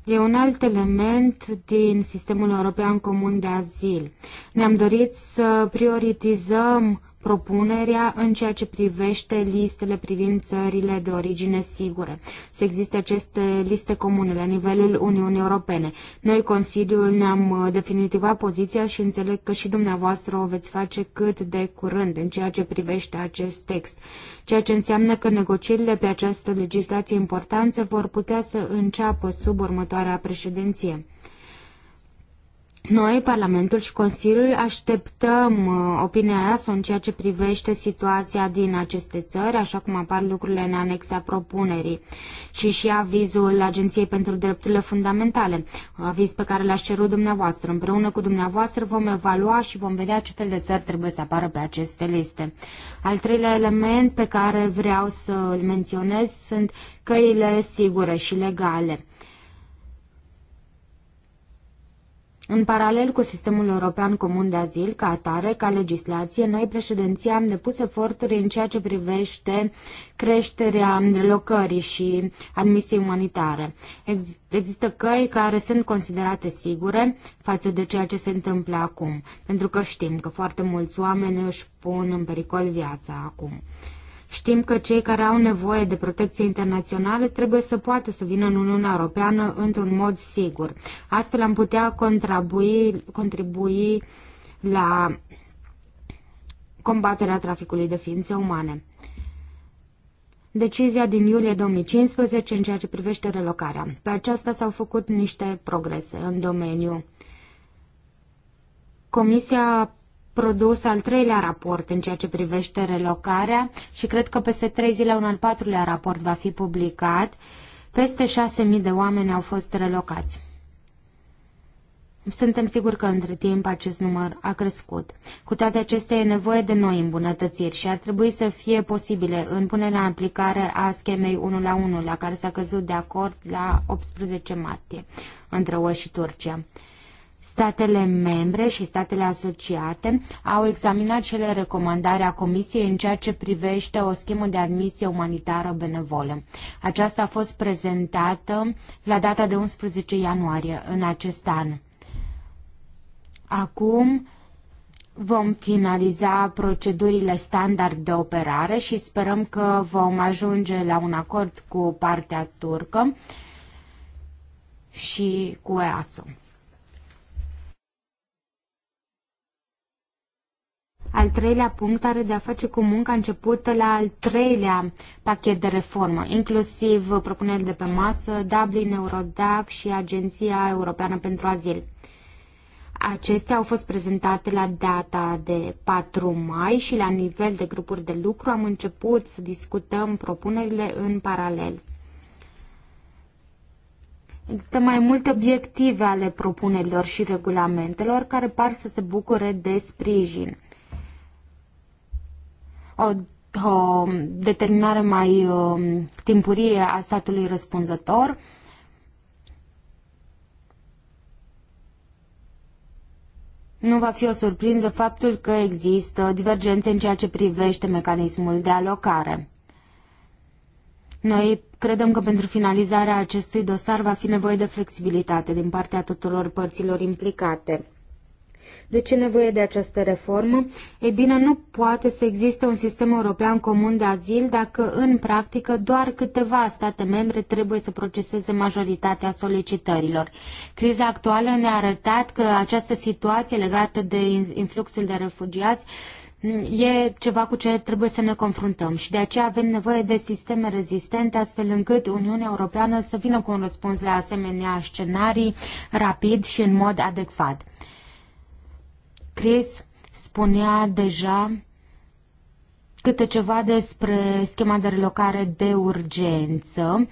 E un alt element din sistemul european comun de azil. Ne-am dorit să prioritizăm propunerea în ceea ce privește listele privind țările de origine sigure. Să existe aceste liste comune la nivelul Uniunii Europene. Noi, Consiliul, ne-am uh, definitivat poziția și înțeleg că și dumneavoastră o veți face cât de curând în ceea ce privește acest text, ceea ce înseamnă că negocierile pe această legislație importanță vor putea să înceapă sub următoarea președinție. Noi, Parlamentul și Consiliul, așteptăm uh, opinia EASO în ceea ce privește situația din aceste țări, așa cum apar lucrurile în anexa propunerii și și avizul Agenției pentru Drepturile Fundamentale, aviz pe care l-aș cerut dumneavoastră. Împreună cu dumneavoastră vom evalua și vom vedea ce fel de țări trebuie să apară pe aceste liste. Al treilea element pe care vreau să îl menționez sunt căile sigure și legale. În paralel cu sistemul european comun de azil, ca atare, ca legislație, noi președinția am depus eforturi în ceea ce privește creșterea relocării și admisiei umanitare. Ex- există căi care sunt considerate sigure față de ceea ce se întâmplă acum, pentru că știm că foarte mulți oameni își pun în pericol viața acum. Știm că cei care au nevoie de protecție internațională trebuie să poată să vină în Uniunea Europeană într-un mod sigur. Astfel am putea contribui, contribui la combaterea traficului de ființe umane. Decizia din iulie 2015 în ceea ce privește relocarea. Pe aceasta s-au făcut niște progrese în domeniu. Comisia produs al treilea raport în ceea ce privește relocarea și cred că peste trei zile un al patrulea raport va fi publicat. Peste 6.000 de oameni au fost relocați. Suntem siguri că între timp acest număr a crescut. Cu toate acestea e nevoie de noi îmbunătățiri și ar trebui să fie posibile în punerea în aplicare a schemei 1 la 1 la care s-a căzut de acord la 18 martie între UE și Turcia. Statele membre și statele asociate au examinat cele recomandări a Comisiei în ceea ce privește o schemă de admisie umanitară benevolă. Aceasta a fost prezentată la data de 11 ianuarie în acest an. Acum vom finaliza procedurile standard de operare și sperăm că vom ajunge la un acord cu partea turcă și cu EASO. Al treilea punct are de a face cu munca începută la al treilea pachet de reformă, inclusiv propuneri de pe masă, Dublin, Eurodac și Agenția Europeană pentru Azil. Acestea au fost prezentate la data de 4 mai și la nivel de grupuri de lucru am început să discutăm propunerile în paralel. Există mai multe obiective ale propunerilor și regulamentelor care par să se bucure de sprijin o, o determinare mai uh, timpurie a statului răspunzător. Nu va fi o surprinză faptul că există divergențe în ceea ce privește mecanismul de alocare. Noi credem că pentru finalizarea acestui dosar va fi nevoie de flexibilitate din partea tuturor părților implicate. De ce nevoie de această reformă? E bine, nu poate să existe un sistem european comun de azil dacă, în practică, doar câteva state membre trebuie să proceseze majoritatea solicitărilor. Criza actuală ne-a arătat că această situație legată de influxul de refugiați mm, e ceva cu ce trebuie să ne confruntăm și de aceea avem nevoie de sisteme rezistente astfel încât Uniunea Europeană să vină cu un răspuns la asemenea scenarii rapid și în mod adecvat scris spunea deja câte ceva despre schema de relocare de urgență,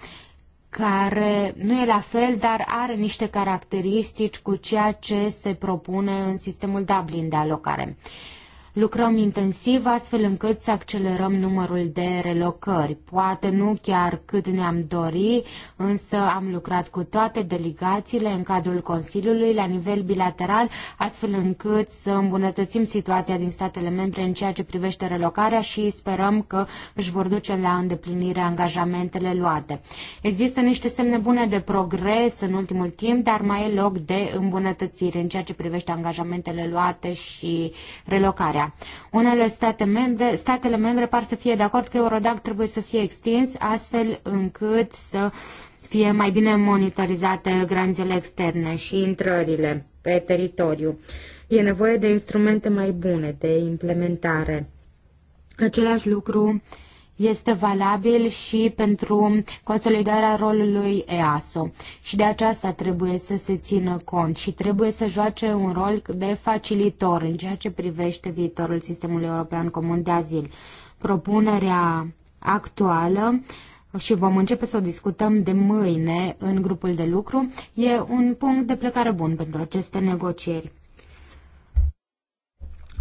care nu e la fel, dar are niște caracteristici cu ceea ce se propune în sistemul Dublin de alocare. Uh, Lucrăm intensiv astfel încât să accelerăm numărul de relocări. Poate nu chiar cât ne-am dori, însă am lucrat cu toate delegațiile în cadrul Consiliului la nivel bilateral, astfel încât să îmbunătățim situația din statele membre în ceea ce privește relocarea și sperăm că își vor duce la îndeplinire angajamentele luate. Există niște semne bune de progres în ultimul timp, dar mai e loc de îmbunătățire în ceea ce privește angajamentele luate și relocarea aderarea. Unele state membre, statele membre par să fie de acord că Eurodac trebuie să fie extins astfel încât să fie mai bine monitorizate granițele externe și intrările pe teritoriu. E nevoie de instrumente mai bune de implementare. Același lucru uh, este valabil și pentru consolidarea rolului EASO și de aceasta trebuie să se țină cont și trebuie să joace un rol de facilitor în ceea ce privește viitorul sistemului european comun de azil. Propunerea actuală și vom începe să o discutăm de mâine în grupul de lucru, e un punct de plecare bun pentru aceste negocieri.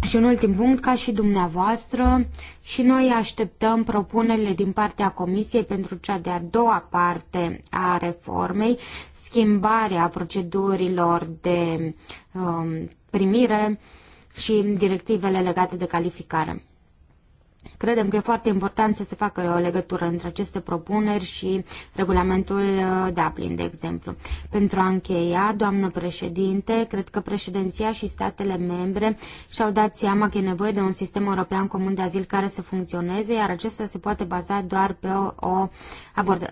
Și un ultim punct, ca și dumneavoastră, și noi așteptăm propunerile din partea Comisiei pentru cea de-a doua parte a reformei, schimbarea procedurilor de um, primire și directivele legate de calificare. Credem că e foarte important să se facă o legătură între aceste propuneri și regulamentul uh, Dublin, de exemplu. Pentru a încheia, doamnă președinte, cred că președinția și statele membre și-au dat seama că e nevoie de un sistem european comun de azil care să funcționeze, iar acesta se poate baza doar pe o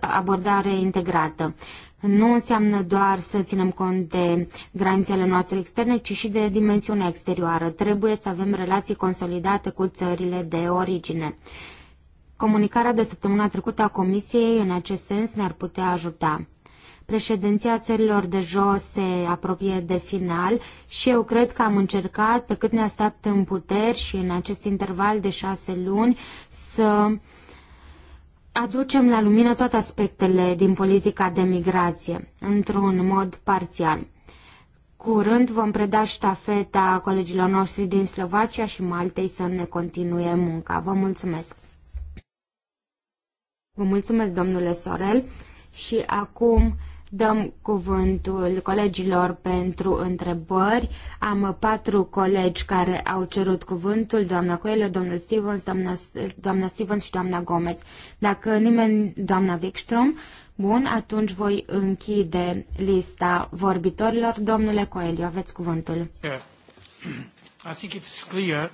abordare integrată nu înseamnă doar să ținem cont de granițele noastre externe, ci și de dimensiunea exterioară. Trebuie să avem relații consolidate cu țările de origine. Comunicarea de săptămâna trecută a Comisiei în acest sens ne-ar putea ajuta. Președinția țărilor de jos se apropie de final și eu cred că am încercat, pe cât ne-a stat în puteri și în acest interval de șase luni, să uh, aducem la lumină toate aspectele din politica de migrație, într-un mod parțial. Curând vom preda ștafeta colegilor noștri din Slovacia și Maltei să ne continue munca. Vă mulțumesc! Vă mulțumesc, domnule Sorel, și acum Dăm cuvântul colegilor pentru întrebări. Am patru colegi care au cerut cuvântul, doamna Coelho, domnul Stevens, doamna, doamna Stevens și doamna Gomez. Dacă nimeni, doamna Wikström, bun, atunci voi închide lista vorbitorilor. Domnule Coelho, aveți cuvântul. Yeah. I think it's clear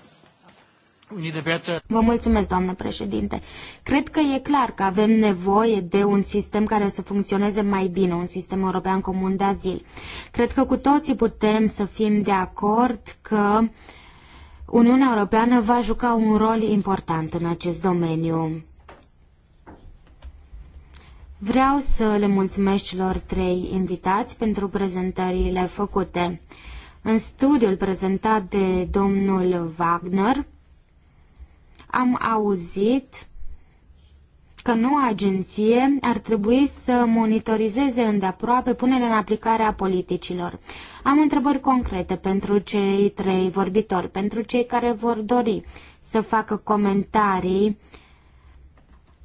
Vă mulțumesc, doamnă președinte. Cred că e clar că avem nevoie de un sistem care să funcționeze mai bine, un sistem european comun de azil. Cred că cu toții putem să fim de acord că Uniunea Europeană va juca un rol important în acest domeniu. Vreau să le mulțumesc celor trei invitați pentru prezentările făcute. În studiul prezentat de domnul Wagner, am auzit că noua agenție ar trebui să monitorizeze îndeaproape punerea în aplicare a politicilor. Am întrebări concrete pentru cei trei vorbitori, pentru cei care vor dori să facă comentarii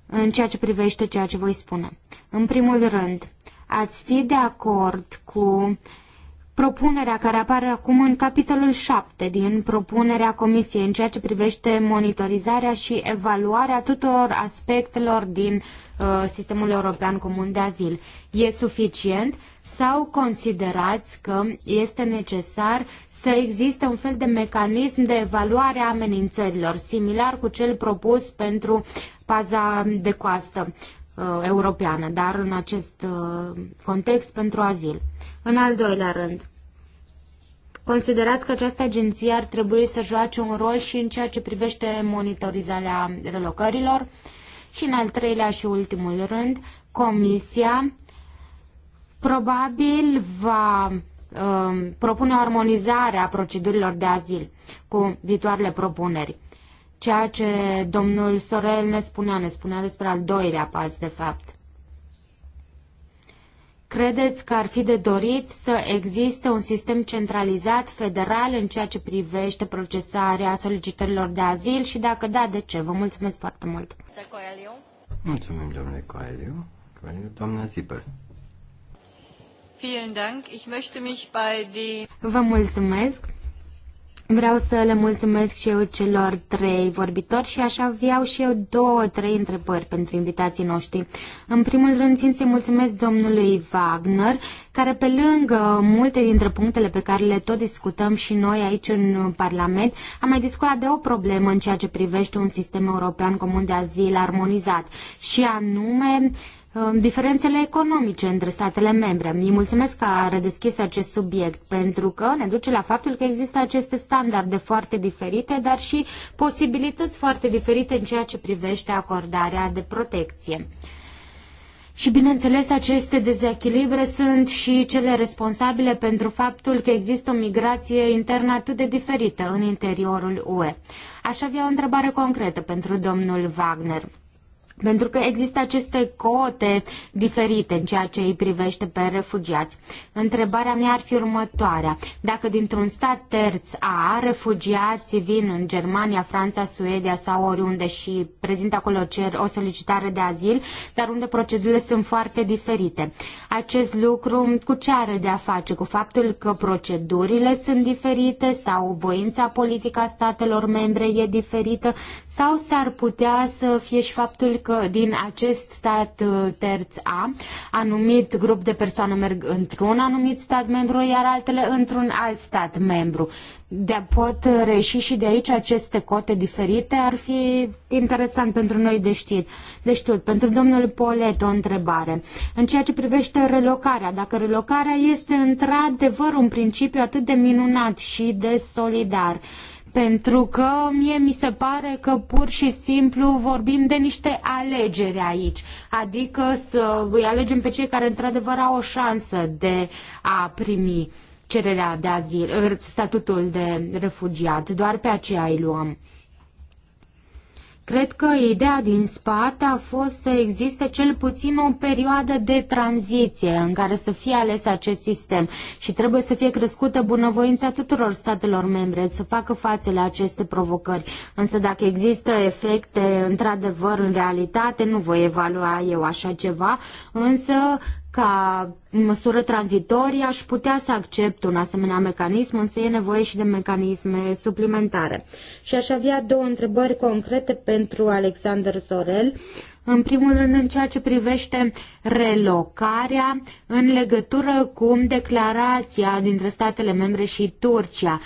în ceea ce privește ceea ce voi spune. În primul rând, ați fi de acord cu propunerea care apare acum în capitolul 7 din propunerea Comisiei în ceea ce privește monitorizarea și evaluarea tuturor aspectelor din uh, sistemul european comun de azil. E suficient sau considerați că este necesar să existe un fel de mecanism de evaluare a amenințărilor, similar cu cel propus pentru paza de coastă? Uh, uh, europeană, dar în acest uh, context pentru azil. În al doilea rând, considerați că această agenție ar trebui să joace un rol și în ceea ce privește monitorizarea relocărilor? Și în al treilea și ultimul rând, Comisia probabil va uh, propune o armonizare a procedurilor de azil cu viitoarele propuneri ceea ce domnul Sorel ne spunea, ne spunea despre al doilea pas, de fapt. Credeți că ar fi de dorit să existe un sistem centralizat federal în ceea ce privește procesarea solicitărilor de azil și dacă da, de ce? Vă mulțumesc foarte mult. Mulțumim, domnule Coelho. Doamna Zipel. Vă mulțumesc. Vreau să le mulțumesc și eu celor trei vorbitori și aș avea și eu două, trei întrebări pentru invitații noștri. În primul rând, țin să mulțumesc domnului Wagner, care pe lângă multe dintre punctele pe care le tot discutăm și noi aici în Parlament, a mai discutat de o problemă în ceea ce privește un sistem european comun de azil armonizat, și anume uh, Um, diferențele economice între statele membre. Îi mulțumesc că a redeschis acest subiect, pentru că ne duce la faptul că există aceste standarde foarte diferite, dar și posibilități foarte diferite în ceea ce privește acordarea de protecție. Și bineînțeles, aceste dezechilibre sunt și cele responsabile pentru faptul că există o migrație internă atât de diferită în interiorul UE. Aș avea o întrebare concretă pentru domnul Wagner pentru că există aceste cote diferite în ceea ce îi privește pe refugiați. Întrebarea mea ar fi următoarea. Dacă dintr-un stat terț A refugiații vin în Germania, Franța, Suedia sau oriunde și prezintă acolo cer o solicitare de azil, dar unde procedurile sunt foarte diferite. Acest lucru cu ce are de a face? Cu faptul că procedurile sunt diferite sau voința politică a statelor membre e diferită sau s-ar putea să fie și faptul că că din acest stat uh, terț A, anumit grup de persoane merg într-un anumit stat membru, iar altele într-un alt stat membru. De pot uh, reși și de aici aceste cote diferite ar fi interesant pentru noi de știut. De știut, pentru domnul Polet o întrebare. În ceea ce privește relocarea, dacă relocarea este într-adevăr un principiu atât de minunat și de solidar, pentru că mie mi se pare că pur și simplu vorbim de niște alegeri aici, adică să îi alegem pe cei care într-adevăr au o șansă de a primi cererea de azil, er, statutul de refugiat, doar pe aceea îi luăm. Cred că ideea din spate a fost să existe cel puțin o perioadă de tranziție în care să fie ales acest sistem și trebuie să fie crescută bunăvoința tuturor statelor membre să facă față la aceste provocări. Însă dacă există efecte într-adevăr în realitate, nu voi evalua eu așa ceva, însă ca măsură tranzitorie aș putea să accept un asemenea mecanism, însă e nevoie și de mecanisme suplimentare. Și aș avea două întrebări concrete pentru Alexander Sorel. În primul rând, în ceea ce privește relocarea în legătură cu declarația dintre statele membre și Turcia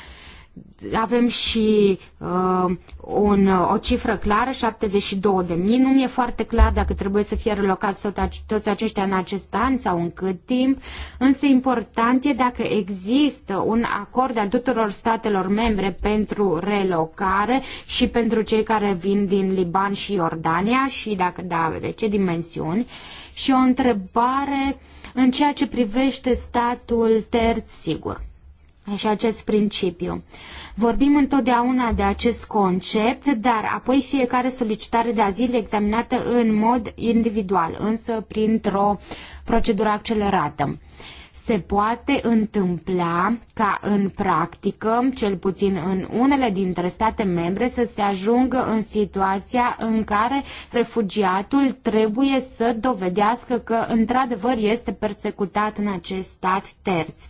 avem și uh, un, uh, o cifră clară, 72 de mii. Nu mi-e foarte clar dacă trebuie să fie relocați toți aceștia în acest an sau în cât timp, însă important e dacă există un acord al tuturor statelor membre pentru relocare și pentru cei care vin din Liban și Iordania și dacă da, de ce dimensiuni. Și o întrebare în ceea ce privește statul terț sigur și acest principiu. Vorbim întotdeauna de acest concept, dar apoi fiecare solicitare de azil examinată în mod individual, însă printr-o procedură accelerată. Se poate întâmpla ca în practică, cel puțin în unele dintre state membre, să se ajungă în situația în care refugiatul trebuie să dovedească că într-adevăr este persecutat în acest stat terț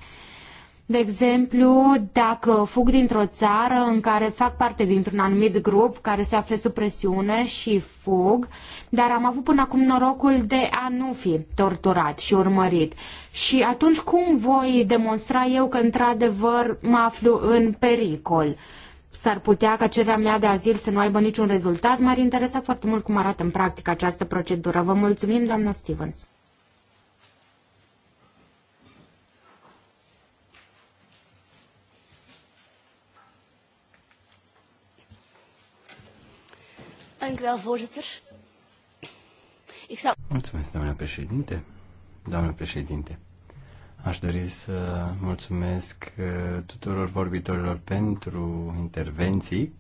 de exemplu, dacă fug dintr-o țară în care fac parte dintr-un anumit grup care se află sub presiune și fug, dar am avut până acum norocul de a nu fi torturat și urmărit. Și atunci cum voi demonstra eu că într-adevăr mă aflu în pericol? S-ar putea ca cererea mea de azil să nu aibă niciun rezultat. M-ar interesa foarte mult cum arată în practică această procedură. Vă mulțumim, doamna Stevens. Dank u wel, voorzitter. Ik zou... Mulțumesc, doamna președinte. Doamna președinte, aș dori să mulțumesc uh, tuturor vorbitorilor pentru intervenții.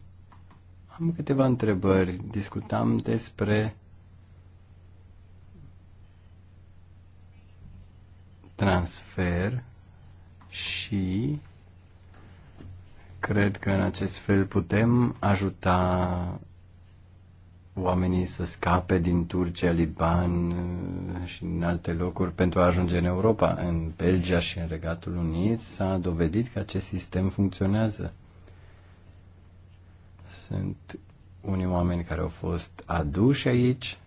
Am câteva întrebări. Discutam despre transfer și cred că în acest fel putem ajuta oamenii să scape din Turcia, Liban uh, și în alte locuri pentru a ajunge în Europa. În Belgia și în Regatul Unit s-a dovedit că acest sistem funcționează. Sunt unii oameni care au fost aduși aici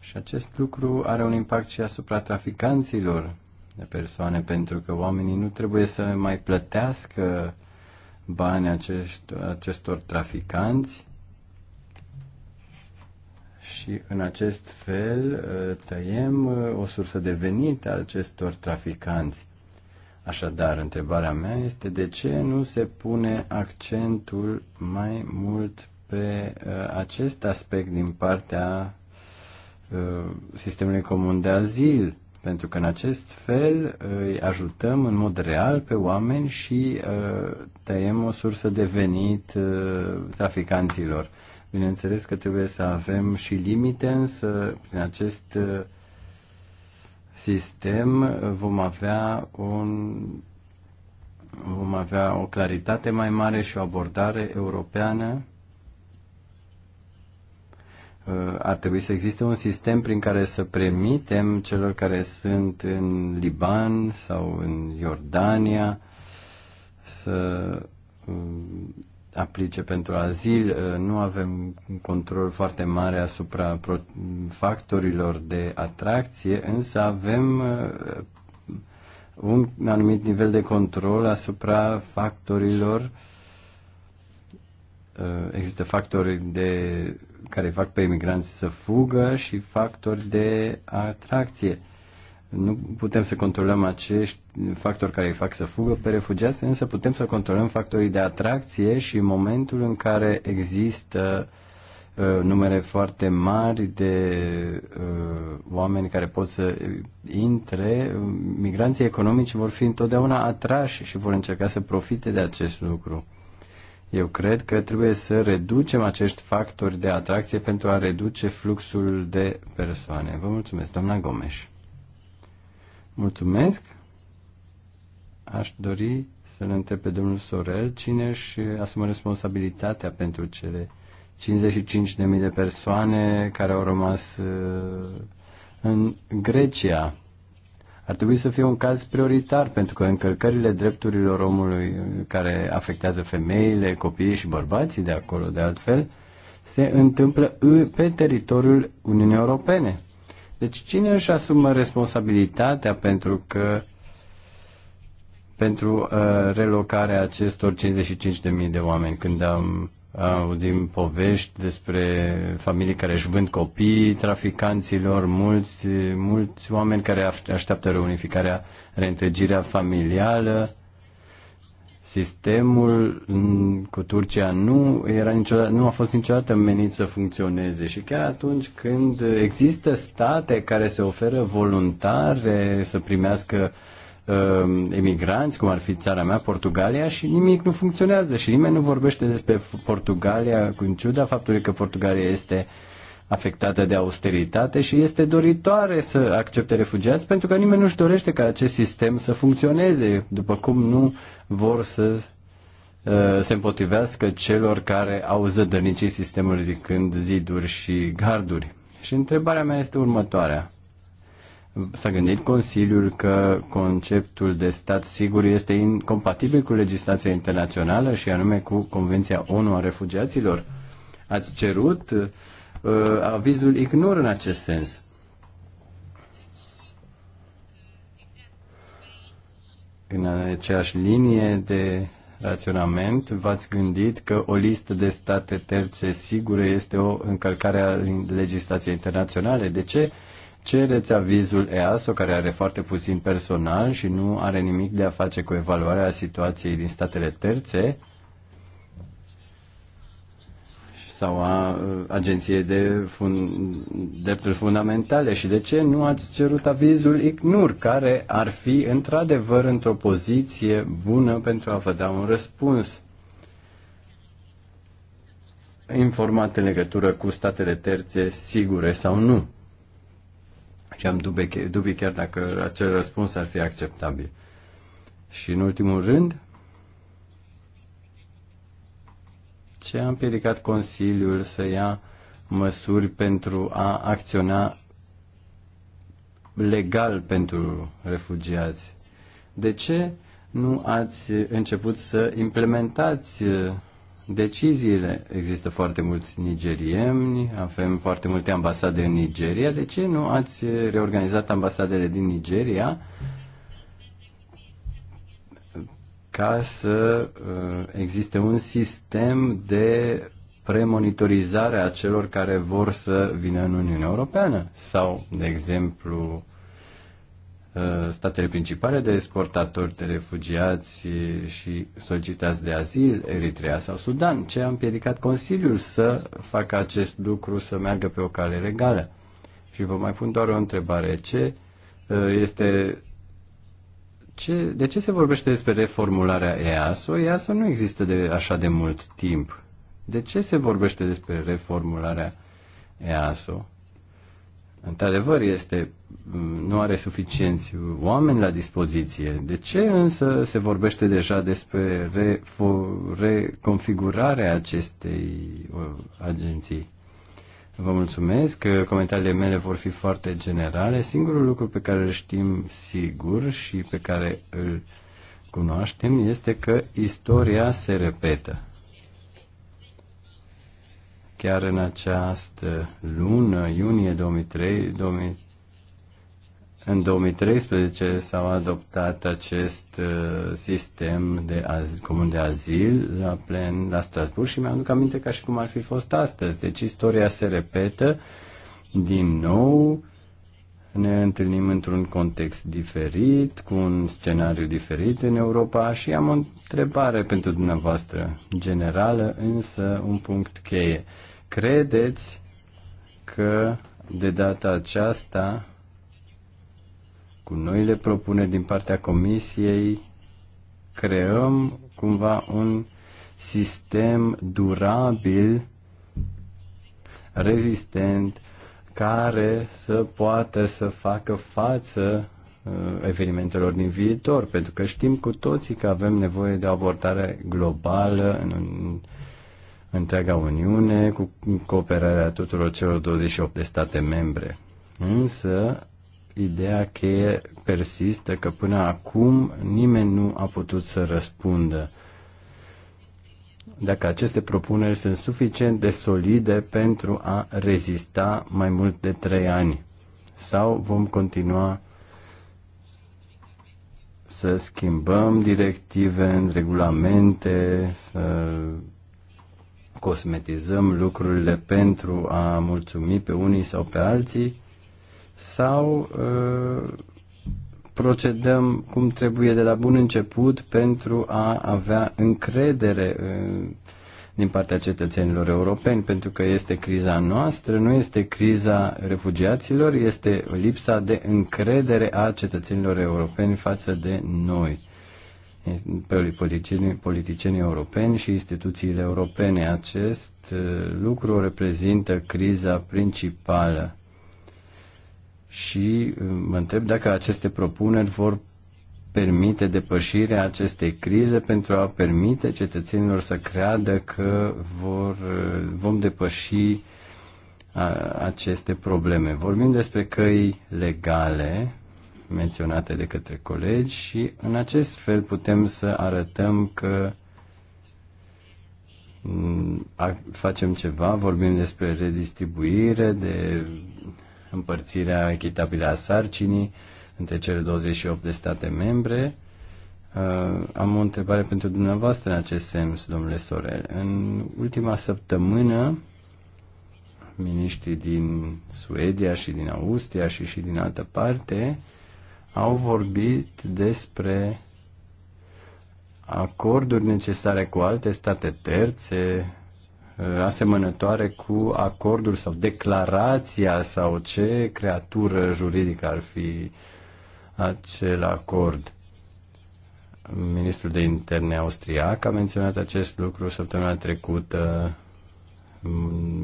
și acest lucru are un impact și asupra traficanților de persoane, pentru că oamenii nu trebuie să mai plătească bani acești, acestor traficanți și în acest fel uh, tăiem uh, o sursă de venit a acestor traficanți. Așadar, întrebarea mea este de ce nu se pune accentul mai mult pe uh, acest aspect din partea sistemului comun de azil pentru că în acest fel îi ajutăm în mod real pe oameni și uh, tăiem o sursă de venit uh, traficanților. Bineînțeles că trebuie să avem și limite, însă prin acest uh, sistem vom avea un vom avea o claritate mai mare și o abordare europeană Uh, ar trebui să existe un sistem prin care să permitem celor care sunt în Liban sau în Iordania să uh, aplice pentru azil. Uh, nu avem un control foarte mare asupra factorilor de atracție, însă avem un anumit nivel de control asupra factorilor. Există factori de care fac pe imigranți să fugă și factori de atracție. Nu putem să controlăm acești factori care îi fac să fugă pe refugiați, însă putem să controlăm factorii de atracție și momentul în care există uh, numere foarte mari de uh, oameni care pot să intre, migranții economici vor fi întotdeauna atrași și vor încerca să profite de acest lucru. Eu cred că trebuie să reducem acești factori de atracție pentru a reduce fluxul de persoane. Vă mulțumesc, doamna Gomes. Mulțumesc. Aș dori să-l întreb pe domnul Sorel cine își asumă responsabilitatea pentru cele 55.000 de persoane care au rămas uh, în Grecia ar trebui să fie un caz prioritar, pentru că încălcările drepturilor omului care afectează femeile, copiii și bărbații de acolo, de altfel, se întâmplă pe teritoriul Uniunii Europene. Deci cine își asumă responsabilitatea pentru că pentru uh, relocarea acestor 55.000 de oameni? Când am auzim povești despre familii care își vând copii traficanților, mulți, mulți oameni care așteaptă reunificarea, reîntregirea familială. Sistemul cu Turcia nu, era niciodată, nu a fost niciodată menit să funcționeze și chiar atunci când există state care se oferă voluntare să primească uh, Um, emigranți, cum ar fi țara mea, Portugalia, și nimic nu funcționează și nimeni nu vorbește despre Portugalia, în ciuda faptului că Portugalia este afectată de austeritate și este doritoare să accepte refugiați pentru că nimeni nu-și dorește ca acest sistem să funcționeze, după cum nu vor să uh, se împotrivească celor care au zădărnicit sistemul ridicând ziduri și garduri. Și întrebarea mea este următoarea S-a gândit Consiliul că conceptul de stat sigur este incompatibil cu legislația internațională și anume cu Convenția ONU a refugiaților? Ați cerut uh, avizul ignor în acest sens. În aceeași linie de raționament, v-ați gândit că o listă de state terțe sigure este o încălcare a legislației internaționale. De ce? cereți avizul EASO, care are foarte puțin personal și nu are nimic de a face cu evaluarea situației din statele terțe sau a uh, Agenției de fun- Drepturi Fundamentale și de ce nu ați cerut avizul ICNUR, care ar fi într-adevăr într-o poziție bună pentru a vă da un răspuns informat în legătură cu statele terțe sigure sau nu. Și am dubii, dubii chiar dacă acel răspuns ar fi acceptabil. Și în ultimul rând, ce a împiedicat Consiliul să ia măsuri pentru a acționa legal pentru refugiați? De ce nu ați început să implementați deciziile. Există foarte mulți nigerieni, avem foarte multe ambasade în Nigeria. De ce nu ați reorganizat ambasadele din Nigeria ca să uh, existe un sistem de premonitorizare a celor care vor să vină în Uniunea Europeană? Sau, de exemplu, Uh, statele principale de exportatori de refugiați și solicitați de azil, Eritrea sau Sudan, ce a împiedicat Consiliul să facă acest lucru, să meargă pe o cale legală. Și vă mai pun doar o întrebare. Ce uh, este ce, de ce se vorbește despre reformularea EASO? EASO nu există de așa de mult timp. De ce se vorbește despre reformularea EASO? Într-adevăr, este, mm, nu are suficienți oameni la dispoziție. De ce însă se vorbește deja despre reconfigurarea acestei uh, agenții? Vă mulțumesc că comentariile mele vor fi foarte generale. Singurul lucru pe care îl știm sigur și pe care îl cunoaștem este că istoria se repetă. Chiar în această lună, iunie 2003, 2000, în 2013 s-au adoptat acest uh, sistem de az, comun de azil la plen la Strasburg și mi-aduc aminte ca și cum ar fi fost astăzi. Deci istoria se repetă din nou, ne întâlnim într-un context diferit, cu un scenariu diferit în Europa și am o întrebare pentru dumneavoastră generală, însă un punct cheie. Credeți că de data aceasta, cu noile propuneri din partea Comisiei, creăm cumva un sistem durabil, rezistent, care să poată să facă față uh, evenimentelor din viitor, pentru că știm cu toții că avem nevoie de o abordare globală în, întreaga Uniune cu cooperarea tuturor celor 28 de state membre. Însă, ideea cheie persistă că până acum nimeni nu a putut să răspundă dacă aceste propuneri sunt suficient de solide pentru a rezista mai mult de trei ani sau vom continua să schimbăm directive în regulamente, să cosmetizăm lucrurile pentru a mulțumi pe unii sau pe alții sau uh, procedăm cum trebuie de la bun început pentru a avea încredere uh, din partea cetățenilor europeni, pentru că este criza noastră, nu este criza refugiaților, este lipsa de încredere a cetățenilor europeni față de noi politicienii, politicienii europeni și instituțiile europene. Acest uh, lucru reprezintă criza principală și uh, mă întreb dacă aceste propuneri vor permite depășirea acestei crize pentru a permite cetățenilor să creadă că vor, uh, vom depăși aceste probleme. Vorbim despre căi legale menționate de către colegi și în acest fel putem să arătăm că facem ceva, vorbim despre redistribuire, de împărțirea echitabilă a sarcinii între cele 28 de state membre. Am o întrebare pentru dumneavoastră în acest sens, domnule Sorel. În ultima săptămână, miniștrii din Suedia și din Austria și și din altă parte au vorbit despre acorduri necesare cu alte state terțe, uh, asemănătoare cu acordul sau declarația sau ce creatură juridică ar fi acel acord. Ministrul de interne austriac a menționat acest lucru săptămâna trecută.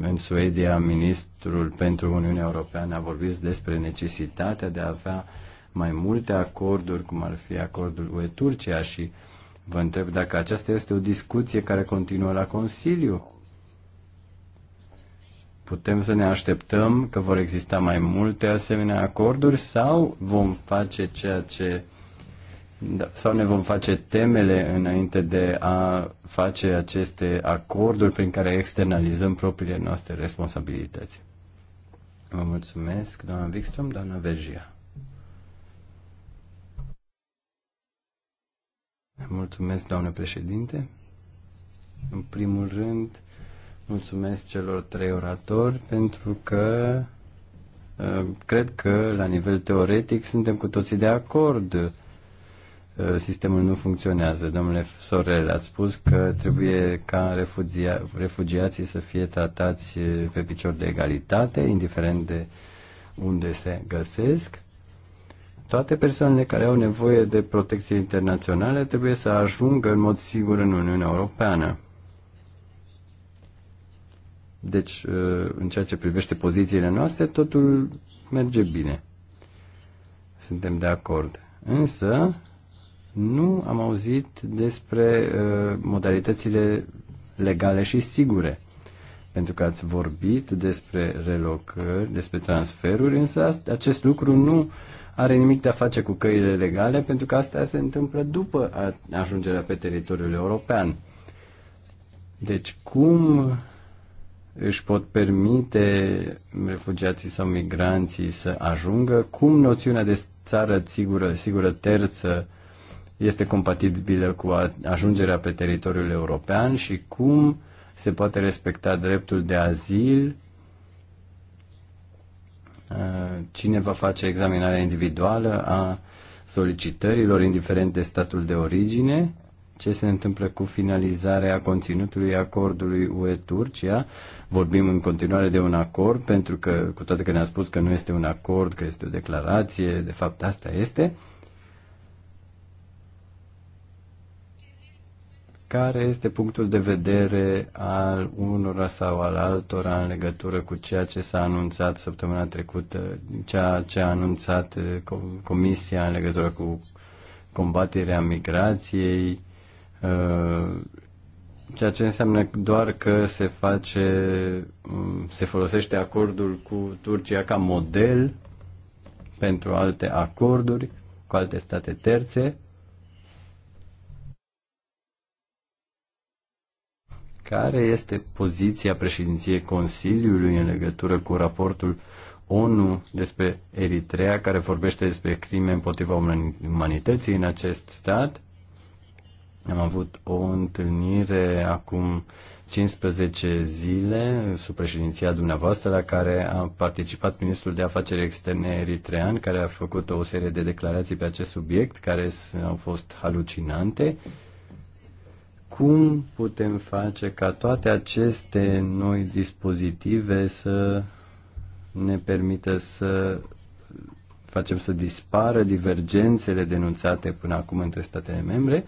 În Suedia, ministrul pentru Uniunea Europeană a vorbit despre necesitatea de a avea mai multe acorduri, cum ar fi acordul UE-Turcia și vă întreb dacă aceasta este o discuție care continuă la Consiliu. Putem să ne așteptăm că vor exista mai multe asemenea acorduri sau vom face ceea ce da, sau ne vom face temele înainte de a face aceste acorduri prin care externalizăm propriile noastre responsabilități. Vă mulțumesc, doamna Wikström, doamna Vergia. Mulțumesc, doamnă președinte. În primul rând, mulțumesc celor trei oratori pentru că uh, cred că la nivel teoretic suntem cu toții de acord. Uh, sistemul nu funcționează. Domnule Sorel, ați spus că trebuie ca refugia, refugiații să fie tratați pe picior de egalitate, indiferent de unde se găsesc toate persoanele care au nevoie de protecție internațională trebuie să ajungă în mod sigur în Uniunea Europeană. Deci, ă, în ceea ce privește pozițiile noastre, totul merge bine. Suntem de acord. Însă, nu am auzit despre ă, modalitățile legale și sigure. Pentru că ați vorbit despre relocări, despre transferuri, însă acest lucru nu uh, are nimic de a face cu căile legale, pentru că asta se întâmplă după ajungerea pe teritoriul european. Deci cum își pot permite refugiații sau migranții să ajungă, cum noțiunea de țară sigură, sigură terță este compatibilă cu ajungerea pe teritoriul european și cum se poate respecta dreptul de azil Eh, cine va face examinarea individuală a solicitărilor, indiferent de statul de origine, ce se întâmplă cu finalizarea conținutului acordului UE-Turcia. Vorbim în continuare de un acord, pentru că, cu toate că ne-a spus că nu este un acord, că este o declarație, de fapt asta este. Uh, care este punctul de vedere al unora sau al altora în legătură cu ceea ce s-a anunțat săptămâna trecută, ceea ce a anunțat eh, Comisia în legătură cu combaterea migrației, eh, ceea ce înseamnă doar că se face, mm, se folosește acordul cu Turcia ca model pentru alte acorduri cu alte state terțe Care este poziția președinției Consiliului în legătură cu raportul ONU despre Eritrea, care vorbește despre crime împotriva umanității în acest stat? Am avut o întâlnire acum 15 zile sub președinția dumneavoastră la care a participat ministrul de afaceri externe eritrean care a făcut o serie de declarații pe acest subiect care au fost halucinante cum putem face ca toate aceste noi dispozitive să ne permită să facem să dispară divergențele denunțate până acum între statele membre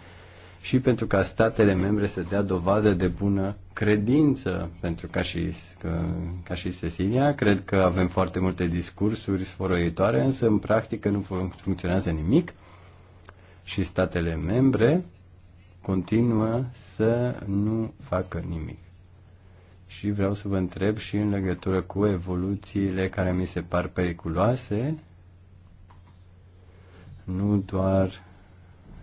și pentru ca statele membre să dea dovadă de bună credință, pentru ca și, că, ca și Cecilia, cred că avem foarte multe discursuri sfărăitoare, însă în practică nu funcționează nimic și statele membre continuă să nu facă nimic. Și vreau să vă întreb și în legătură cu evoluțiile care mi se par periculoase, nu doar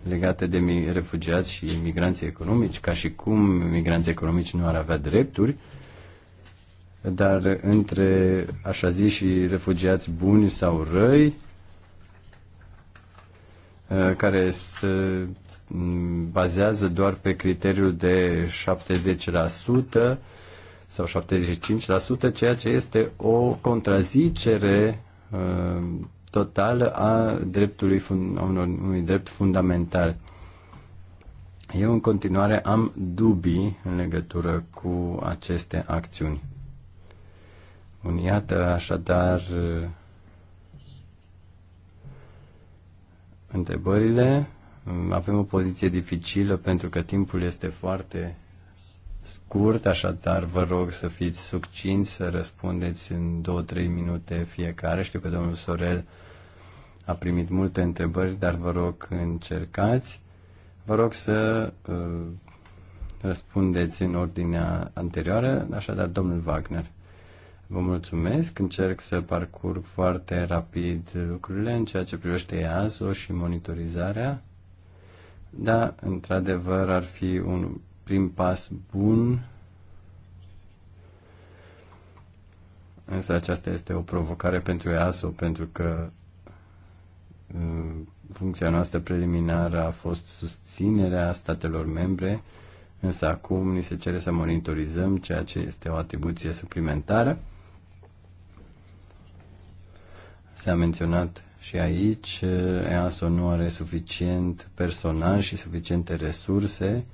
legate de refugiați și migranții economici, ca și cum migranții economici nu ar avea drepturi, dar între așa zis și refugiați buni sau răi, uh, care să bazează doar pe criteriul de 70% sau 75%, ceea ce este o contrazicere uh, totală a dreptului a unui drept fundamental. Eu în continuare am dubii în legătură cu aceste acțiuni. Un iată așadar uh, întrebările avem o poziție dificilă pentru că timpul este foarte scurt, așadar vă rog să fiți succinți, să răspundeți în 2-3 minute fiecare. Știu că domnul Sorel a primit multe întrebări, dar vă rog încercați. Vă rog să uh, răspundeți în ordinea anterioară, așadar domnul Wagner. Vă mulțumesc, încerc să parcurg foarte rapid lucrurile în ceea ce privește EASO și monitorizarea. Da, într-adevăr ar fi un prim pas bun, însă aceasta este o provocare pentru EASO, pentru că uh, funcția noastră preliminară a fost susținerea statelor membre, însă acum ni se cere să monitorizăm ceea ce este o atribuție suplimentară. S-a menționat și aici eh, EASO nu are suficient personal și suficiente resurse.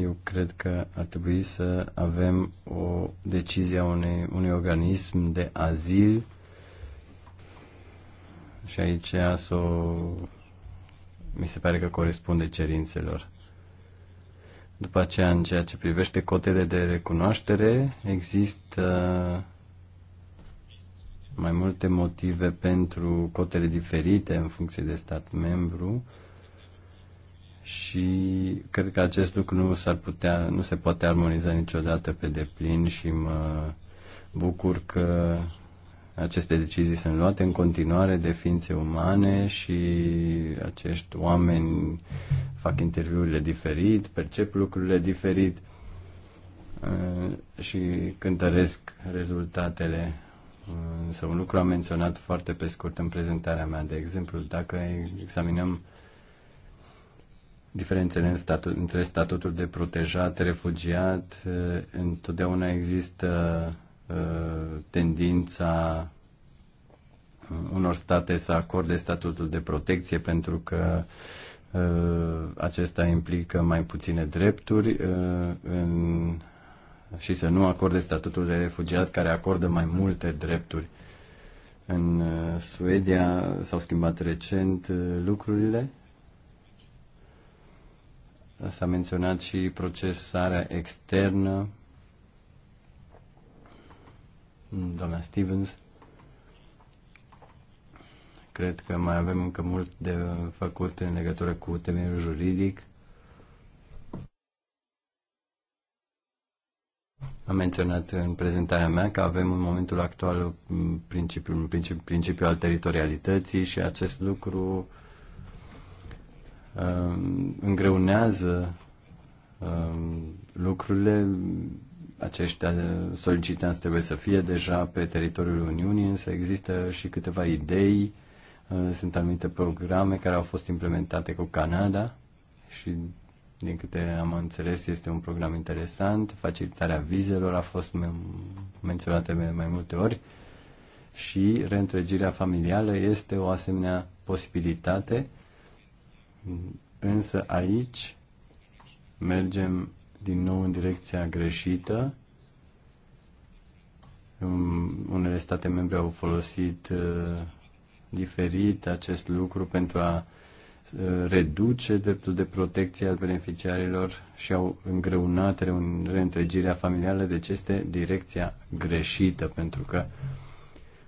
Eu cred că ar trebui să avem o decizie a unei, unui organism de azil și aici EASO mi se pare că corespunde cerințelor. După aceea, în ceea ce privește cotele de recunoaștere, există mai multe motive pentru cotele diferite în funcție de stat membru și cred că acest lucru nu s-ar putea, nu se poate armoniza niciodată pe deplin și mă bucur că aceste decizii sunt luate în continuare de ființe umane și acești oameni fac interviurile diferit, percep lucrurile diferit uh, și cântăresc rezultatele Însă un lucru am menționat foarte pe scurt în prezentarea mea. De exemplu, dacă examinăm diferențele în statut, între statutul de protejat, refugiat, întotdeauna există tendința unor state să acorde statutul de protecție pentru că acesta implică mai puține drepturi. În și să nu acorde statutul de refugiat care acordă mai multe drepturi. În uh, Suedia s-au schimbat recent uh, lucrurile. S-a menționat și procesarea externă. Doamna Stevens cred că mai avem încă mult de făcut în legătură cu temeiul juridic. Am menționat în prezentarea mea că avem în momentul actual principiul, principiu, principiu al teritorialității și acest lucru um, îngreunează um, lucrurile. Aceștia solicitanți trebuie să fie deja pe teritoriul Uniunii, însă există și câteva idei. Uh, sunt anumite programe care au fost implementate cu Canada și din câte am înțeles, este un program interesant. Facilitarea vizelor a fost menționată mai multe ori și reîntregirea familială este o asemenea posibilitate. Însă aici mergem din nou în direcția greșită. Unele state membre au folosit uh, diferit acest lucru pentru a reduce dreptul de protecție al beneficiarilor și au îngreunat reîntregirea familială, deci este direcția greșită, pentru că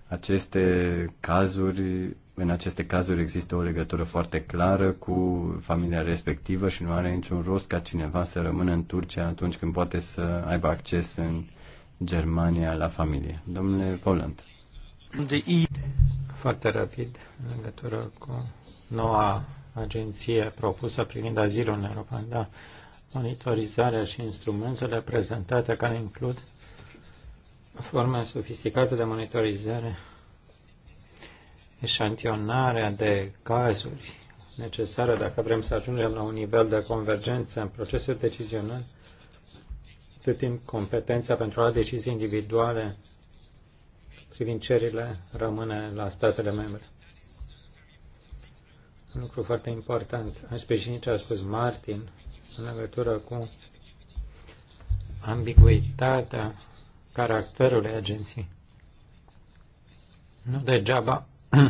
aceste cazuri, în aceste cazuri există o legătură foarte clară cu familia respectivă și nu are niciun rost ca cineva să rămână în Turcia atunci când poate să aibă acces în Germania la familie. Domnule Volant. Foarte rapid, în legătură cu noua agenție propusă privind azilul în Europa, da, monitorizarea și instrumentele prezentate care includ forme sofisticate de monitorizare, eșantionarea de cazuri necesară dacă vrem să ajungem la un nivel de convergență în procesul decizional, de timp competența pentru a decizii individuale privind cerile rămâne la statele membre un lucru foarte important. În special, ce a spus Martin în legătură cu ambiguitatea caracterului agenției. Nu degeaba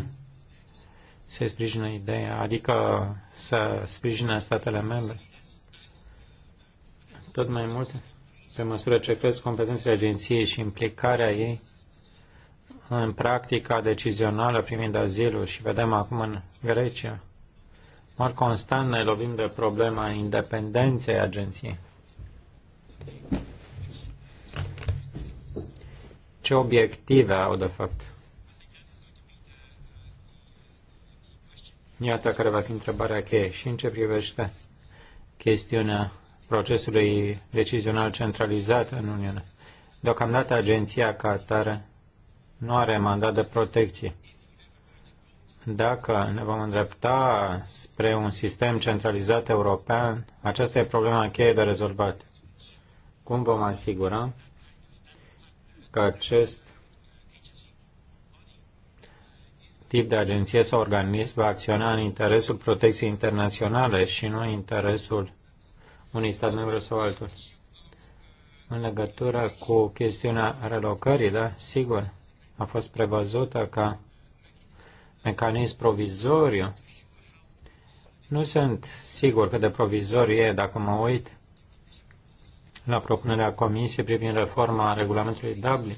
se sprijină ideea, adică să sprijină statele membre. Tot mai mult, pe măsură ce cresc competențele agenției și implicarea ei în practica decizională privind azilul și vedem acum în Grecia, Mar constant ne lovim de problema independenței agenției. Ce obiective au, de fapt? Iată care va fi întrebarea cheie. Și în ce privește chestiunea procesului decizional centralizat în Uniune. Deocamdată agenția ca atare nu are mandat de protecție. Dacă ne vom îndrepta spre un sistem centralizat european, aceasta e problema cheie de rezolvat. Cum vom asigura că acest tip de agenție sau organism va acționa în interesul protecției internaționale și nu în interesul unui stat membru sau altul. În legătură cu chestiunea relocării, da, sigur, a fost prevăzută ca mecanism provizoriu. Nu sunt sigur că de provizorie, e dacă mă uit la propunerea Comisiei privind reforma regulamentului Dublin.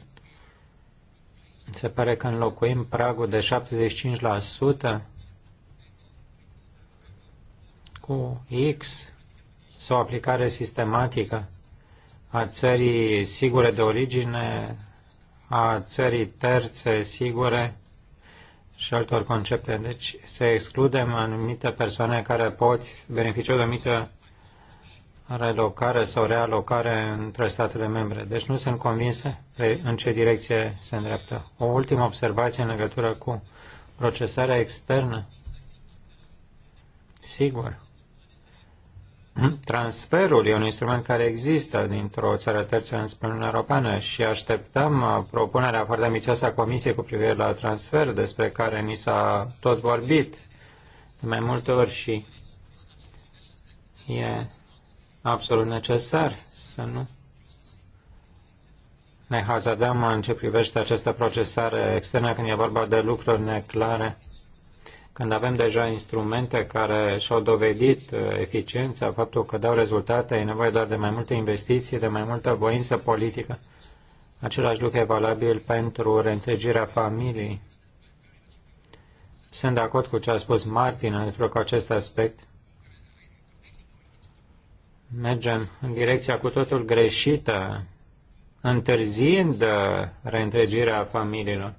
Se pare că înlocuim pragul de 75% cu X sau aplicare sistematică a țării sigure de origine, a țării terțe sigure și altor concepte. Deci să excludem anumite persoane care pot beneficia de o relocare sau realocare între statele membre. Deci nu sunt convinsă în ce direcție se îndreaptă. O ultimă observație în legătură cu procesarea externă. Sigur, Transferul e un instrument care există dintr-o țară terță în Uniunea Europeană și așteptăm uh, propunerea foarte ambițioasă a Comisiei cu privire la transfer, despre care ni s-a tot vorbit de mai multe ori și e absolut necesar să nu ne hazardăm în ce privește această procesare externă când e vorba de lucruri neclare când avem deja instrumente care și-au dovedit uh, eficiența, faptul că dau rezultate, e nevoie doar de mai multe investiții, de mai multă voință politică. Același lucru e valabil pentru reîntregirea familiei. Sunt de acord cu ce a spus Martin în legătură cu acest aspect. Mergem în direcția cu totul greșită, întârziind uh, reîntregirea familiilor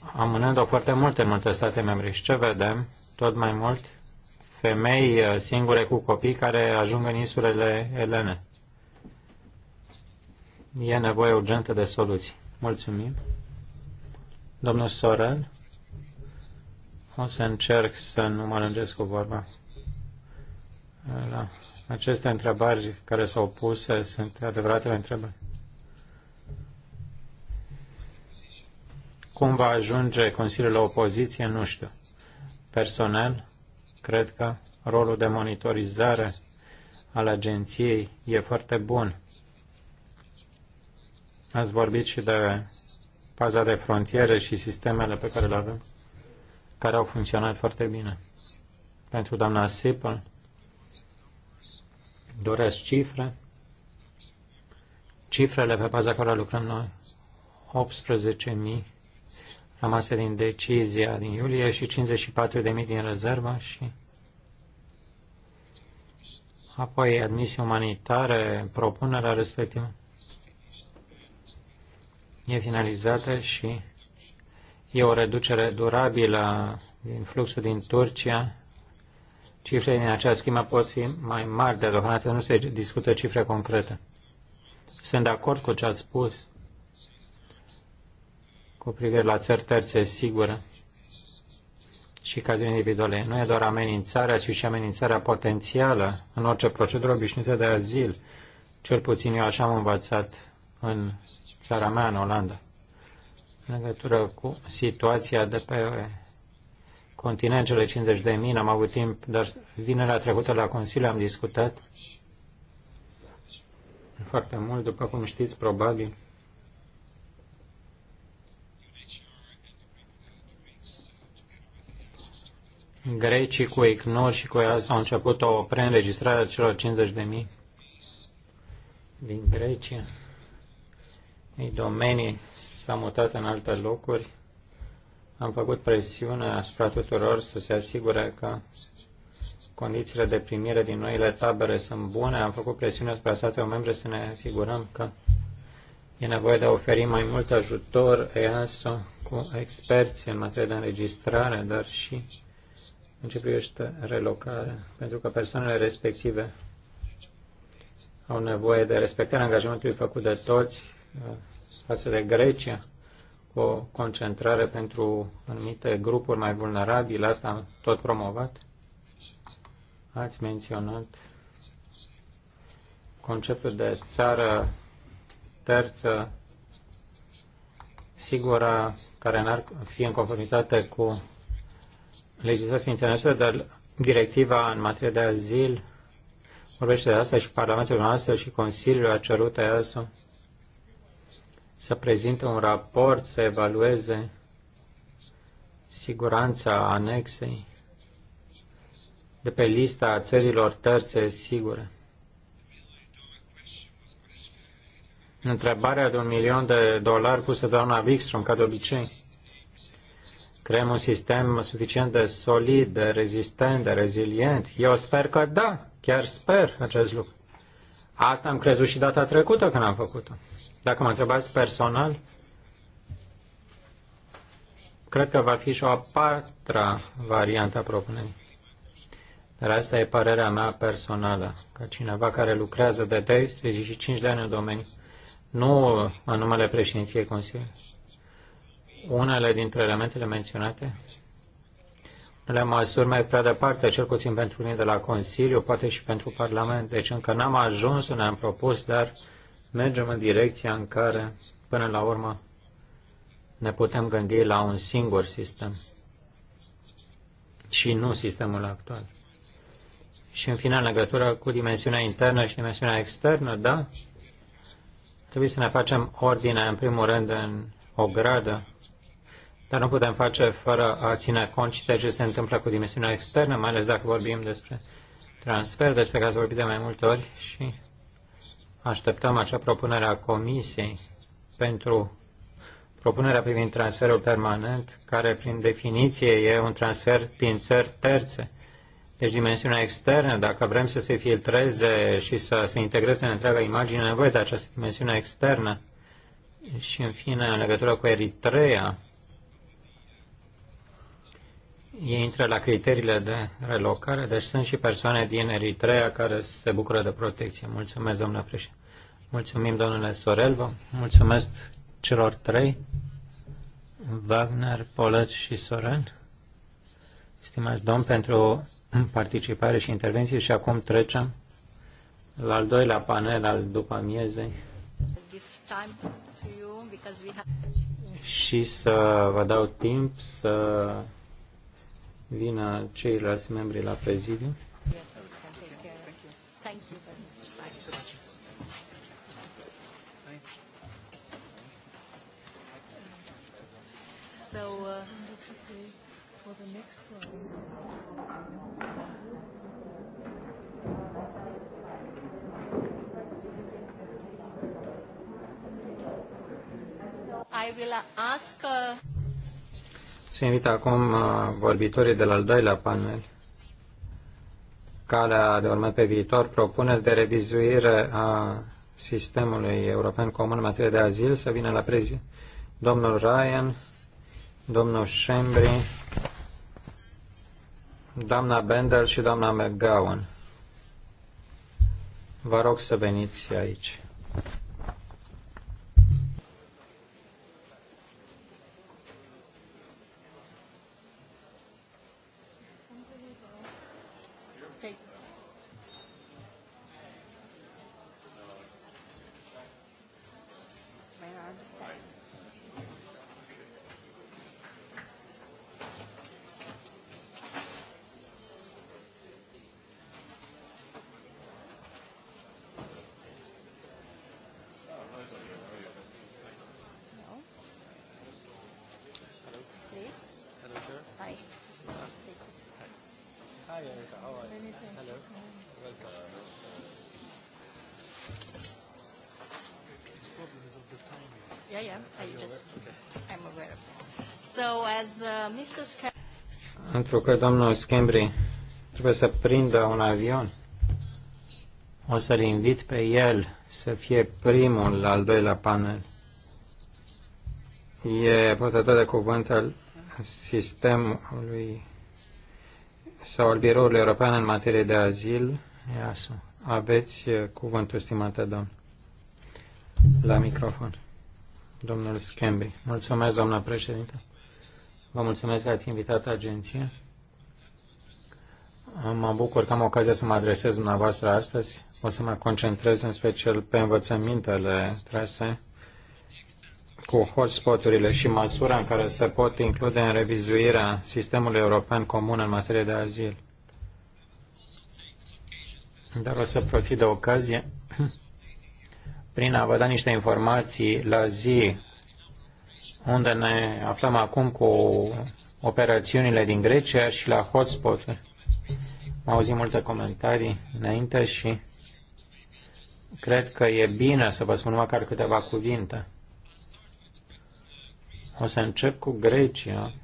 amânând-o foarte mult în multe state membre. Și ce vedem? Tot mai mult femei uh, singure cu copii care ajung în insulele Elene. E nevoie urgentă de soluții. Mulțumim. Domnul Sorel, o să încerc să nu mă lângesc cu vorba. aceste întrebări care s-au pus sunt adevăratele întrebări. Cum va ajunge Consiliul la opoziție, nu știu. Personal, cred că rolul de monitorizare al agenției e foarte bun. Ați vorbit și de paza de frontiere și sistemele pe care le avem, care au funcționat foarte bine. Pentru doamna Sipă, doresc cifre. Cifrele pe baza care lucrăm noi, 18.000 rămase din decizia din iulie și 54.000 din rezervă și apoi admisie umanitară propunerea respectivă e finalizată și e o reducere durabilă din fluxul din Turcia. Cifrele din acea schimbă pot fi mai mari, dar deocamdată nu se discută cifre concrete. Sunt de acord cu ce a spus cu privire la țări terțe sigură și cazuri individuale. Nu e doar amenințarea, ci și amenințarea potențială în orice procedură obișnuită de azil. Cel puțin eu așa am învățat în țara mea, în Olanda, în legătură cu situația de pe continent, cele 50 de mii, am avut timp, dar vinerea trecută la Consiliu am discutat foarte mult, după cum știți, probabil, Grecii cu Ignor și cu EAS au început o preînregistrare a celor 50.000 din Grecia. Ei domenii s-a mutat în alte locuri. Am făcut presiune asupra tuturor să se asigure că condițiile de primire din noile tabere sunt bune. Am făcut presiune asupra statelor membre să ne asigurăm că e nevoie de a oferi mai mult ajutor EASO cu experți în materie de înregistrare, dar și în ce privește relocarea, pentru că persoanele respective au nevoie de respectarea angajamentului făcut de toți uh, față de Grecia, cu o concentrare pentru anumite grupuri mai vulnerabile, asta am tot promovat. Ați menționat conceptul de țară terță sigură, care n-ar fi în conformitate cu Legislația internațională, dar directiva în materie de azil vorbește de asta și Parlamentul nostru și Consiliul a cerut EASO să prezinte un raport, să evalueze siguranța anexei de pe lista țărilor terțe sigure. Întrebarea de un milion de dolari pusă doamna Wikström, ca de obicei creăm un sistem suficient de solid, de rezistent, de rezilient? Eu sper că da, chiar sper acest lucru. Asta am crezut și data trecută când am făcut-o. Dacă mă întrebați personal, cred că va fi și o a patra variantă a propunerii. Dar asta e părerea mea personală, ca cineva care lucrează de 35 de ani în domeniu, nu în numele președinției Consiliului unele dintre elementele menționate, Le măsuri mai prea departe, cel puțin pentru unii de la Consiliu, poate și pentru Parlament. Deci încă n-am ajuns unde am propus, dar mergem în direcția în care, până la urmă, ne putem gândi la un singur sistem și nu sistemul actual. Și în final, legătură cu dimensiunea internă și dimensiunea externă, da, trebuie să ne facem ordine, în primul rând, în o gradă dar nu putem face fără a ține cont și de ce se întâmplă cu dimensiunea externă, mai ales dacă vorbim despre transfer, despre care ați vorbit de mai multe ori și așteptăm acea propunere a Comisiei pentru propunerea privind transferul permanent, care prin definiție e un transfer din țări terțe. Deci dimensiunea externă, dacă vrem să se filtreze și să se integreze în întreaga imagine, nevoie de această dimensiune externă. Și în fine, în legătură cu Eritrea, ei intră la criteriile de relocare, deci sunt și persoane din Eritrea care se bucură de protecție. Mulțumesc, domnule președinte. Mulțumim, domnule Sorelva. Mulțumesc celor trei, Wagner, Polăț și Sorel. Stimați domn, pentru participare și intervenție și acum trecem la al doilea panel al după miezei. și să vă dau timp să vină ceilalți membri la prezidiu. So, uh, for the next one. I will ask uh, se invită acum uh, vorbitorii de la al doilea panel. Calea de urmat pe viitor, propune de revizuire a sistemului european comun în materie de azil, să vină la prezi domnul Ryan, domnul Schembri, doamna Bender și doamna McGowan. Vă rog să veniți aici. Pentru că domnul Schembri trebuie să prindă un avion, o să-l invit pe el să fie primul la al doilea panel. E portător de cuvânt al sistemului sau al Biroului European în materie de azil, IASU. Aveți cuvântul, stimată domn, la microfon. Domnul Schembri. Mulțumesc, doamna președinte. Vă mulțumesc că ați invitat agenția. Mă bucur că am ocazia să mă adresez dumneavoastră astăzi. O să mă concentrez în special pe învățămintele trase cu hotspoturile și măsura în care se pot include în revizuirea sistemului european comun în materie de azil. Dar o să profit de ocazie prin a vă da niște informații la zi unde ne aflăm acum cu operațiunile din Grecia și la hotspot Am auzit multe comentarii înainte și cred că e bine să vă spun măcar câteva cuvinte. O să încep cu Grecia.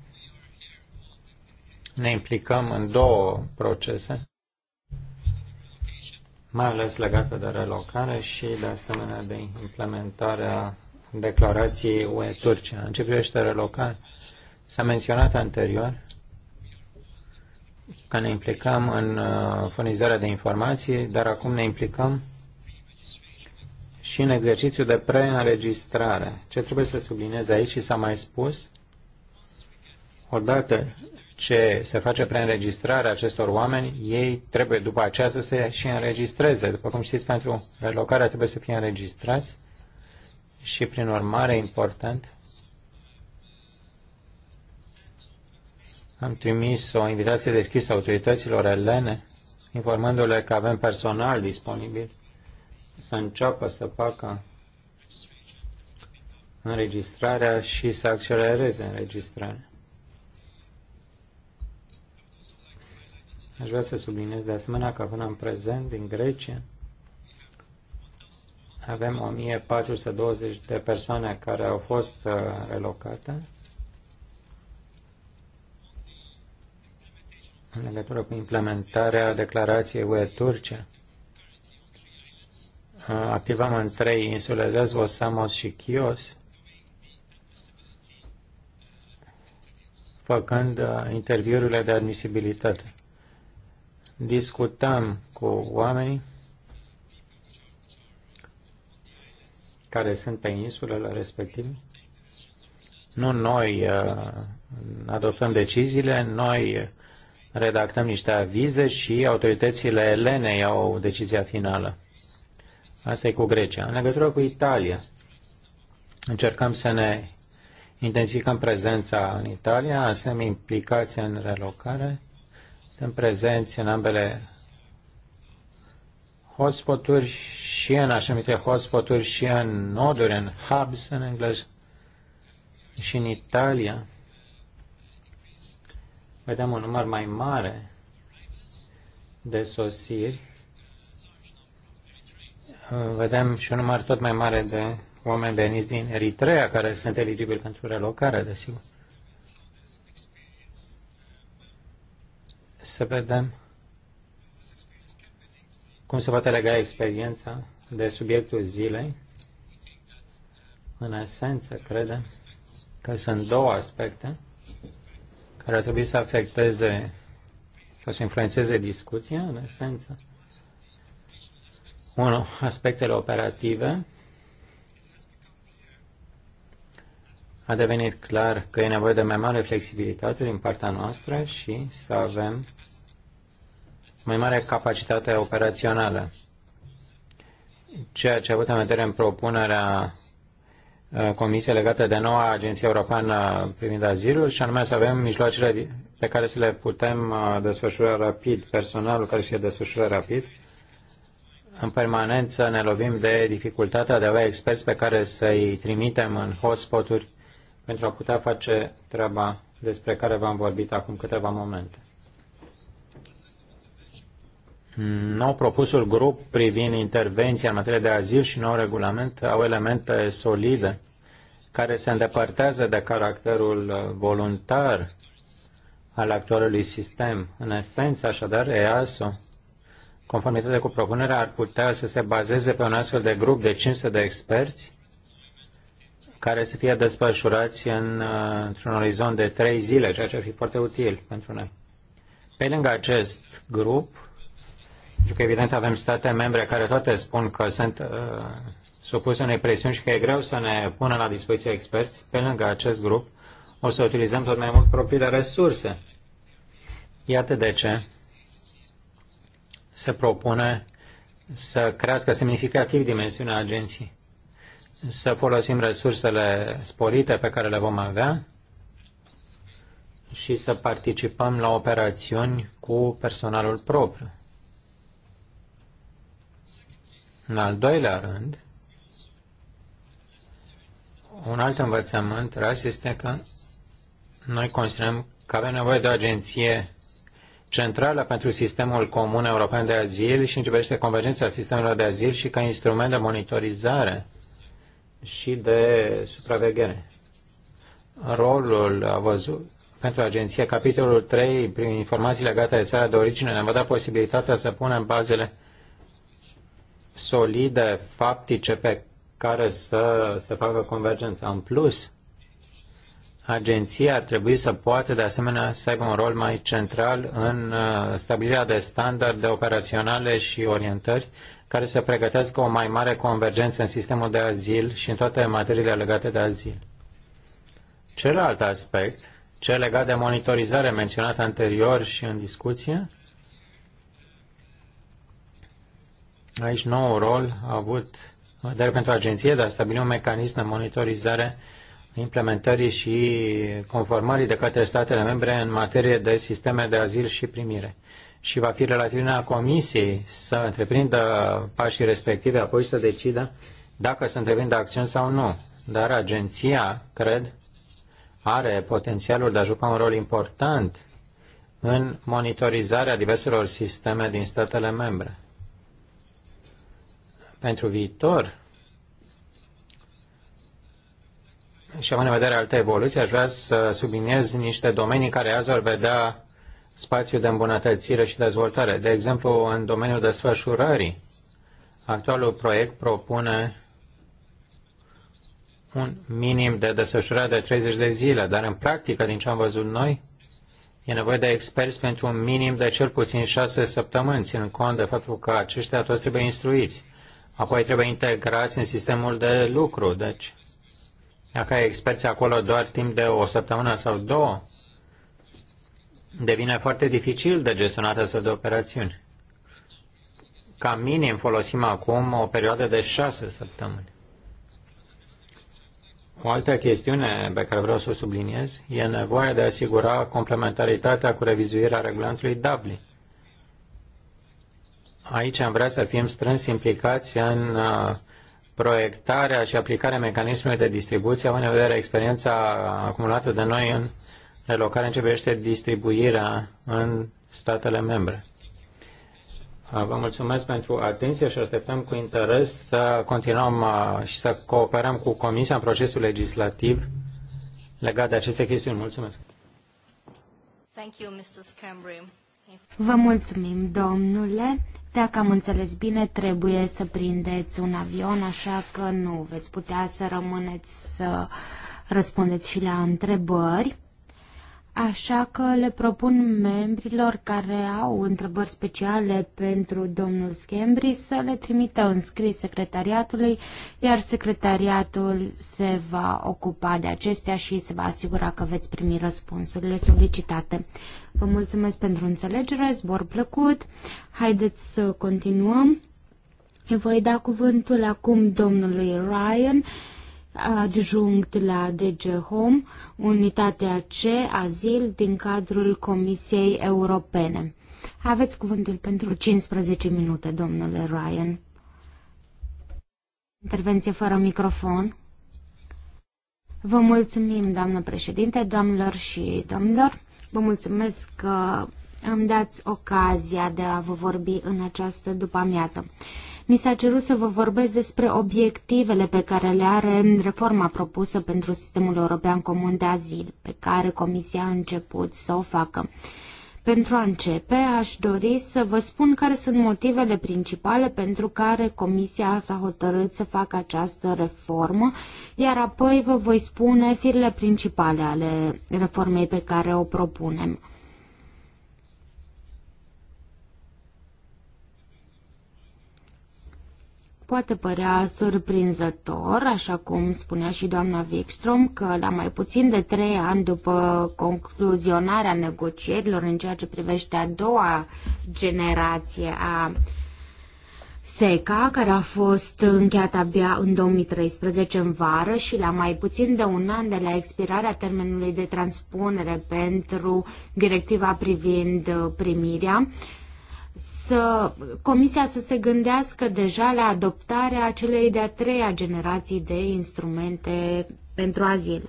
Ne implicăm în două procese, mai ales legate de relocare și de asemenea de implementarea declarației UE-Turcia. În ce privește relocarea, s-a menționat anterior că ne implicăm în uh, furnizarea de informații, dar acum ne implicăm și în exercițiul de preînregistrare. Ce trebuie să subliniez aici și s-a mai spus, odată ce se face preînregistrarea acestor oameni, ei trebuie după aceea să se și înregistreze. După cum știți, pentru relocarea trebuie să fie înregistrați și, prin urmare, important, am trimis o invitație deschisă autorităților elene, informându-le că avem personal disponibil să înceapă să facă înregistrarea și să accelereze înregistrarea. Aș vrea să subliniez de asemenea că până în prezent din Grecia avem 1420 de persoane care au fost uh, relocate. în legătură cu implementarea declarației UE Turcia. Uh, activăm în trei insule, Lesbos, Samos și Chios, făcând uh, interviurile de admisibilitate. Discutăm cu oamenii care sunt pe insulele respective. Nu noi uh, adoptăm deciziile, noi redactăm niște avize și autoritățile elene iau decizia finală. Asta e cu Grecia. În legătură cu Italia, încercăm să ne intensificăm prezența în Italia, suntem implicați în relocare, suntem prezenți în ambele hotspoturi și în așa numite hotspoturi și în noduri, în hubs în engleză și în Italia. Vedem un număr mai mare de sosiri. Vedem și un număr tot mai mare de oameni veniți din Eritrea care sunt eligibili pentru relocare, desigur. Să vedem cum se poate lega experiența de subiectul zilei? În esență, credem că sunt două aspecte care ar trebui să afecteze sau să influențeze discuția, în esență. Unu, aspectele operative. A devenit clar că e nevoie de mai mare flexibilitate din partea noastră și să avem mai mare capacitate operațională. Ceea ce a avut în vedere în propunerea uh, Comisiei legată de noua Agenție Europeană privind azilul și anume să avem mijloacele pe care să le putem uh, desfășura rapid, personalul care fie desfășurat rapid. În permanență ne lovim de dificultatea de a avea experți pe care să-i trimitem în hotspoturi pentru a putea face treaba despre care v-am vorbit acum câteva momente. Nou propusul grup privind intervenția în materie de azil și nou regulament au elemente solide care se îndepărtează de caracterul uh, voluntar al actualului sistem. În esență, așadar, EASO, conformitate cu propunerea, ar putea să se bazeze pe un astfel de grup de 500 de experți care să fie desfășurați în, uh, într-un orizont de trei zile, ceea ce ar fi foarte util pentru noi. Pe lângă acest grup, pentru că, evident, avem state membre care toate spun că sunt uh, supuse unei presiuni și că e greu să ne pună la dispoziție experți. Pe lângă acest grup, o să utilizăm tot mai mult propriile resurse. Iată de ce se propune să crească semnificativ dimensiunea agenției, să folosim resursele sporite pe care le vom avea și să participăm la operațiuni cu personalul propriu. În al doilea rând, un alt învățământ ras este că noi considerăm că avem nevoie de o agenție centrală pentru sistemul comun european de azil și începește convergența sistemelor de azil și ca instrument de monitorizare și de supraveghere. Rolul a văzut pentru agenție, capitolul 3, prin informații legate de țara de origine, ne va da posibilitatea să punem bazele solide, faptice pe care să se facă convergența. În plus, agenția ar trebui să poată de asemenea să aibă un rol mai central în uh, stabilirea de standarde operaționale și orientări care să pregătească o mai mare convergență în sistemul de azil și în toate materiile legate de azil. Celălalt aspect, cel legat de monitorizare menționat anterior și în discuție, Aici nou rol a avut dar pentru agenție dar a stabili un mecanism de monitorizare implementării și conformării de către statele membre în materie de sisteme de azil și primire. Și va fi relativitatea Comisiei să întreprindă pașii respective, apoi să decidă dacă se întreprindă acțiuni sau nu. Dar agenția, cred, are potențialul de a juca un rol important în monitorizarea diverselor sisteme din statele membre pentru viitor și având în vedere alte evoluții, aș vrea să subliniez niște domenii care azi ar vedea spațiu de îmbunătățire și dezvoltare. De exemplu, în domeniul desfășurării, actualul proiect propune un minim de desfășurare de 30 de zile, dar în practică, din ce am văzut noi, e nevoie de experți pentru un minim de cel puțin 6 săptămâni, ținând cont de faptul că aceștia toți trebuie instruiți apoi trebuie integrați în sistemul de lucru. Deci, dacă ai experți acolo doar timp de o săptămână sau două, devine foarte dificil de gestionat astfel de operațiuni. Ca minim folosim acum o perioadă de șase săptămâni. O altă chestiune pe care vreau să o subliniez e nevoia de a asigura complementaritatea cu revizuirea regulamentului Dublin – Aici am vrea să fim strâns implicați în uh, proiectarea și aplicarea mecanismului de distribuție, având în vedere experiența acumulată de noi în relocare în ce privește distribuirea în statele membre. Uh, vă mulțumesc pentru atenție și așteptăm cu interes să continuăm uh, și să cooperăm cu Comisia în procesul legislativ legat de aceste chestiuni. Mulțumesc! Vă mulțumim, domnule. Dacă am înțeles bine, trebuie să prindeți un avion, așa că nu veți putea să rămâneți să răspundeți și la întrebări. Așa că le propun membrilor care au întrebări speciale pentru domnul Schembri să le trimită în scris secretariatului, iar secretariatul se va ocupa de acestea și se va asigura că veți primi răspunsurile solicitate. Vă mulțumesc pentru înțelegere, zbor plăcut, haideți să continuăm. Îi voi da cuvântul acum domnului Ryan, adjunct la DG Home, unitatea C, azil, din cadrul Comisiei Europene. Aveți cuvântul pentru 15 minute, domnule Ryan. Intervenție fără microfon. Vă mulțumim, doamnă președinte, doamnelor și domnilor. Vă mulțumesc că îmi dați ocazia de a vă vorbi în această după-amiază. Mi s-a cerut să vă vorbesc despre obiectivele pe care le are reforma propusă pentru sistemul european comun de azil, pe care Comisia a început să o facă. Pentru a începe, aș dori să vă spun care sunt motivele principale pentru care Comisia s-a hotărât să facă această reformă, iar apoi vă voi spune firele principale ale reformei pe care o propunem. Poate părea surprinzător, așa cum spunea și doamna Wikström, că la mai puțin de trei ani după concluzionarea negocierilor în ceea ce privește a doua generație a SECA, care a fost încheiată abia în 2013 în vară și la mai puțin de un an de la expirarea termenului de transpunere pentru directiva privind primirea, să, Comisia să se gândească deja la adoptarea acelei de-a treia generații de instrumente pentru azil.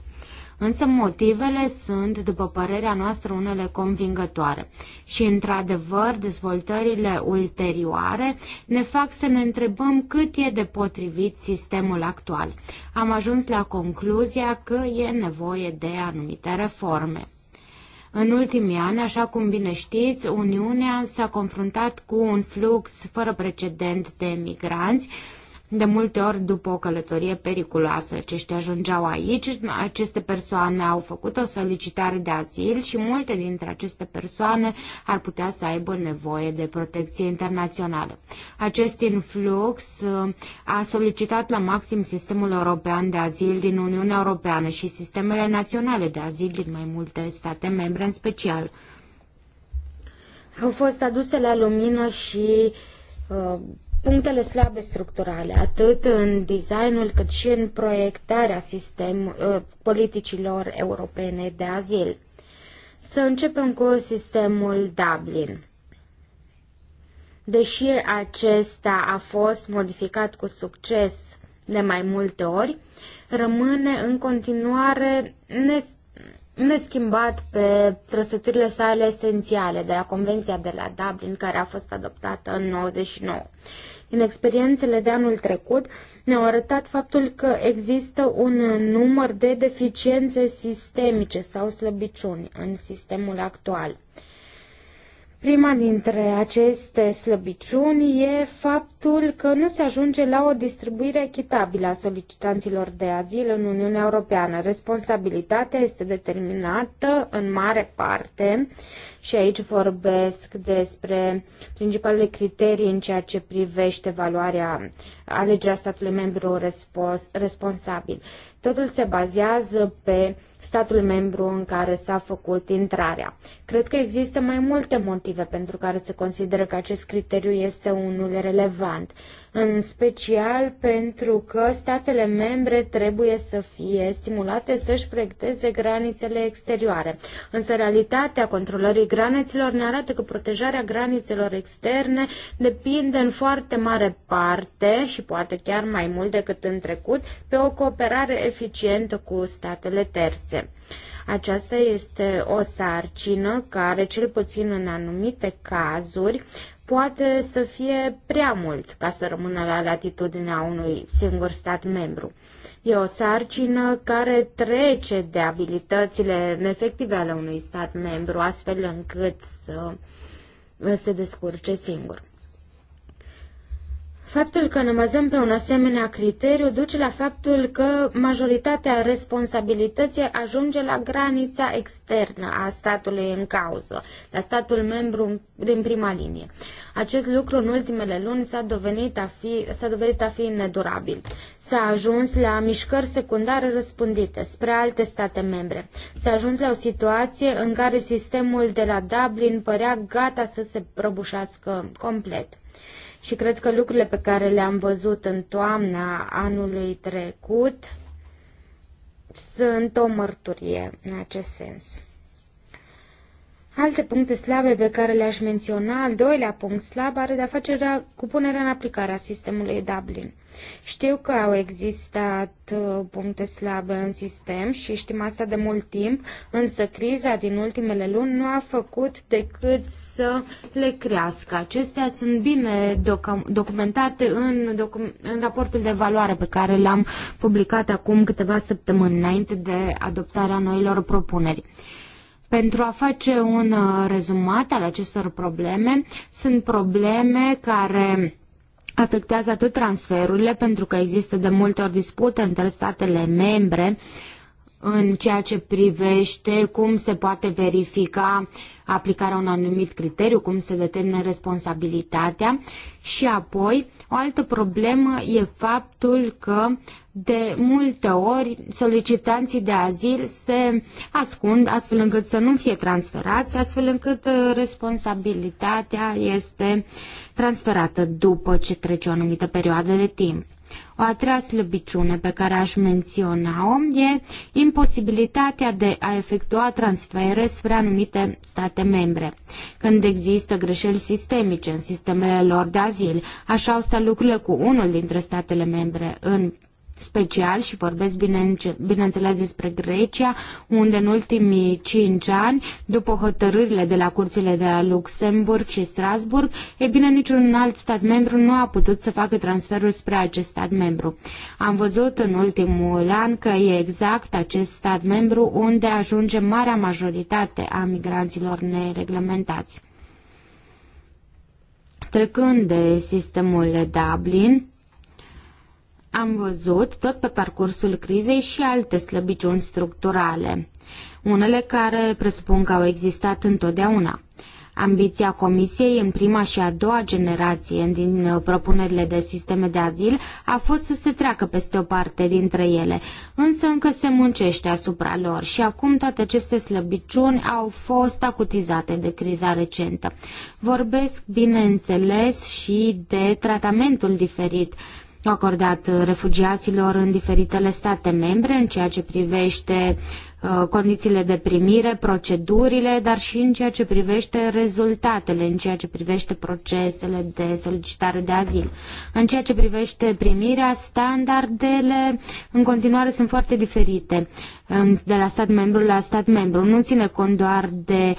Însă motivele sunt, după părerea noastră, unele convingătoare. Și, într-adevăr, dezvoltările ulterioare ne fac să ne întrebăm cât e de potrivit sistemul actual. Am ajuns la concluzia că e nevoie de anumite reforme. În ultimii ani, așa cum bine știți, Uniunea s-a confruntat cu un flux fără precedent de migranți, de multe ori, după o călătorie periculoasă, aceștia ajungeau aici, aceste persoane au făcut o solicitare de azil și multe dintre aceste persoane ar putea să aibă nevoie de protecție internațională. Acest influx uh, a solicitat la maxim sistemul european de azil din Uniunea Europeană și sistemele naționale de azil din mai multe state membre în special. Au fost aduse la lumină și uh, punctele slabe structurale, atât în designul cât și în proiectarea sistem, uh, politicilor europene de azil. Să începem cu sistemul Dublin. Deși acesta a fost modificat cu succes de mai multe ori, rămâne în continuare nes- neschimbat pe trăsăturile sale esențiale de la Convenția de la Dublin, care a fost adoptată în 99. În experiențele de anul trecut ne-au arătat faptul că există un număr de deficiențe sistemice sau slăbiciuni în sistemul actual. Prima dintre aceste slăbiciuni e faptul că nu se ajunge la o distribuire echitabilă a solicitanților de azil în Uniunea Europeană. Responsabilitatea este determinată în mare parte și aici vorbesc despre principalele criterii în ceea ce privește valoarea alegerea statului membru responsabil. Totul se bazează pe statul membru în care s-a făcut intrarea. Cred că există mai multe motive pentru care se consideră că acest criteriu este unul relevant în special pentru că statele membre trebuie să fie stimulate să-și proiecteze granițele exterioare. Însă realitatea controlării granițelor ne arată că protejarea granițelor externe depinde în foarte mare parte și poate chiar mai mult decât în trecut pe o cooperare eficientă cu statele terțe. Aceasta este o sarcină care, cel puțin în anumite cazuri, poate să fie prea mult ca să rămână la latitudinea unui singur stat membru. E o sarcină care trece de abilitățile efective ale unui stat membru, astfel încât să se descurce singur. Faptul că ne bazăm pe un asemenea criteriu duce la faptul că majoritatea responsabilității ajunge la granița externă a statului în cauză, la statul membru din prima linie. Acest lucru în ultimele luni s-a dovedit a fi, dovedit a fi nedurabil. S-a ajuns la mișcări secundare răspândite spre alte state membre. S-a ajuns la o situație în care sistemul de la Dublin părea gata să se prăbușească complet și cred că lucrurile pe care le-am văzut în toamna anului trecut sunt o mărturie în acest sens. Alte puncte slabe pe care le-aș menționa, al doilea punct slab, are de-a face cu punerea în aplicare a sistemului Dublin. Știu că au existat uh, puncte slabe în sistem și știm asta de mult timp, însă criza din ultimele luni nu a făcut decât să le crească. Acestea sunt bine doc- documentate în, docu- în raportul de valoare pe care l-am publicat acum câteva săptămâni înainte de adoptarea noilor propuneri. Pentru a face un uh, rezumat al acestor probleme, sunt probleme care afectează atât transferurile, pentru că există de multe ori dispute între statele membre în ceea ce privește cum se poate verifica aplicarea unui anumit criteriu, cum se determină responsabilitatea și apoi o altă problemă e faptul că de multe ori solicitanții de azil se ascund astfel încât să nu fie transferați, astfel încât uh, responsabilitatea este transferată după ce trece o anumită perioadă de timp. O a treia slăbiciune pe care aș menționa-o e imposibilitatea de a efectua transfere spre anumite state membre. Când există greșeli sistemice în sistemele lor de azil, așa au stat lucrurile cu unul dintre statele membre în special și vorbesc bine, bineînțeles despre Grecia, unde în ultimii cinci ani, după hotărârile de la curțile de la Luxemburg și Strasburg, e bine niciun alt stat membru nu a putut să facă transferul spre acest stat membru. Am văzut în ultimul an că e exact acest stat membru unde ajunge marea majoritate a migranților nereglementați. Trecând de sistemul Dublin, am văzut tot pe parcursul crizei și alte slăbiciuni structurale, unele care presupun că au existat întotdeauna. Ambiția Comisiei în prima și a doua generație din uh, propunerile de sisteme de azil a fost să se treacă peste o parte dintre ele, însă încă se muncește asupra lor și acum toate aceste slăbiciuni au fost acutizate de criza recentă. Vorbesc, bineînțeles, și de tratamentul diferit acordat uh, refugiaților în diferitele state membre în ceea ce privește uh, condițiile de primire, procedurile, dar și în ceea ce privește rezultatele, în ceea ce privește procesele de solicitare de azil. În ceea ce privește primirea, standardele în continuare sunt foarte diferite de la stat membru la stat membru. Nu ține cont doar de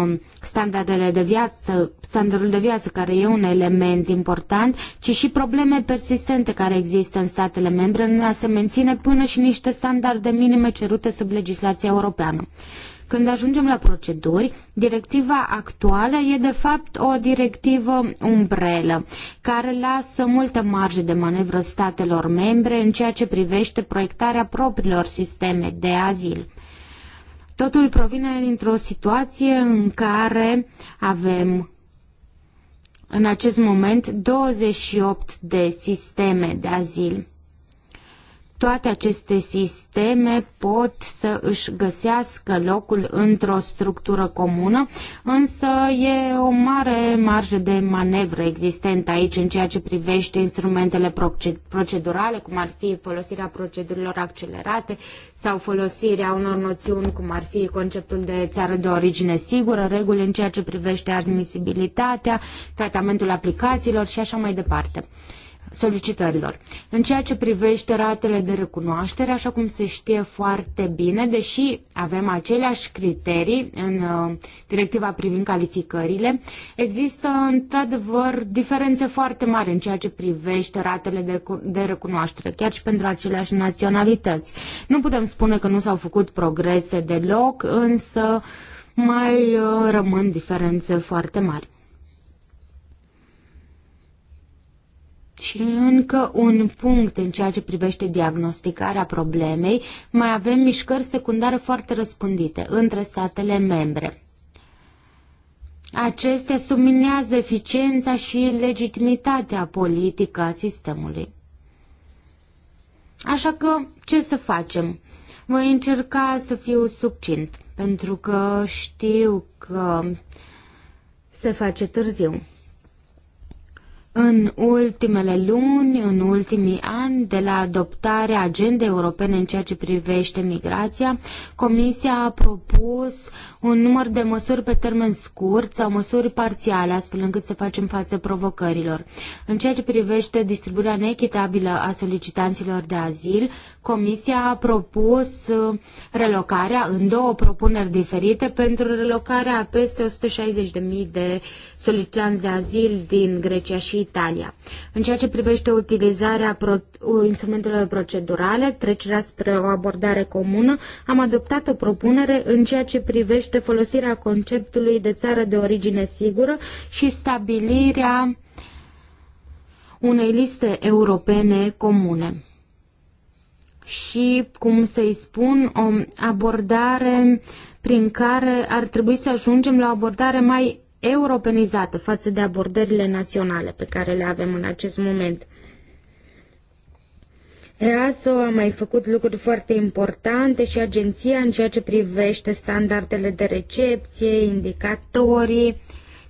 Um, standardele de viață, standardul de viață care e un element important, ci și probleme persistente care există în statele membre în a se menține până și niște standarde minime cerute sub legislația europeană. Când ajungem la proceduri, directiva actuală e de fapt o directivă umbrelă, care lasă multă marge de manevră statelor membre în ceea ce privește proiectarea propriilor sisteme de azil. Totul provine dintr-o situație în care avem în acest moment 28 de sisteme de azil toate aceste sisteme pot să își găsească locul într-o structură comună, însă e o mare marjă de manevră existentă aici în ceea ce privește instrumentele procedurale, cum ar fi folosirea procedurilor accelerate sau folosirea unor noțiuni cum ar fi conceptul de țară de origine sigură, reguli în ceea ce privește admisibilitatea, tratamentul aplicațiilor și așa mai departe solicitărilor. În ceea ce privește ratele de recunoaștere, așa cum se știe foarte bine, deși avem aceleași criterii în uh, directiva privind calificările, există într-adevăr diferențe foarte mari în ceea ce privește ratele de, de recunoaștere, chiar și pentru aceleași naționalități. Nu putem spune că nu s-au făcut progrese deloc, însă mai uh, rămân diferențe foarte mari. Și încă un punct în ceea ce privește diagnosticarea problemei, mai avem mișcări secundare foarte răspândite între statele membre. Acestea subminează eficiența și legitimitatea politică a sistemului. Așa că, ce să facem? Voi încerca să fiu subcint, pentru că știu că se face târziu. În ultimele luni, în ultimii ani, de la adoptarea agendei europene în ceea ce privește migrația, Comisia a propus un număr de măsuri pe termen scurt sau măsuri parțiale, astfel încât să facem față provocărilor. În ceea ce privește distribuirea neechitabilă a solicitanților de azil, Comisia a propus uh, relocarea în două propuneri diferite pentru relocarea a peste 160.000 de solicitanți de azil din Grecia și Italia. În ceea ce privește utilizarea pro- instrumentelor procedurale, trecerea spre o abordare comună, am adoptat o propunere în ceea ce privește folosirea conceptului de țară de origine sigură și stabilirea unei liste europene comune și, cum să-i spun, o abordare prin care ar trebui să ajungem la o abordare mai europenizată față de abordările naționale pe care le avem în acest moment. EASO a mai făcut lucruri foarte importante și agenția în ceea ce privește standardele de recepție, indicatorii.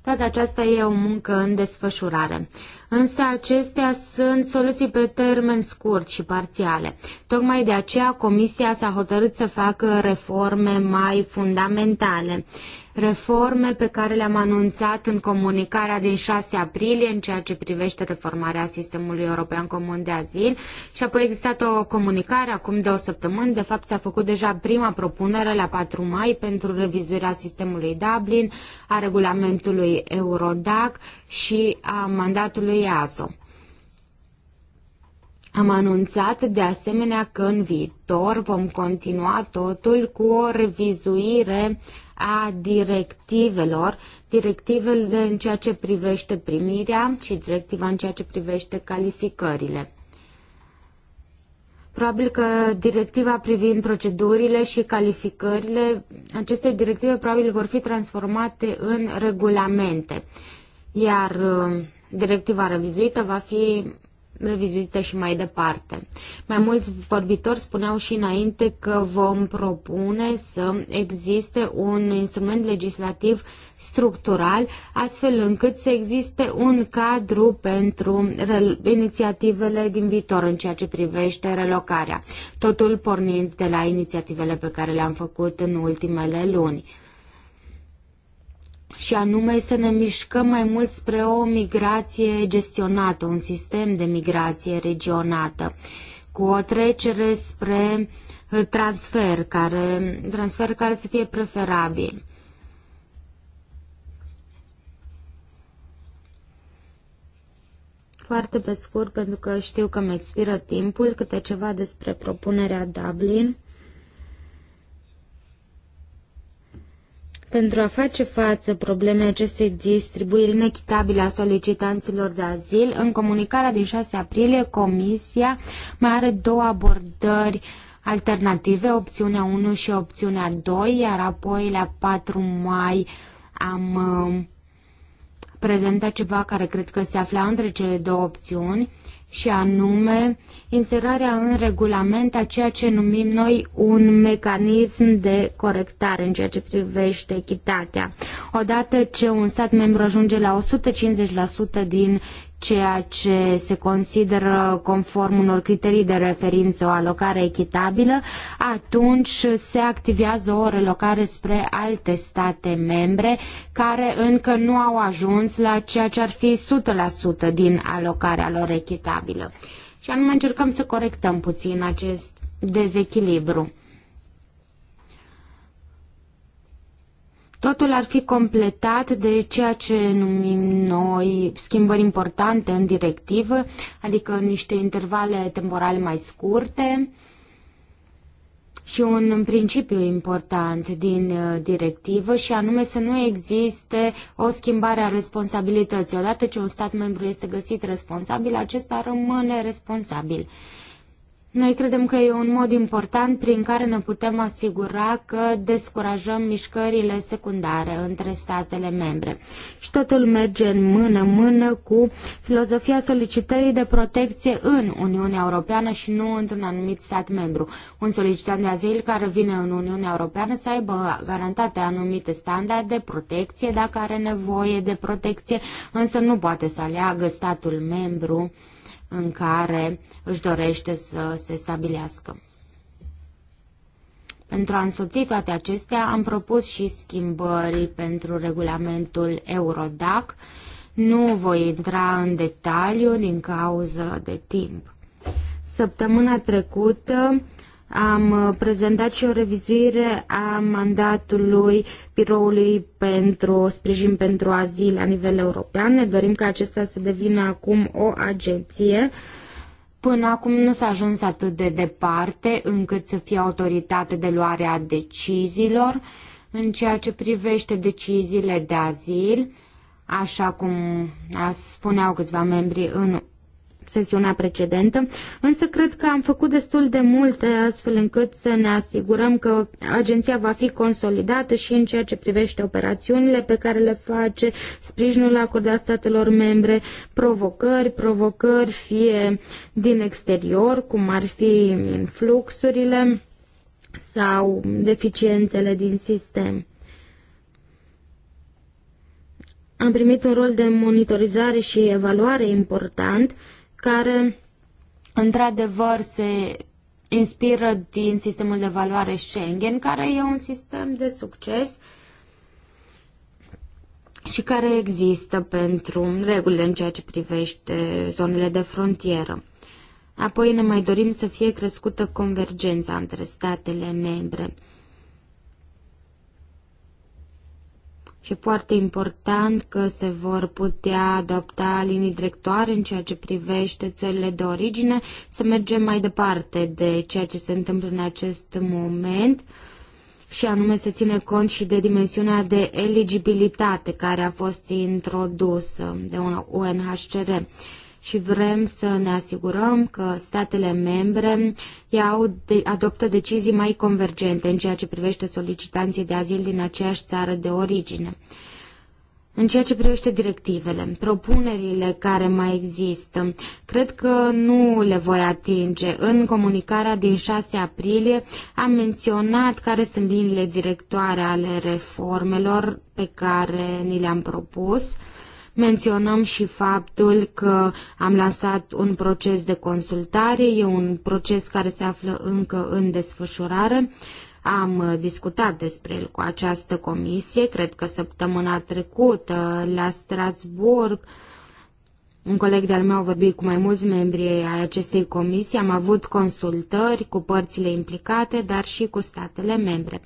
Toată aceasta e o muncă în desfășurare însă acestea sunt soluții pe termen scurt și parțiale. Tocmai de aceea Comisia s-a hotărât să facă reforme mai fundamentale reforme pe care le-am anunțat în comunicarea din 6 aprilie în ceea ce privește reformarea sistemului european comun de azil și apoi a existat o comunicare acum de o săptămână, de fapt s-a făcut deja prima propunere la 4 mai pentru revizuirea sistemului Dublin, a regulamentului Eurodac și a mandatului EASO. Am anunțat de asemenea că în viitor vom continua totul cu o revizuire uh, a directivelor, directivele în ceea ce privește primirea și directiva în ceea ce privește calificările. Probabil că directiva privind procedurile și calificările, aceste directive probabil vor fi transformate în regulamente, iar uh, directiva revizuită va fi revizuite și mai departe. Mai mulți vorbitori spuneau și înainte că vom propune să existe un instrument legislativ structural, astfel încât să existe un cadru pentru inițiativele din viitor în ceea ce privește relocarea, totul pornind de la inițiativele pe care le-am făcut în ultimele luni și anume să ne mișcăm mai mult spre o migrație gestionată, un sistem de migrație regionată, cu o trecere spre uh, transfer care, transfer care să fie preferabil. Foarte pe scurt, pentru că știu că mi expiră timpul, câte ceva despre propunerea Dublin. Pentru a face față problemei acestei distribuiri inechitabile a solicitanților de azil, în comunicarea din 6 aprilie, Comisia mai are două abordări alternative, opțiunea 1 și opțiunea 2, iar apoi la 4 mai am um, prezentat ceva care cred că se afla între cele două opțiuni și anume inserarea în regulament a ceea ce numim noi un mecanism de corectare în ceea ce privește echitatea. Odată ce un stat membru ajunge la 150% din ceea ce se consideră conform unor criterii de referință o alocare echitabilă, atunci se activează o relocare spre alte state membre care încă nu au ajuns la ceea ce ar fi 100% din alocarea lor echitabilă. Și anume încercăm să corectăm puțin acest dezechilibru. Totul ar fi completat de ceea ce numim noi schimbări importante în directivă, adică niște intervale temporale mai scurte și un principiu important din uh, directivă și anume să nu existe o schimbare a responsabilității. Odată ce un stat membru este găsit responsabil, acesta rămâne responsabil. Noi credem că e un mod important prin care ne putem asigura că descurajăm mișcările secundare între statele membre. Și totul merge în mână-mână cu filozofia solicitării de protecție în Uniunea Europeană și nu într-un anumit stat membru. Un solicitant de azil care vine în Uniunea Europeană să aibă garantate anumite standarde de protecție dacă are nevoie de protecție, însă nu poate să aleagă statul membru uh, în care își dorește să se stabilească. Pentru a însoți toate acestea, am propus și schimbări pentru regulamentul Eurodac. Nu voi intra în detaliu din cauză de timp. Săptămâna trecută am uh, prezentat și o revizuire a mandatului biroului pentru sprijin pentru azil la nivel european. Ne dorim ca acesta să devină acum o agenție. Până acum nu s-a ajuns atât de departe încât să fie autoritate de luare a deciziilor în ceea ce privește deciziile de azil, așa cum spuneau câțiva membri în sesiunea precedentă, însă cred că am făcut destul de multe astfel încât să ne asigurăm că agenția va fi consolidată și în ceea ce privește operațiunile pe care le face, sprijinul acordat statelor membre, provocări, provocări fie din exterior, cum ar fi fluxurile sau deficiențele din sistem. Am primit un rol de monitorizare și evaluare important care într-adevăr se inspiră din sistemul de valoare Schengen, care e un sistem de succes și care există pentru regulile în ceea ce privește zonele de frontieră. Apoi ne mai dorim să fie crescută convergența între statele membre. Și foarte important că se vor putea adopta linii directoare în ceea ce privește țările de origine, să mergem mai departe de ceea ce se întâmplă în acest moment și anume să ține cont și de dimensiunea de eligibilitate care a fost introdusă de un UNHCR și vrem să ne asigurăm că statele membre iau de, adoptă decizii mai convergente în ceea ce privește solicitanții de azil din aceeași țară de origine. În ceea ce privește directivele, propunerile care mai există, cred că nu le voi atinge. În comunicarea din 6 aprilie am menționat care sunt liniile directoare ale reformelor pe care ni le-am propus. Menționăm și faptul că am lansat un proces de consultare, e un proces care se află încă în desfășurare. Am discutat despre el cu această comisie, cred că săptămâna trecută la Strasburg, un coleg de-al meu a vorbit cu mai mulți membri ai acestei comisii, am avut consultări cu părțile implicate, dar și cu statele membre.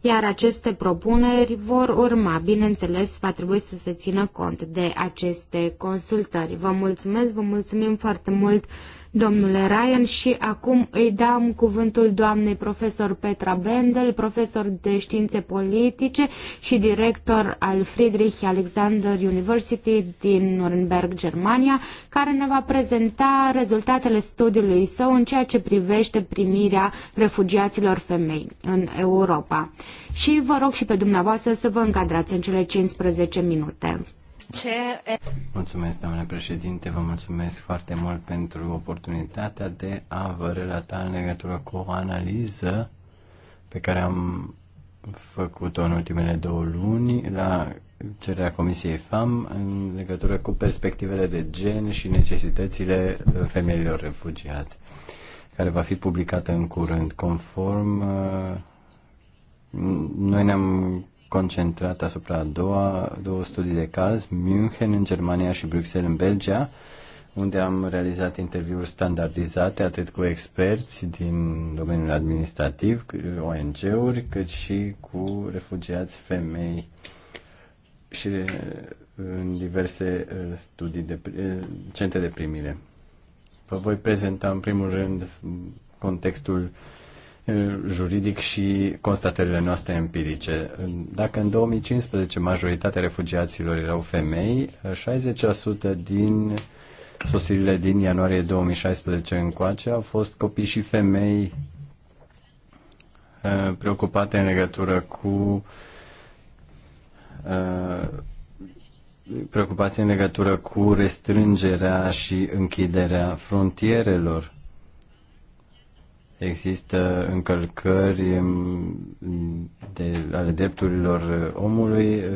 Iar aceste propuneri vor urma, bineînțeles, va trebui să se țină cont de aceste consultări. Vă mulțumesc, vă mulțumim foarte mult! domnule Ryan și acum îi dăm cuvântul doamnei profesor Petra Bendel, profesor de științe politice și director al Friedrich Alexander University din Nuremberg, Germania, care ne va prezenta rezultatele studiului său în ceea ce privește primirea refugiaților femei în Europa. Și vă rog și pe dumneavoastră să vă încadrați în cele 15 minute. Mulțumesc, doamne președinte, vă mulțumesc foarte mult pentru oportunitatea de a vă relata în legătură cu o analiză pe care am făcut-o în ultimele două luni la cererea Comisiei FAM în legătură cu perspectivele de gen și necesitățile femeilor refugiate, care va fi publicată în curând. Conform, uh, noi ne-am concentrat asupra a doua, două studii de caz, München în Germania și Bruxelles în Belgia, unde am realizat interviuri standardizate atât cu experți din domeniul administrativ, ONG-uri, cât și cu refugiați femei și uh, în diverse uh, studii de uh, centre de primire. Vă voi prezenta în primul rând contextul uh, juridic și constatările noastre empirice. Dacă în 2015 majoritatea refugiaților erau femei, 60% din sosirile din ianuarie 2016 încoace au fost copii și femei preocupate în legătură cu preocupații în legătură cu restrângerea și închiderea frontierelor există încălcări de, ale drepturilor omului, eh,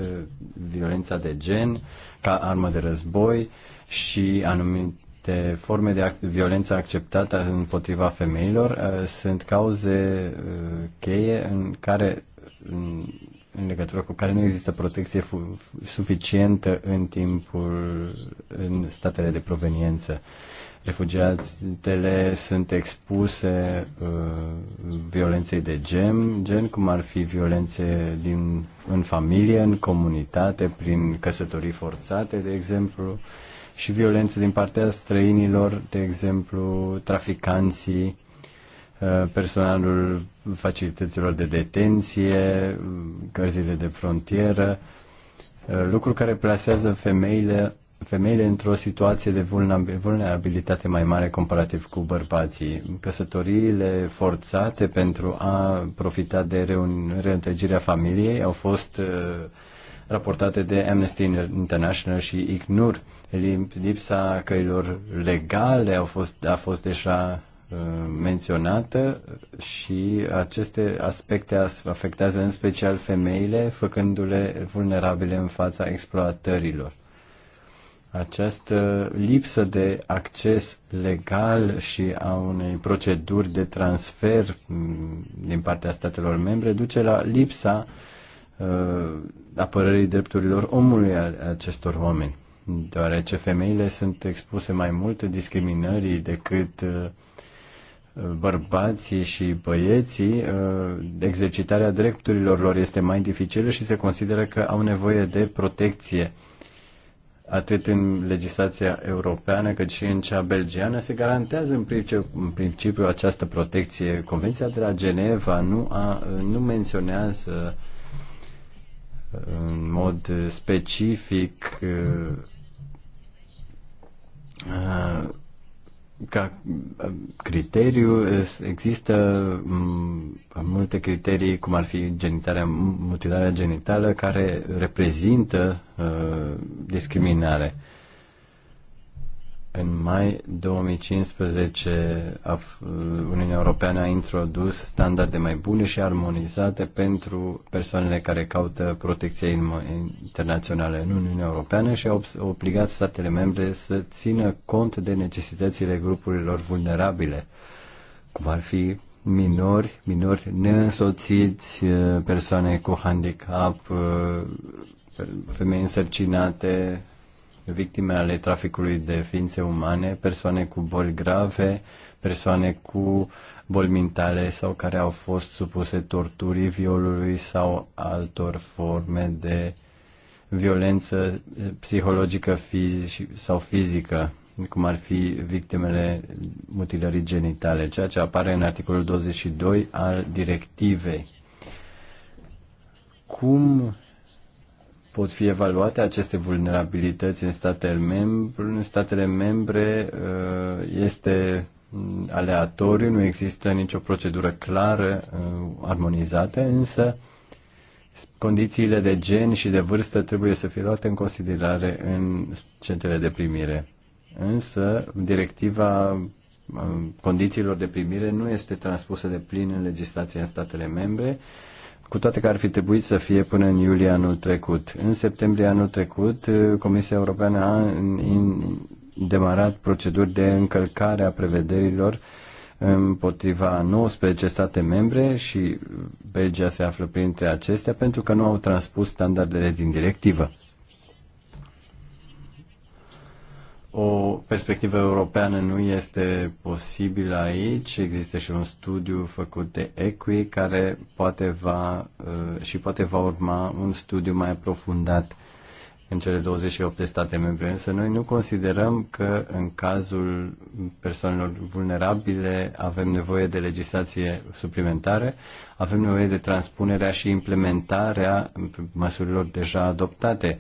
violența de gen ca armă de război și anumite forme de violență acceptată împotriva femeilor eh, sunt cauze eh, cheie în care în, în legătură cu care nu există protecție suficientă în timpul în statele de proveniență refugiatele sunt expuse uh, violenței de gen, gen cum ar fi violențe din, în familie, în comunitate, prin căsătorii forțate, de exemplu, și violențe din partea străinilor, de exemplu, traficanții, uh, personalul facilităților de detenție, cărzile de frontieră, uh, lucruri lucru care plasează femeile femeile într-o situație de vulnerabilitate mai mare comparativ cu bărbații. Căsătoriile forțate pentru a profita de reîntregirea familiei au fost uh, raportate de Amnesty International și ICNUR. Lipsa căilor legale a fost, a fost deja uh, menționată și aceste aspecte afectează în special femeile, făcându-le vulnerabile în fața exploatărilor această lipsă de acces legal și a unei proceduri de transfer mm, din partea statelor membre duce la lipsa uh, apărării drepturilor omului a acestor oameni, deoarece femeile sunt expuse mai mult discriminării decât uh, bărbații și băieții, uh, exercitarea drepturilor lor este mai dificilă și se consideră că au nevoie de protecție atât în legislația europeană cât și în cea belgiană, se garantează în principiu, în principiu această protecție. Convenția de la Geneva nu, a, nu menționează în mod specific uh, uh, ca uh, criteriu există mm, multe criterii, cum ar fi genitarea, mutilarea genitală, care reprezintă uh, discriminare. În mai 2015, Uniunea Europeană a introdus standarde mai bune și armonizate pentru persoanele care caută protecție internațională în Uniunea Europeană și a obligat statele membre să țină cont de necesitățile grupurilor vulnerabile, cum ar fi minori, minori neînsoțiți, uh, persoane cu handicap, uh, femei însărcinate, victime ale traficului de ființe umane, persoane cu boli grave, persoane cu boli mentale sau care au fost supuse torturii, violului sau altor forme de violență psihologică fizic- sau fizică, cum ar fi victimele mutilării genitale, ceea ce apare în articolul 22 al directivei. Cum pot fi evaluate aceste vulnerabilități în statele membre. În statele membre uh, este aleatoriu, nu există nicio procedură clară, uh, armonizată, însă condițiile de gen și de vârstă trebuie să fie luate în considerare în centrele de primire. Însă, directiva uh, condițiilor de primire nu este transpusă de plin în legislația în statele membre cu toate că ar fi trebuit să fie până în iulie anul trecut. În septembrie anul trecut, uh, Comisia Europeană a demarat proceduri de încălcare a prevederilor împotriva 19 state membre și Belgia se află printre acestea pentru că nu au transpus standardele din directivă. o perspectivă europeană nu este posibilă aici. Există și un studiu făcut de EQUI care poate va uh, și poate va urma un studiu mai aprofundat în cele 28 de state membre. Însă noi nu considerăm că în cazul persoanelor vulnerabile avem nevoie de legislație suplimentare, avem nevoie de transpunerea și implementarea măsurilor deja adoptate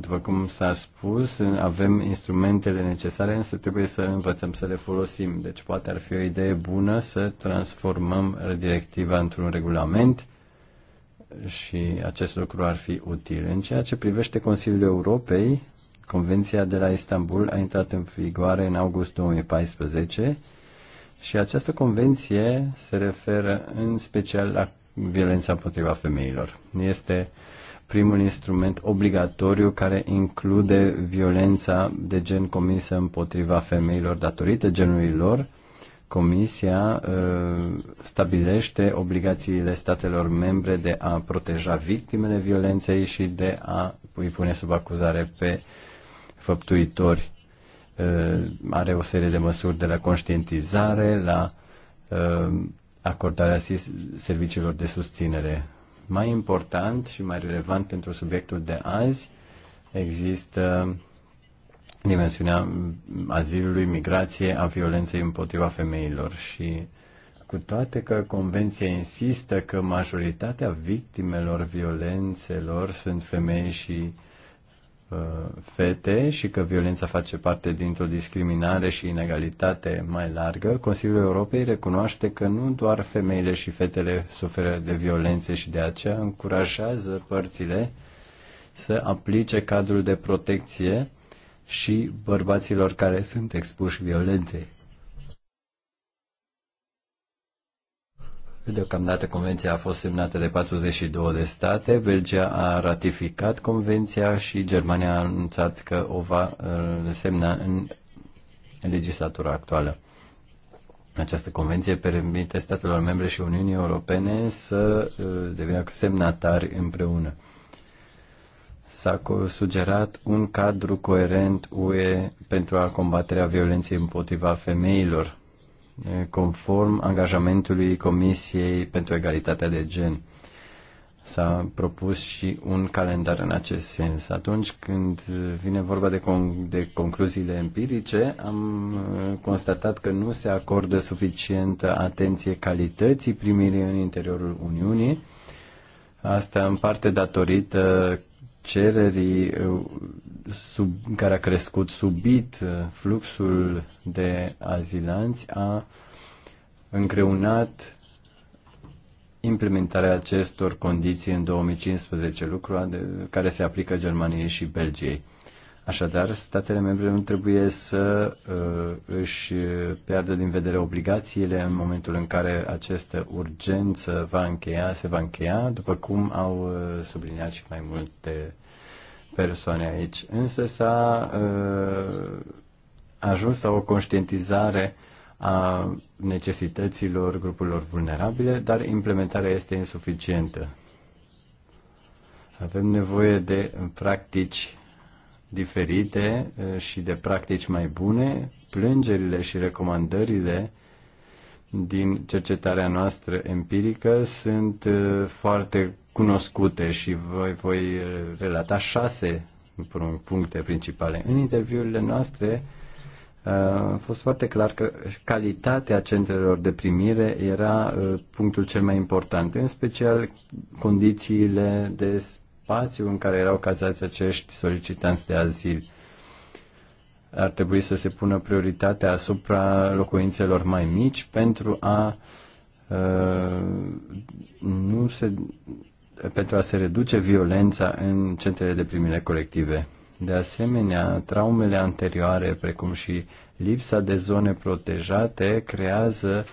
după cum s-a spus, avem instrumentele necesare, însă trebuie să învățăm să le folosim. Deci poate ar fi o idee bună să transformăm directiva într-un regulament și acest lucru ar fi util. În ceea ce privește Consiliul Europei, Convenția de la Istanbul a intrat în vigoare în august 2014 și această convenție se referă în special la violența împotriva femeilor. Este primul instrument obligatoriu care include violența de gen comisă împotriva femeilor datorită genului lor. Comisia uh, stabilește obligațiile statelor membre de a proteja victimele violenței și de a îi pune sub acuzare pe făptuitori. Uh, are o serie de măsuri de la conștientizare, la uh, acordarea serviciilor de susținere mai important și mai relevant pentru subiectul de azi. Există dimensiunea azilului, migrație, a violenței împotriva femeilor și cu toate că convenția insistă că majoritatea victimelor violențelor sunt femei și Uh, fete și că violența face parte dintr-o discriminare și inegalitate mai largă, Consiliul Europei recunoaște că nu doar femeile și fetele suferă de violențe și de aceea încurajează părțile să aplice cadrul de protecție și bărbaților care sunt expuși violenței. Deocamdată convenția a fost semnată de 42 de state, Belgia a ratificat convenția și Germania a anunțat că o va uh, semna în legislatura actuală. Această convenție permite statelor membre și Uniunii Europene să uh, devină semnatari împreună. S-a sugerat un cadru coerent UE pentru a combaterea violenței împotriva femeilor conform angajamentului Comisiei pentru Egalitatea de Gen. S-a propus și un calendar în acest sens. Atunci când vine vorba de, con- de concluziile empirice, am uh, constatat că nu se acordă suficientă atenție calității primirii în interiorul Uniunii, Asta în parte datorită cererii uh, sub, care a crescut subit, uh, fluxul de azilanți a încreunat implementarea acestor condiții în 2015, lucru care se aplică Germaniei și Belgiei. Așadar, statele membre nu trebuie să uh, își piardă din vedere obligațiile în momentul în care această urgență va încheia, se va încheia, după cum au uh, subliniat și mai multe persoane aici. Însă s-a uh, ajuns la o conștientizare a necesităților grupurilor vulnerabile, dar implementarea este insuficientă. Avem nevoie de practici diferite și de practici mai bune, plângerile și recomandările din cercetarea noastră empirică sunt foarte cunoscute și voi, voi relata șase puncte principale. În interviurile noastre a fost foarte clar că calitatea centrelor de primire era punctul cel mai important, în special condițiile de spațiu în care erau cazați acești solicitanți de azil. Ar trebui să se pună prioritatea asupra locuințelor mai mici pentru a uh, nu se, pentru a se reduce violența în centrele de primire colective. De asemenea, traumele anterioare, precum și lipsa de zone protejate, creează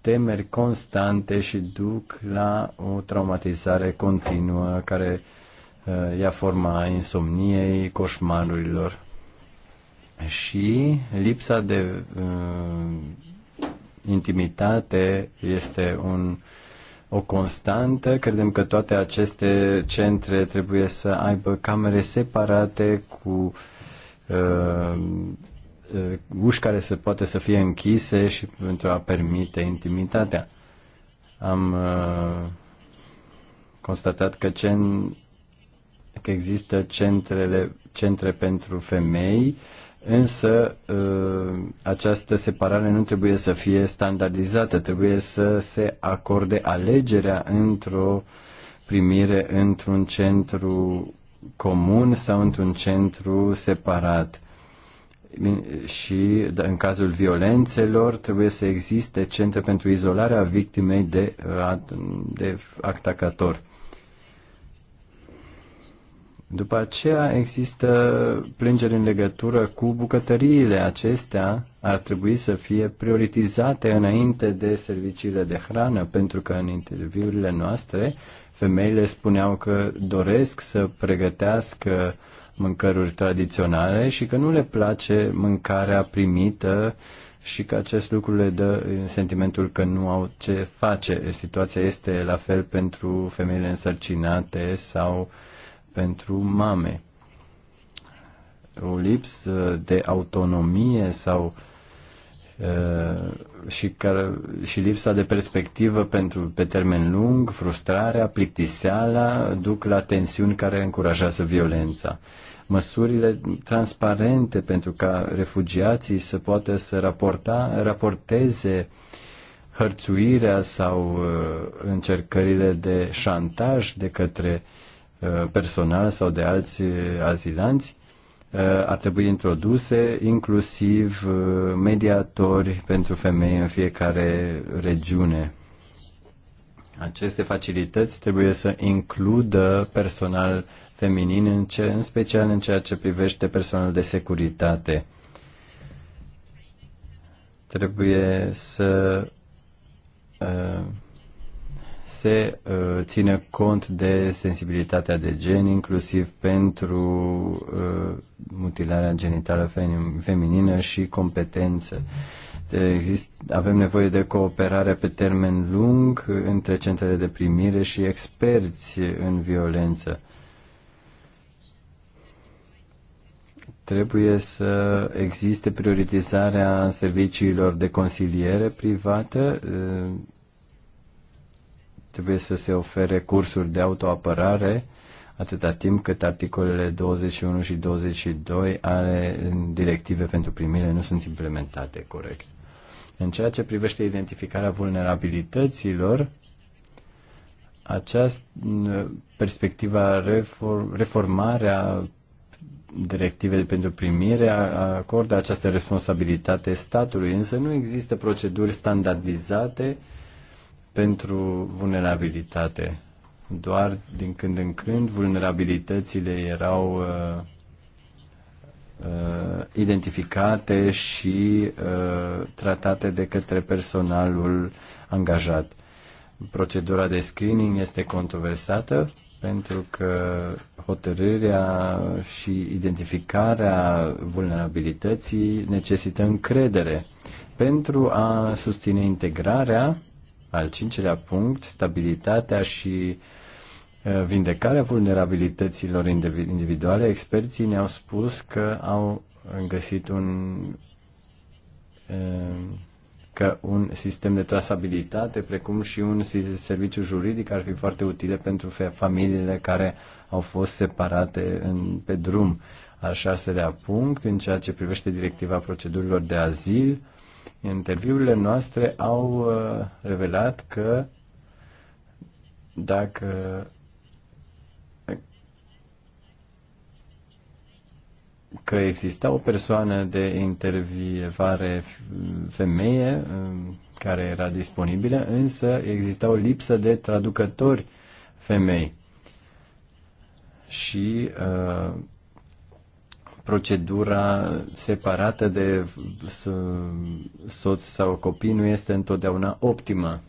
temeri constante și duc la o traumatizare continuă care Uh, ia forma insomniei, coșmarurilor și lipsa de uh, intimitate este un, o constantă. Credem că toate aceste centre trebuie să aibă camere separate cu uh, uh, uși care se poate să fie închise și pentru a permite intimitatea. Am uh, constatat că cen, că există centrele, centre pentru femei, însă uh, această separare nu trebuie să fie standardizată, trebuie să se acorde alegerea într-o primire într-un centru comun sau într-un centru separat și da, în cazul violențelor trebuie să existe centre pentru izolarea victimei de, de act atacator. După aceea există plângeri în legătură cu bucătăriile acestea, ar trebui să fie prioritizate înainte de serviciile de hrană, pentru că în interviurile noastre femeile spuneau că doresc să pregătească mâncăruri tradiționale și că nu le place mâncarea primită și că acest lucru le dă sentimentul că nu au ce face. Situația este la fel pentru femeile însărcinate sau uh, pentru mame. O lipsă de autonomie sau uh, și, care, și lipsa de perspectivă pentru pe termen lung, frustrarea, plictiseala duc la tensiuni care încurajează violența. Măsurile transparente pentru ca refugiații să poată să raporta, raporteze hărțuirea sau uh, încercările de șantaj de către uh, Uh, personal sau de alți uh, azilanți uh, ar trebui introduse inclusiv mediatori pentru femei în fiecare regiune. Aceste facilități trebuie să includă personal feminin, în, ce, în special în ceea ce privește personal de securitate. Trebuie să uh, se uh, ține cont de sensibilitatea de gen, inclusiv pentru uh, mutilarea genitală feminină și competență. Exist, avem nevoie de cooperare pe termen lung între centrele de primire și experți în violență. Trebuie să existe prioritizarea serviciilor de consiliere privată. Uh, Trebuie să se ofere cursuri de autoapărare atâta timp cât articolele 21 și 22 ale directive pentru primire nu sunt implementate corect. În ceea ce privește identificarea vulnerabilităților, această perspectiva reform, reformarea directivei pentru primire acordă această responsabilitate statului, însă nu există proceduri standardizate pentru vulnerabilitate. Doar din când în când vulnerabilitățile erau uh, uh, identificate și uh, tratate de către personalul angajat. Procedura de screening este controversată pentru că hotărârea și identificarea vulnerabilității necesită încredere. Pentru a susține integrarea, al cincilea punct, stabilitatea și vindecarea vulnerabilităților individuale. Experții ne-au spus că au găsit un că un sistem de trasabilitate, precum și un serviciu juridic, ar fi foarte utile pentru familiile care au fost separate în, pe drum. Al șaselea punct, în ceea ce privește directiva procedurilor de azil, interviurile noastre au uh, revelat că dacă că exista o persoană de intervievare femeie um, care era disponibilă, însă exista o lipsă de traducători femei. Și uh, procedura separată de soț sau copii nu este întotdeauna optimă.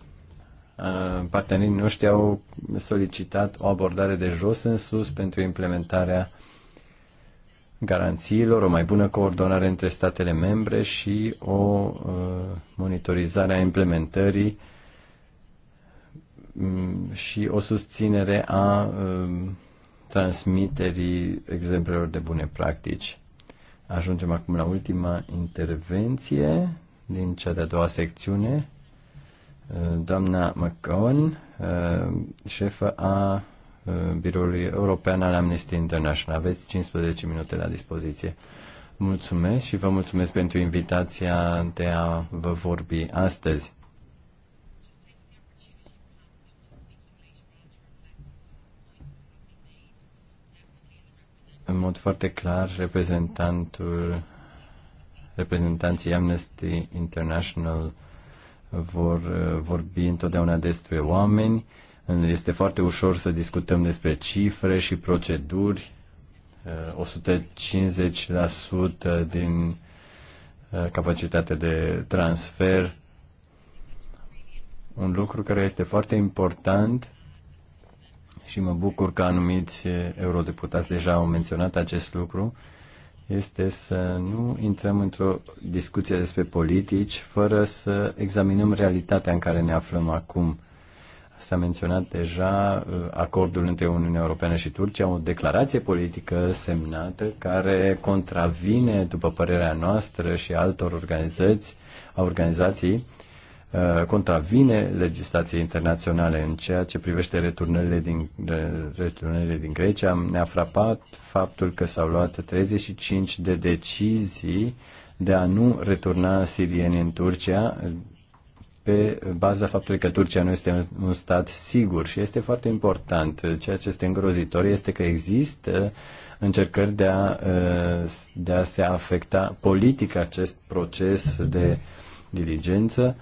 Partenerii noștri au solicitat o abordare de jos în sus pentru implementarea garanțiilor, o mai bună coordonare între statele membre și o monitorizare a implementării și o susținere a transmiterii exemplelor de bune practici. Ajungem acum la ultima intervenție din cea de-a doua secțiune. Doamna McCohen, eh, șefă a eh, Biroului European al Amnesty International. Aveți 15 minute la dispoziție. Mulțumesc și vă mulțumesc pentru invitația de a vă vorbi astăzi. în mod foarte clar reprezentantul reprezentanții Amnesty International vor uh, vorbi întotdeauna despre oameni. Este foarte ușor să discutăm despre cifre și proceduri. 150% uh, din uh, capacitate de transfer. Un lucru care este foarte important și mă bucur că anumiți eurodeputați deja au menționat acest lucru, este să nu intrăm într-o discuție despre politici fără să examinăm realitatea în care ne aflăm acum. S-a menționat deja uh, acordul între Uniunea Europeană și Turcia, o declarație politică semnată care contravine, după părerea noastră și altor organizații, organizații Uh, contravine legislației internaționale în ceea ce privește returnările din, returnările din Grecia. Ne-a frapat faptul că s-au luat 35 de decizii de a nu returna sirieni în Turcia pe baza faptului că Turcia nu este un stat sigur și este foarte important. Ceea ce este îngrozitor este că există încercări de a, uh, de a se afecta politic acest proces de diligență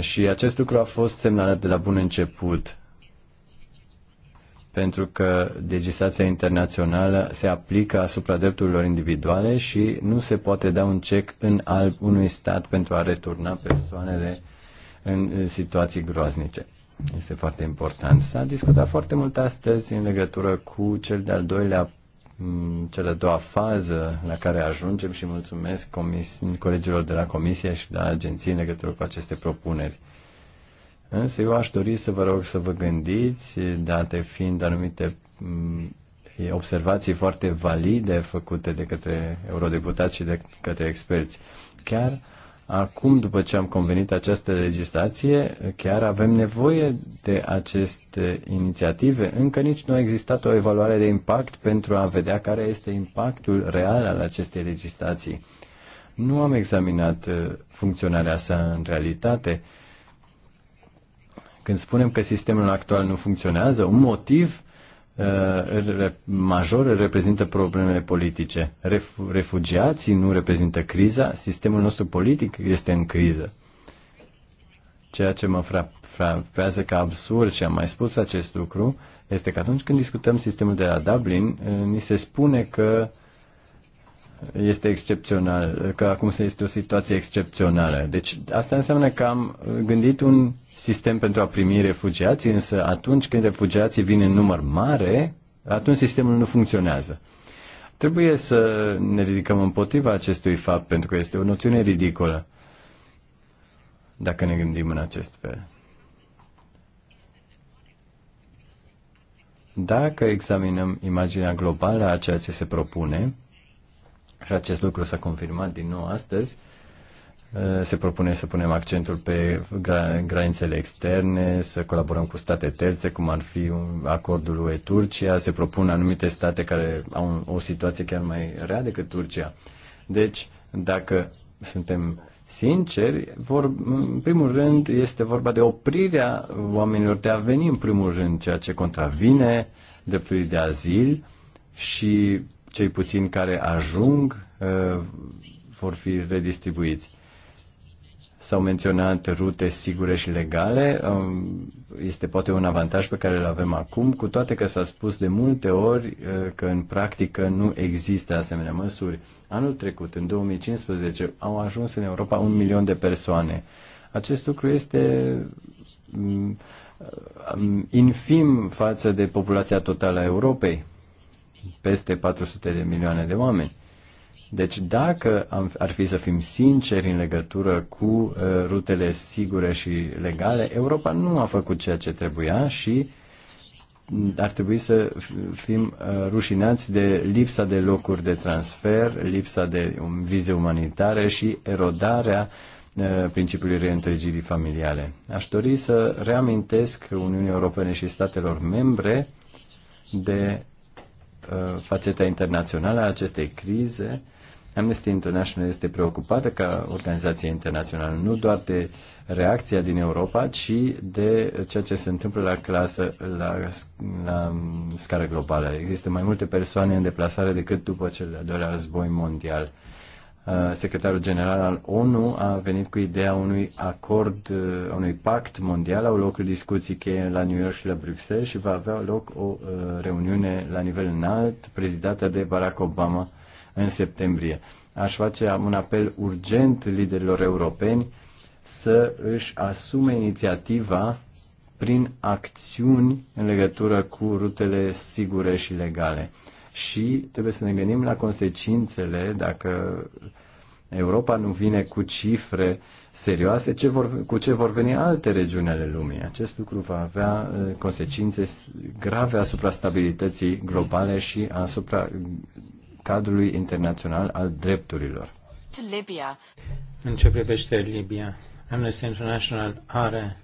și acest lucru a fost semnalat de la bun început, pentru că legislația internațională se aplică asupra drepturilor individuale și nu se poate da un cec în alb unui stat pentru a returna persoanele în situații groaznice. Este foarte important. S-a discutat foarte mult astăzi în legătură cu cel de-al doilea cele doua fază la care ajungem și mulțumesc comis- colegilor de la Comisie și la agenții în legătură cu aceste propuneri. Însă eu aș dori să vă rog să vă gândiți, date fiind anumite mm, observații foarte valide făcute de către eurodeputați și de către experți. Chiar Acum, după ce am convenit această legislație, chiar avem nevoie de aceste inițiative. Încă nici nu a existat o evaluare de impact pentru a vedea care este impactul real al acestei legislații. Nu am examinat uh, funcționarea sa în realitate. Când spunem că sistemul actual nu funcționează, un motiv Uh, Majore reprezintă problemele politice. Refugiații nu reprezintă criza, sistemul nostru politic este în criză. Ceea ce mă frapează ca absurd și am mai spus acest lucru este că atunci când discutăm sistemul de la Dublin, uh, ni se spune că este excepțional, că acum este o situație excepțională. Deci asta înseamnă că am gândit un sistem pentru a primi refugiații, însă atunci când refugiații vin în număr mare, atunci sistemul nu funcționează. Trebuie să ne ridicăm împotriva acestui fapt, pentru că este o noțiune ridicolă, dacă ne gândim în acest fel. Dacă examinăm imaginea globală a ceea ce se propune, și acest lucru s-a confirmat din nou astăzi, uh, Eh, se propune să punem accentul pe granițele externe, să colaborăm cu state terțe, cum ar fi acordul UE-Turcia, se propun anumite state care au o situație chiar mai rea decât Turcia. Deci, dacă suntem sinceri, vor, în primul rând este vorba de oprirea oamenilor de a veni în primul rând, ceea ce contravine de de azil și cei puțini care ajung eh, vor fi redistribuiți S-au menționat rute sigure și legale. Um, este poate un avantaj pe care îl avem acum, cu toate că s-a spus de multe ori uh, că în practică nu există asemenea măsuri. Anul trecut, în 2015, au ajuns în Europa un milion de persoane. Acest lucru este mm, mm, infim față de populația totală a Europei, peste 400 de milioane de oameni. Deci dacă am, ar fi să fim sinceri în legătură cu uh, rutele sigure și legale, Europa nu a făcut ceea ce trebuia și ar trebui să fim uh, rușinați de lipsa de locuri de transfer, lipsa de um, vize umanitare și erodarea uh, principiului reîntregirii familiale. Aș dori să reamintesc Uniunii Europene și statelor membre de uh, fațeta internațională a acestei crize Amnesty International este preocupată ca organizație internațională nu doar de reacția din Europa, ci de ceea ce se întâmplă la clasă, la, la scară globală. Există mai multe persoane în deplasare decât după cel de-al doilea război mondial. Uh, secretarul general al ONU a venit cu ideea unui acord, uh, unui pact mondial. Au loc discuții cheie la New York și la Bruxelles și va avea loc o uh, reuniune la nivel înalt prezidată de Barack Obama în septembrie. Aș face un apel urgent liderilor europeni să își asume inițiativa prin acțiuni în legătură cu rutele sigure și legale. Și trebuie să ne gândim la consecințele dacă Europa nu vine cu cifre serioase, ce vor, cu ce vor veni alte regiuni ale lumii. Acest lucru va avea uh, consecințe grave asupra stabilității globale și asupra cadrului internațional al drepturilor. În ce privește Libia, Amnesty International are,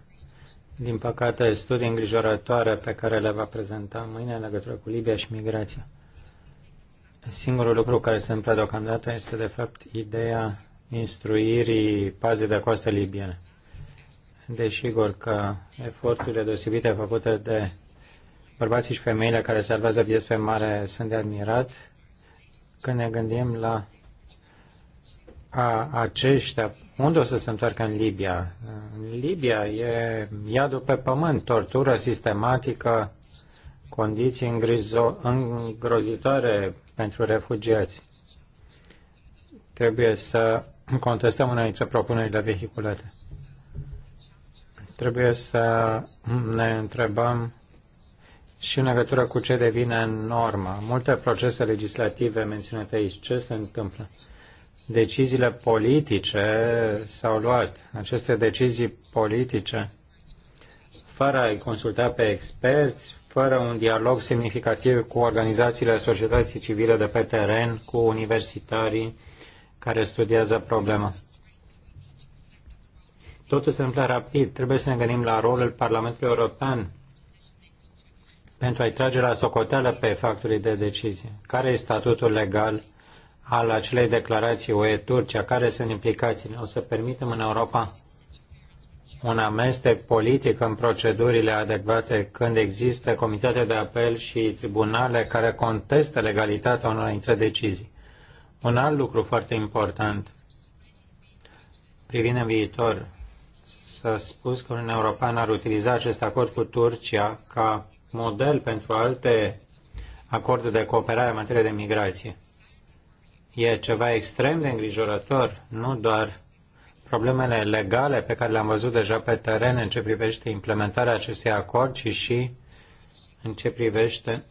din păcate, studii îngrijorătoare pe care le va prezenta mâine în legătură cu Libia și migrația. Singurul lucru care se întâmplă deocamdată este, de fapt, ideea instruirii pazei de coastă libiene. Desigur că eforturile deosebite făcute de bărbații și femeile care salvează vieți pe mare sunt de admirat, când ne gândim la a, aceștia, unde o să se întoarcă în Libia? În Libia e iadul pe pământ, tortură sistematică, condiții îngrizo- îngrozitoare pentru refugiați. Trebuie să contestăm una dintre propunerile vehiculate. Trebuie să ne întrebăm și în legătură cu ce devine normă. Multe procese legislative menționate aici, ce se întâmplă? Deciziile politice s-au luat. Aceste decizii politice, fără a-i consulta pe experți, fără un dialog semnificativ cu organizațiile societății civile de pe teren, cu universitarii care studiază problema. Totul se întâmplă rapid. Trebuie să ne gândim la rolul Parlamentului European pentru a-i trage la socoteală pe factorii de decizie. Care este statutul legal al acelei declarații UE-Turcia? Care sunt implicațiile? O să permitem în Europa un amestec politic în procedurile adecvate când există comitete de apel și tribunale care contestă legalitatea unor dintre decizii. Un alt lucru foarte important privind în viitor, s-a spus că Uniunea Europeană ar utiliza acest acord cu Turcia ca model pentru alte acorduri de cooperare în materie de migrație. E ceva extrem de îngrijorător, nu doar problemele legale pe care le-am văzut deja pe teren în ce privește implementarea acestui acord, ci și în ce privește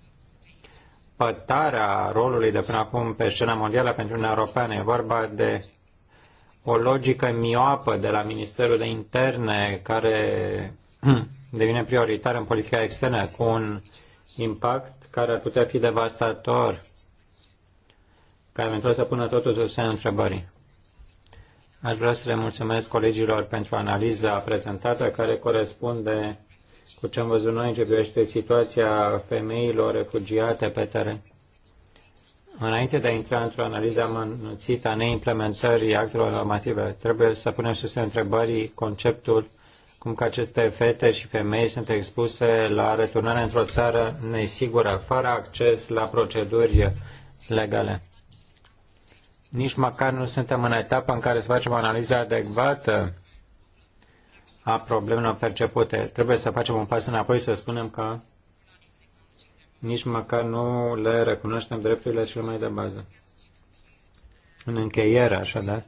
pătarea rolului de până acum pe scena mondială pentru Uniunea Europeană. E vorba de o logică mioapă de la Ministerul de Interne care devine prioritar în politica externă, cu un impact care ar putea fi devastator, care eventual să pună totul sub semnul întrebării. Aș vrea să le mulțumesc colegilor pentru analiza prezentată, care corespunde cu ce am văzut noi în ce privește situația femeilor refugiate pe teren. Înainte de a intra într-o analiză amănunțită a neimplementării actelor normative, trebuie să punem sus întrebării conceptul cum că aceste fete și femei sunt expuse la returnare într-o țară nesigură, fără acces la proceduri legale. Nici măcar nu suntem în etapa în care să facem analiza adecvată a problemelor percepute. Trebuie să facem un pas înapoi să spunem că nici măcar nu le recunoaștem drepturile cele mai de bază. În încheiere, așadar,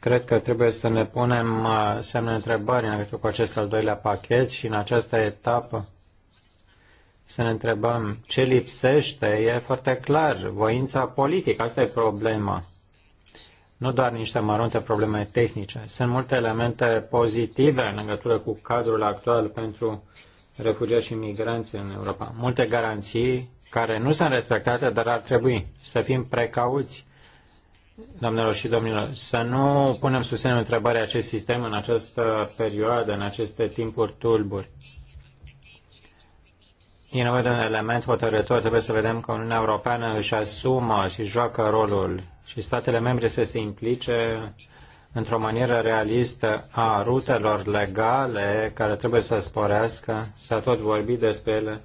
Cred că trebuie să ne punem uh, semne întrebări în legătură cu acest al doilea pachet și în această etapă să ne întrebăm ce lipsește. E foarte clar, voința politică, asta e problema. Nu doar niște mărunte probleme tehnice. Sunt multe elemente pozitive în legătură cu cadrul actual pentru refugiați și migranți în Europa. Multe garanții care nu sunt respectate, dar ar trebui să fim precauți doamnelor și domnilor, să nu punem sub semnul întrebare acest sistem în această perioadă, în aceste timpuri tulburi. E nevoie de un element hotărător. Trebuie să vedem că Uniunea Europeană își asumă și joacă rolul și statele membre să se implice într-o manieră realistă a rutelor legale care trebuie să sporească, s-a tot vorbit despre ele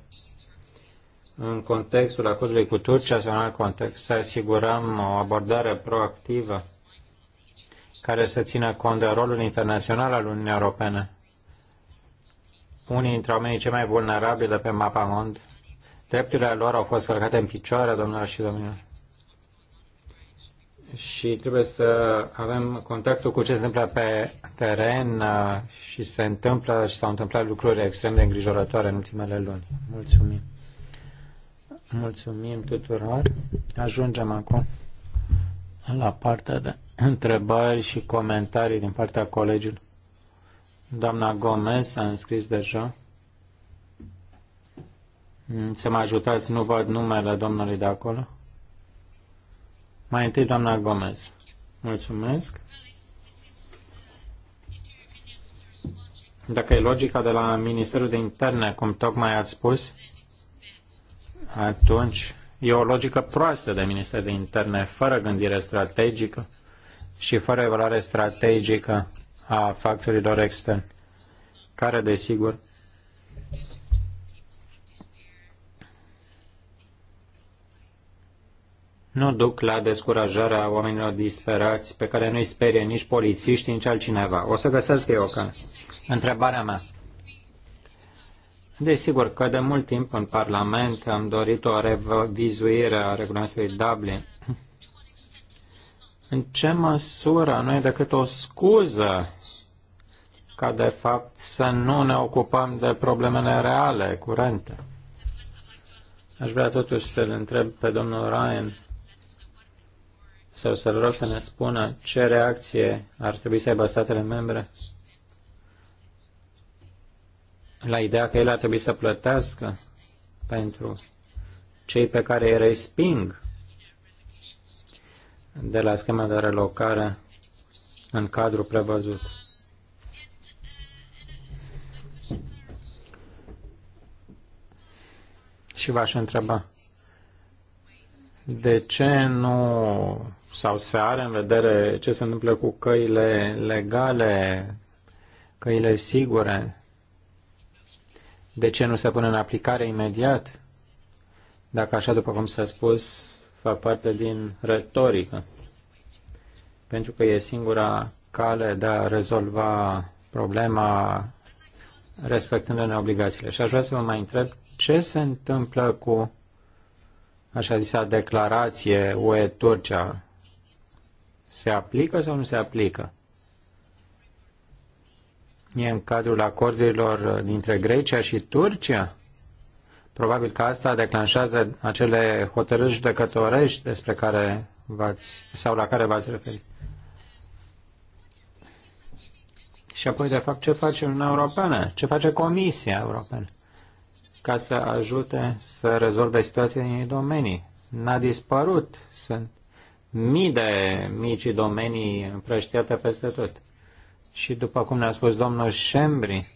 în contextul acordului cu Turcia sau în alt context, să asigurăm o abordare proactivă care să țină cont de rolul internațional al Uniunii Europene. Unii dintre oamenii cei mai vulnerabili de pe mapa mond. drepturile lor au fost călcate în picioare, domnilor și domnilor. Și trebuie să avem contactul cu ce se întâmplă pe teren uh, și se întâmplă și s-au întâmplat lucruri extrem de îngrijorătoare în ultimele luni. Mulțumim. Mulțumim tuturor. Ajungem acum la partea de întrebări și comentarii din partea colegilor. Doamna Gomez s-a înscris deja. Să mă ajutați, nu văd numele domnului de acolo. Mai întâi, doamna Gomez. Mulțumesc. Dacă e logica de la Ministerul de Interne, cum tocmai ați spus, atunci e o logică proastă de minister de interne, fără gândire strategică și fără evaluare strategică a factorilor externi, care, desigur, nu duc la descurajarea oamenilor disperați pe care nu-i sperie nici polițiști, nici altcineva. O să găsesc eu că întrebarea mea Desigur că de mult timp în Parlament am dorit o revizuire a regulamentului Dublin. În ce măsură nu e decât o scuză ca de fapt să nu ne ocupăm de problemele reale, curente? Aș vrea totuși să-l întreb pe domnul Ryan sau să-l rog să ne spună ce reacție ar trebui să aibă statele membre la ideea că el ar trebui să plătească pentru cei pe care îi resping de la schema de relocare în cadrul prevăzut. Și v-aș întreba, de ce nu sau se are în vedere ce se întâmplă cu căile legale, căile sigure de ce nu se pune în aplicare imediat? Dacă așa, după cum s-a spus, fac parte din retorică. Pentru că e singura cale de a rezolva problema respectându-ne obligațiile. Și aș vrea să vă mai întreb ce se întâmplă cu așa zisa declarație UE-Turcia. Se aplică sau nu se aplică? e în cadrul acordurilor uh, dintre Grecia și Turcia. Probabil că asta declanșează acele hotărâri judecătorești despre care v-ați, sau la care v-ați referit. Și apoi, de fapt, ce face Uniunea Europeană? Ce face Comisia Europeană? Ca să ajute să rezolve situația din domenii. N-a dispărut. Sunt mii de mici domenii împrăștiate peste tot. Și după cum ne-a spus domnul Șembri,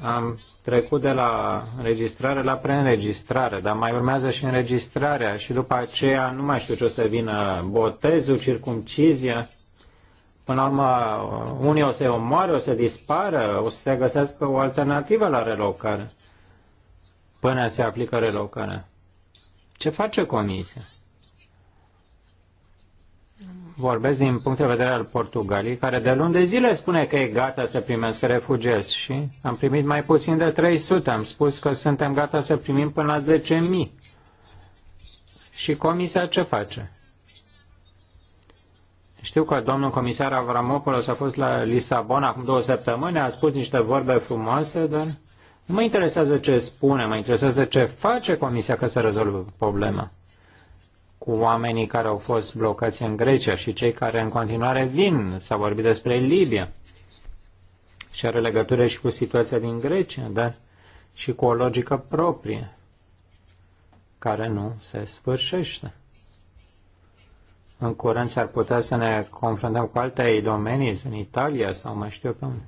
am trecut de la înregistrare la preînregistrare, dar mai urmează și înregistrarea și după aceea nu mai știu ce o să vină, botezul, circumcizia. Până la urmă, unii o să-i omoare, o să dispară, o să se găsească o alternativă la relocare până se aplică relocarea. Ce face comisia? vorbesc din punct de vedere al Portugaliei, care de luni de zile spune că e gata să primească refugiați și am primit mai puțin de 300. Am spus că suntem gata să primim până la 10.000. Și comisia ce face? Știu că domnul comisar Avramopoulos a fost la Lisabona acum două săptămâni, a spus niște vorbe frumoase, dar nu mă interesează ce spune, mă interesează ce face comisia ca să rezolvă problema cu oamenii care au fost blocați în Grecia și cei care în continuare vin. S-a vorbit despre Libia și are legătură și cu situația din Grecia, dar și cu o logică proprie care nu se sfârșește. În curând s-ar putea să ne confruntăm cu alte domenii în Italia sau mai știu pe unde.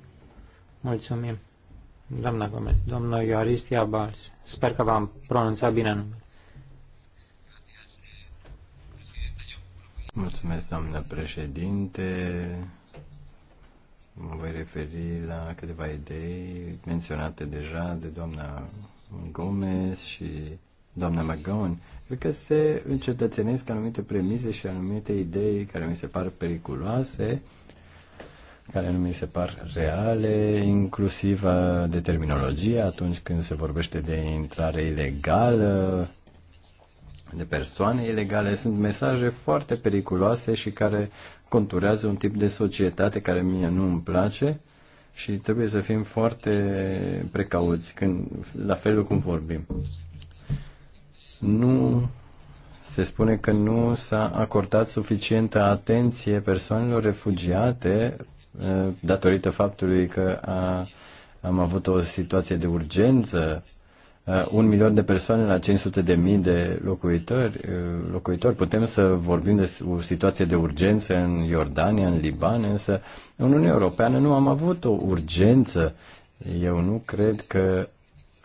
Mulțumim. Doamna Gomez, domnul Ioaristia Bals, sper că v-am pronunțat bine numele. Mulțumesc, doamnă președinte. Mă voi referi la câteva idei menționate deja de doamna Gomez și doamna McGowan. Cred că se încetățenesc anumite premize și anumite idei care mi se par periculoase, care nu mi se par reale, inclusiv uh, de terminologie atunci când se vorbește de intrare ilegală, de persoane ilegale sunt mesaje foarte periculoase și care conturează un tip de societate care mie nu îmi place și trebuie să fim foarte precauți când, la felul cum vorbim. Nu se spune că nu s-a acordat suficientă atenție persoanelor refugiate eh, datorită faptului că a, am avut o situație de urgență Uh, un milion de persoane la 500 de mii de locuitori, uh, locuitori. Putem să vorbim de o situație de urgență în Iordania, în Liban, însă în Uniunea Europeană nu am avut o urgență. Eu nu cred că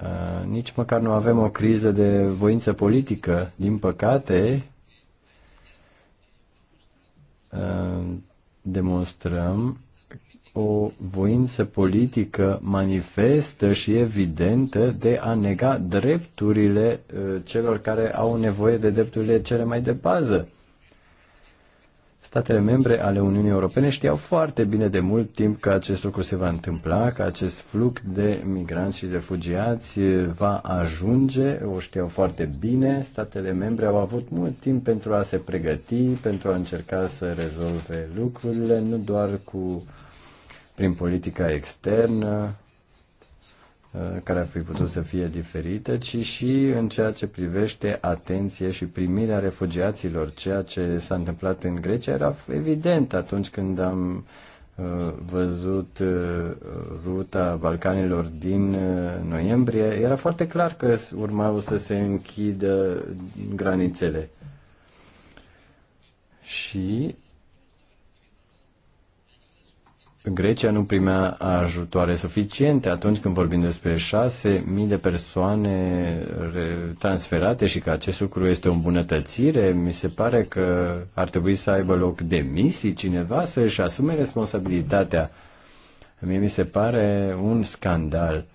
uh, nici măcar nu avem o criză de voință politică. Din păcate, demonstrăm o voință politică manifestă și evidentă de a nega drepturile uh, celor care au nevoie de drepturile cele mai de bază. Statele membre ale Uniunii Europene știau foarte bine de mult timp că acest lucru se va întâmpla, că acest flux de migranți și refugiați uh, va ajunge, o știau foarte bine. Statele membre au avut mult timp pentru a se pregăti, pentru a încerca să rezolve lucrurile, nu doar cu prin politica externă, uh, care ar fi putut să fie diferită, ci și în ceea ce privește atenție și primirea refugiaților. Ceea ce s-a întâmplat în Grecia era evident atunci când am uh, văzut uh, ruta Balcanilor din noiembrie, era foarte clar că urmau să se închidă granițele. Și Grecia nu primea ajutoare suficiente atunci când vorbim despre 6.000 de persoane transferate și că acest lucru este o îmbunătățire, mi se pare că ar trebui să aibă loc demisii cineva să își asume responsabilitatea. Mie mi se pare un scandal.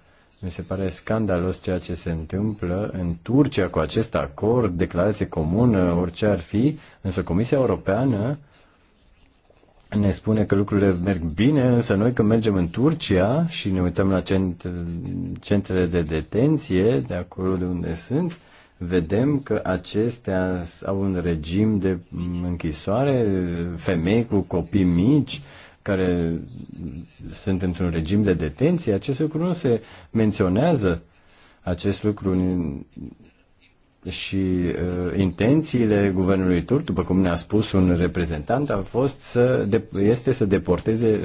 Mi se pare scandalos ceea ce se întâmplă în Turcia cu acest acord, declarație comună, orice ar fi, însă Comisia Europeană ne spune că lucrurile merg bine, însă noi când mergem în Turcia și ne uităm la centrele de detenție, de acolo de unde sunt, vedem că acestea au un regim de închisoare, femei cu copii mici care sunt într-un regim de detenție, acest lucru nu se menționează. Acest lucru și uh, intențiile guvernului turc, după cum ne-a spus un reprezentant, a fost să de, este să deporteze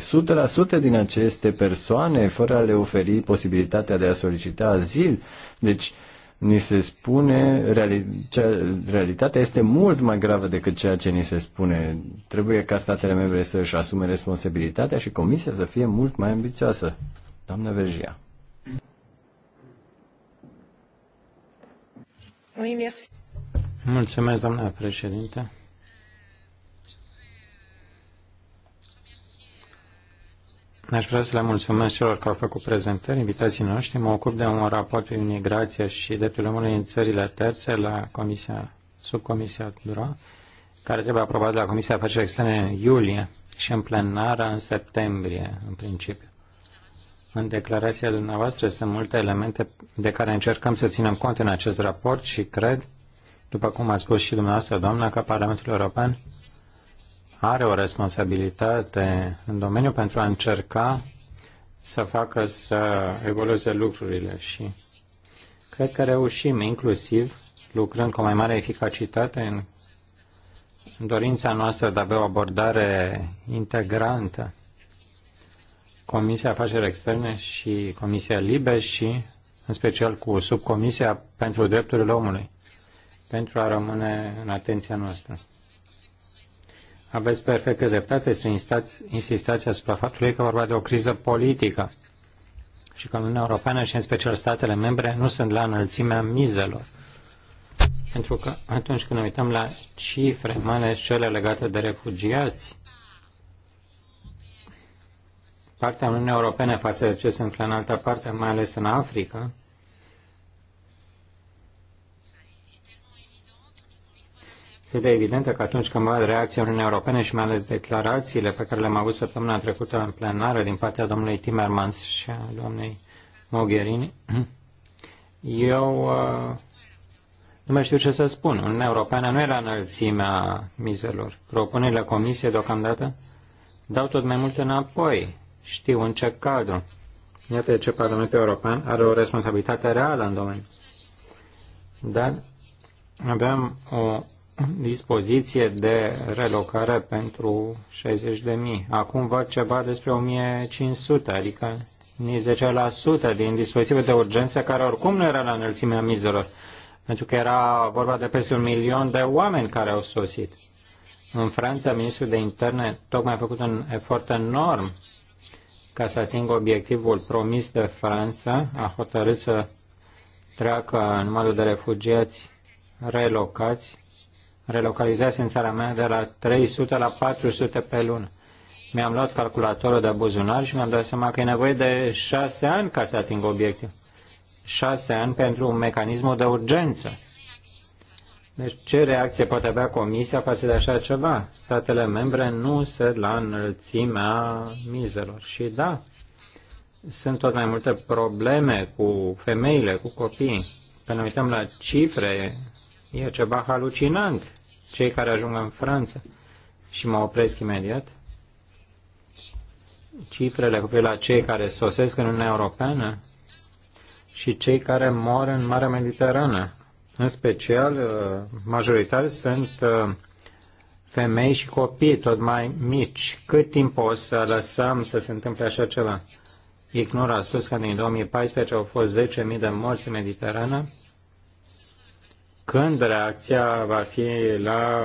100% din aceste persoane fără a le oferi posibilitatea de a solicita azil. Deci, ni se spune, reali, cea, realitatea este mult mai gravă decât ceea ce ni se spune. Trebuie ca statele membre să și asume responsabilitatea și comisia să fie mult mai ambițioasă. Doamna Vergia. Mulțumesc, doamna președinte. Aș vrea să le mulțumesc celor care au făcut prezentări, invitații noștri. Mă ocup de un raport privind migrația și drepturile omului în țările terțe la comisia, subcomisia DRO, care trebuie aprobat de la Comisia Afaceri Externe în iulie și în plenară în septembrie, în principiu. În declarația dumneavoastră sunt multe elemente de care încercăm să ținem cont în acest raport și cred, după cum a spus și dumneavoastră, doamna, că Parlamentul European are o responsabilitate în domeniu pentru a încerca să facă să evolueze lucrurile și cred că reușim, inclusiv lucrând cu mai mare eficacitate în dorința noastră de a avea o abordare integrantă Comisia Afaceri Externe și Comisia Libe și în special cu Subcomisia pentru Drepturile Omului pentru a rămâne în atenția noastră. Aveți perfectă dreptate să instați, insistați asupra faptului că vorba de o criză politică și că Uniunea Europeană și în special statele membre nu sunt la înălțimea mizelor. Pentru că atunci când ne uităm la cifre, mai ales cele legate de refugiați, partea Uniunii Europene față de ce se întâmplă în altă parte, mai ales în Africa, Este de evidentă că atunci când văd reacția Uniunii Europene și mai ales declarațiile pe care le-am avut săptămâna trecută în plenară din partea domnului Timmermans și a doamnei Mogherini, eu uh, nu mai știu ce să spun. Uniunea Europeană nu era la înălțimea mizelor. Propunerile Comisiei deocamdată dau tot mai mult înapoi știu în ce cadru. Iată ce Parlamentul European are o responsabilitate reală în domeniu. Dar avem o dispoziție de relocare pentru 60.000. Acum văd ceva despre 1.500, adică nici 10% din dispozitive de urgență, care oricum nu era la înălțimea mizelor, pentru că era vorba de peste un milion de oameni care au sosit. În Franța, ministrul de interne tocmai a făcut un efort enorm ca să atingă obiectivul promis de Franța, a hotărât să treacă în modul de refugiați relocați, relocalizați în țara mea de la 300 la 400 pe lună. Mi-am luat calculatorul de buzunar și mi-am dat seama că e nevoie de șase ani ca să ating obiectiv. Șase ani pentru un mecanismul de urgență. Deci ce reacție poate avea Comisia față de așa ceva? Statele membre nu se la înălțimea mizelor. Și da, sunt tot mai multe probleme cu femeile, cu copiii. Când ne uităm la cifre, e ceva halucinant. Cei care ajung în Franța și mă opresc imediat, cifrele cu la cei care sosesc în Uniunea Europeană și cei care mor în Marea Mediterană. În special, uh, majoritari sunt uh, femei și copii tot mai mici. Cât timp o să lăsăm să se întâmple așa ceva? Ignor a spus că din 2014 au fost 10.000 de morți în Mediterană. Când reacția va fi la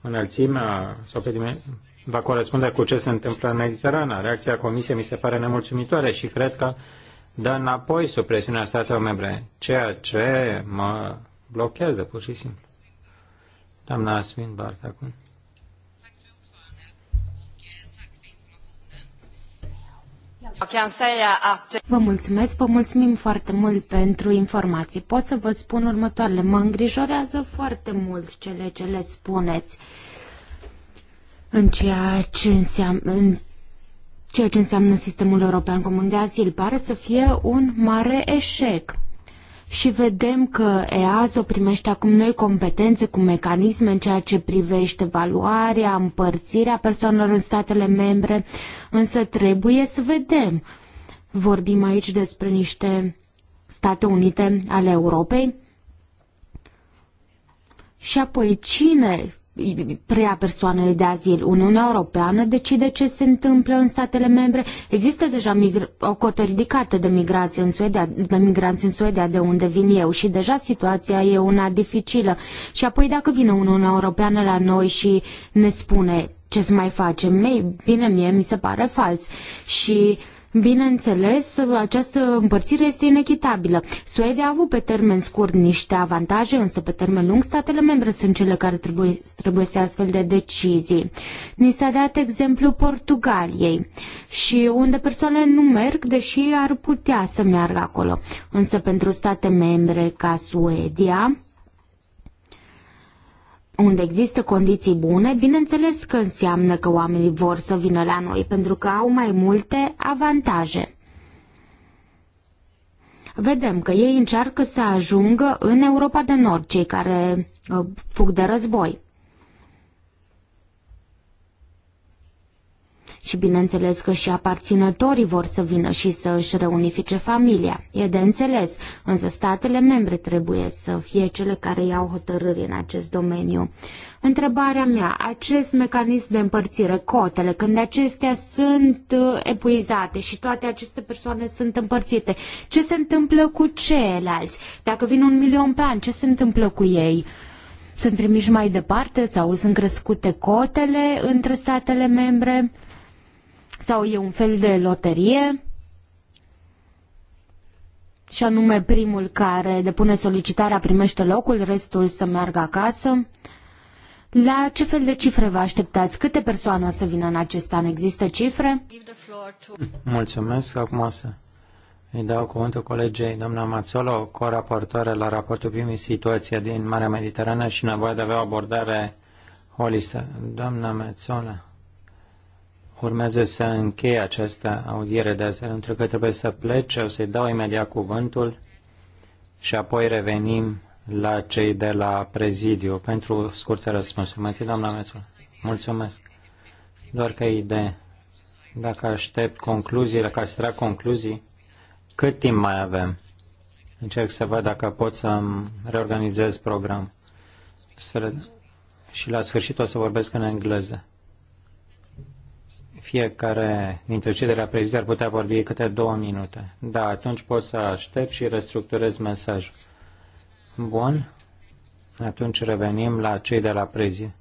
înălțimea sau pe va corespunde cu ce se întâmplă în Mediterana. Reacția Comisiei mi se pare nemulțumitoare și cred că dă înapoi sub presiunea statelor membre, ceea ce mă blochează pur și simplu. Doamna Asmin Bart acum. Vă mulțumesc, vă mulțumim foarte mult pentru informații. Pot să vă spun următoarele. Mă îngrijorează foarte mult cele ce le spuneți în ceea ce înseamnă, în Ceea ce înseamnă sistemul european comun de azil pare să fie un mare eșec. Și vedem că EASO primește acum noi competențe cu mecanisme în ceea ce privește evaluarea, împărțirea persoanelor în statele membre, însă trebuie să vedem. Vorbim aici despre niște State Unite ale Europei, și apoi cine prea persoanele de azil. Uniunea Europeană decide ce se întâmplă în statele membre. Există deja o cotă ridicată de migranți în Suedia, de migranți în Suedia, de unde vin eu și deja situația e una dificilă. Și apoi dacă vine Uniunea Europeană la noi și ne spune ce să mai facem, ei, bine mie mi se pare fals. Și uh, Bineînțeles, această împărțire este inechitabilă. Suedia a avut pe termen scurt niște avantaje, însă pe termen lung statele membre sunt cele care trebuie, trebuie să ia astfel de decizii. Ni s-a dat exemplu Portugaliei și unde persoanele nu merg, deși ar putea să meargă acolo. Însă pentru state membre ca Suedia, unde există condiții bune, bineînțeles că înseamnă că oamenii vor să vină la noi, pentru că au mai multe avantaje. Vedem că ei încearcă să ajungă în Europa de Nord, cei care uh, fug de război. și bineînțeles că și aparținătorii vor să vină și să își reunifice familia. E de înțeles, însă statele membre trebuie să fie cele care iau hotărâri în acest domeniu. Întrebarea mea, acest mecanism de împărțire, cotele, când acestea sunt uh, epuizate și toate aceste persoane sunt împărțite, ce se întâmplă cu ceilalți? Dacă vin un milion pe an, ce se întâmplă cu ei? Sunt trimiși mai departe sau sunt crescute cotele între statele membre? sau e un fel de loterie și anume primul care depune solicitarea primește locul, restul să meargă acasă. La ce fel de cifre vă așteptați? Câte persoane o să vină în acest an? Există cifre? Mulțumesc, acum să îi dau cuvântul colegei doamna Mațolo, co-raportoare la raportul primii situație din Marea Mediterană și nevoie de avea o abordare holistă. Doamna Mațolo. Urmează să încheie această audiere de aseară, pentru că trebuie să plece, o să-i dau imediat cuvântul și apoi revenim la cei de la prezidiu pentru scurte răspunsuri. Mai doamna Mețu, mulțumesc. Doar că idee. Dacă aștept concluziile, ca să trag concluzii, cât timp mai avem? Încerc să văd dacă pot să reorganizez program. Și la sfârșit o să vorbesc în engleză fiecare dintre cei de la prezidiu ar putea vorbi câte două minute. Da, atunci pot să aștept și restructurez mesajul. Bun. Atunci revenim la cei de la prezidiu.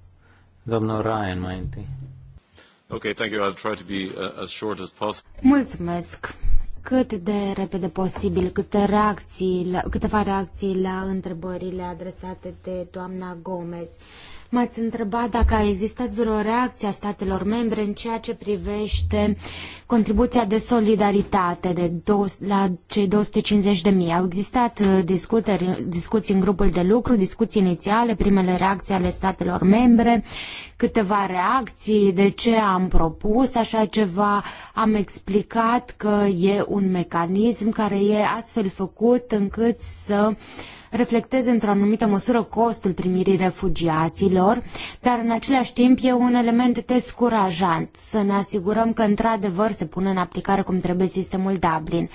Domnul Ryan mai întâi. Ok, thank you. I'll try to be uh, as short as possible. Mulțumesc. Cât de repede posibil, câte reacții câteva reacții la întrebările adresate de doamna Gomez. Uh, M-ați întrebat dacă a existat vreo reacție a statelor membre în ceea ce privește contribuția de solidaritate de dou- la cei 250 de mii. Au existat uh, discuteri, discuții în grupul de lucru, discuții inițiale, primele reacții ale statelor membre, câteva reacții de ce am propus așa ceva, am explicat că e un mecanism care e astfel făcut încât să uh, reflecteze într-o anumită măsură costul primirii refugiaților, dar în același timp e un element descurajant să ne asigurăm că într-adevăr se pune în aplicare cum trebuie sistemul Dublin.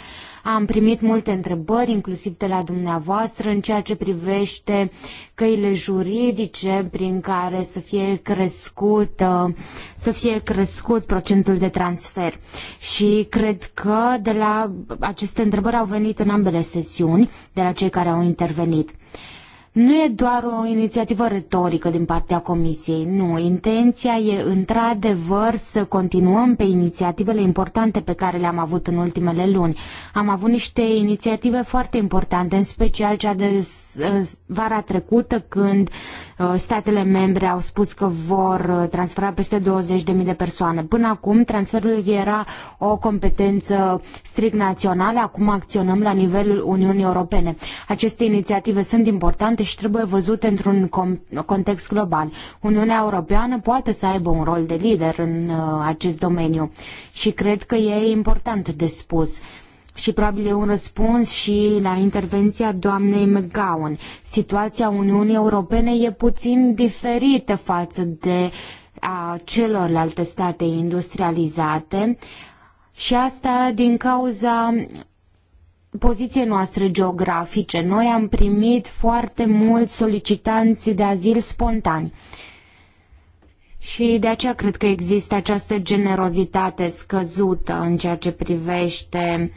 Am primit multe întrebări, inclusiv de la dumneavoastră, în ceea ce privește căile juridice prin care să fie crescut, uh, să fie crescut procentul de transfer. Și cred că de la aceste întrebări au venit în ambele sesiuni, de la cei care au intervenit. Nu e doar o inițiativă retorică din partea Comisiei, nu. Intenția e într-adevăr să continuăm pe inițiativele importante pe care le-am avut în ultimele luni. Am avut niște inițiative foarte importante, în special cea de vara trecută când uh, statele membre au spus că vor uh, transfera peste 20.000 de persoane. Până acum transferul era o competență strict națională, acum acționăm la nivelul Uniunii Europene. Aceste inițiative sunt importante deci trebuie văzute într-un context global. Uniunea Europeană poate să aibă un rol de lider în uh, acest domeniu și cred că e important de spus și probabil e un răspuns și la intervenția doamnei McGowan. Situația Uniunii Europene e puțin diferită față de a celorlalte state industrializate și asta din cauza poziției noastră geografice. Noi am primit foarte mulți solicitanți de azil spontani. Și de aceea cred că există această generozitate scăzută în ceea ce privește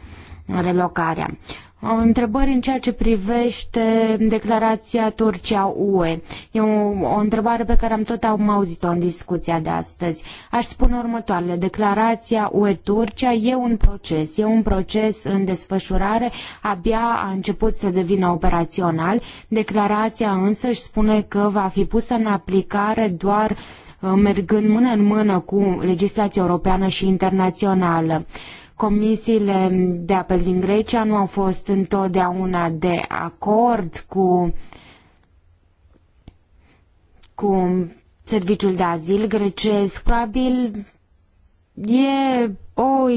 relocarea întrebări în ceea ce privește declarația Turcia-UE. E o, o, întrebare pe care am tot am auzit-o în discuția de astăzi. Aș spune următoarele. Declarația UE-Turcia e un proces, e un proces în desfășurare, abia a început să devină operațional. Declarația însă își spune că va fi pusă în aplicare doar uh, mergând mână în mână cu legislația europeană și internațională. Comisiile de apel din Grecia nu au fost întotdeauna de acord cu, cu serviciul de azil grecesc. Probabil e o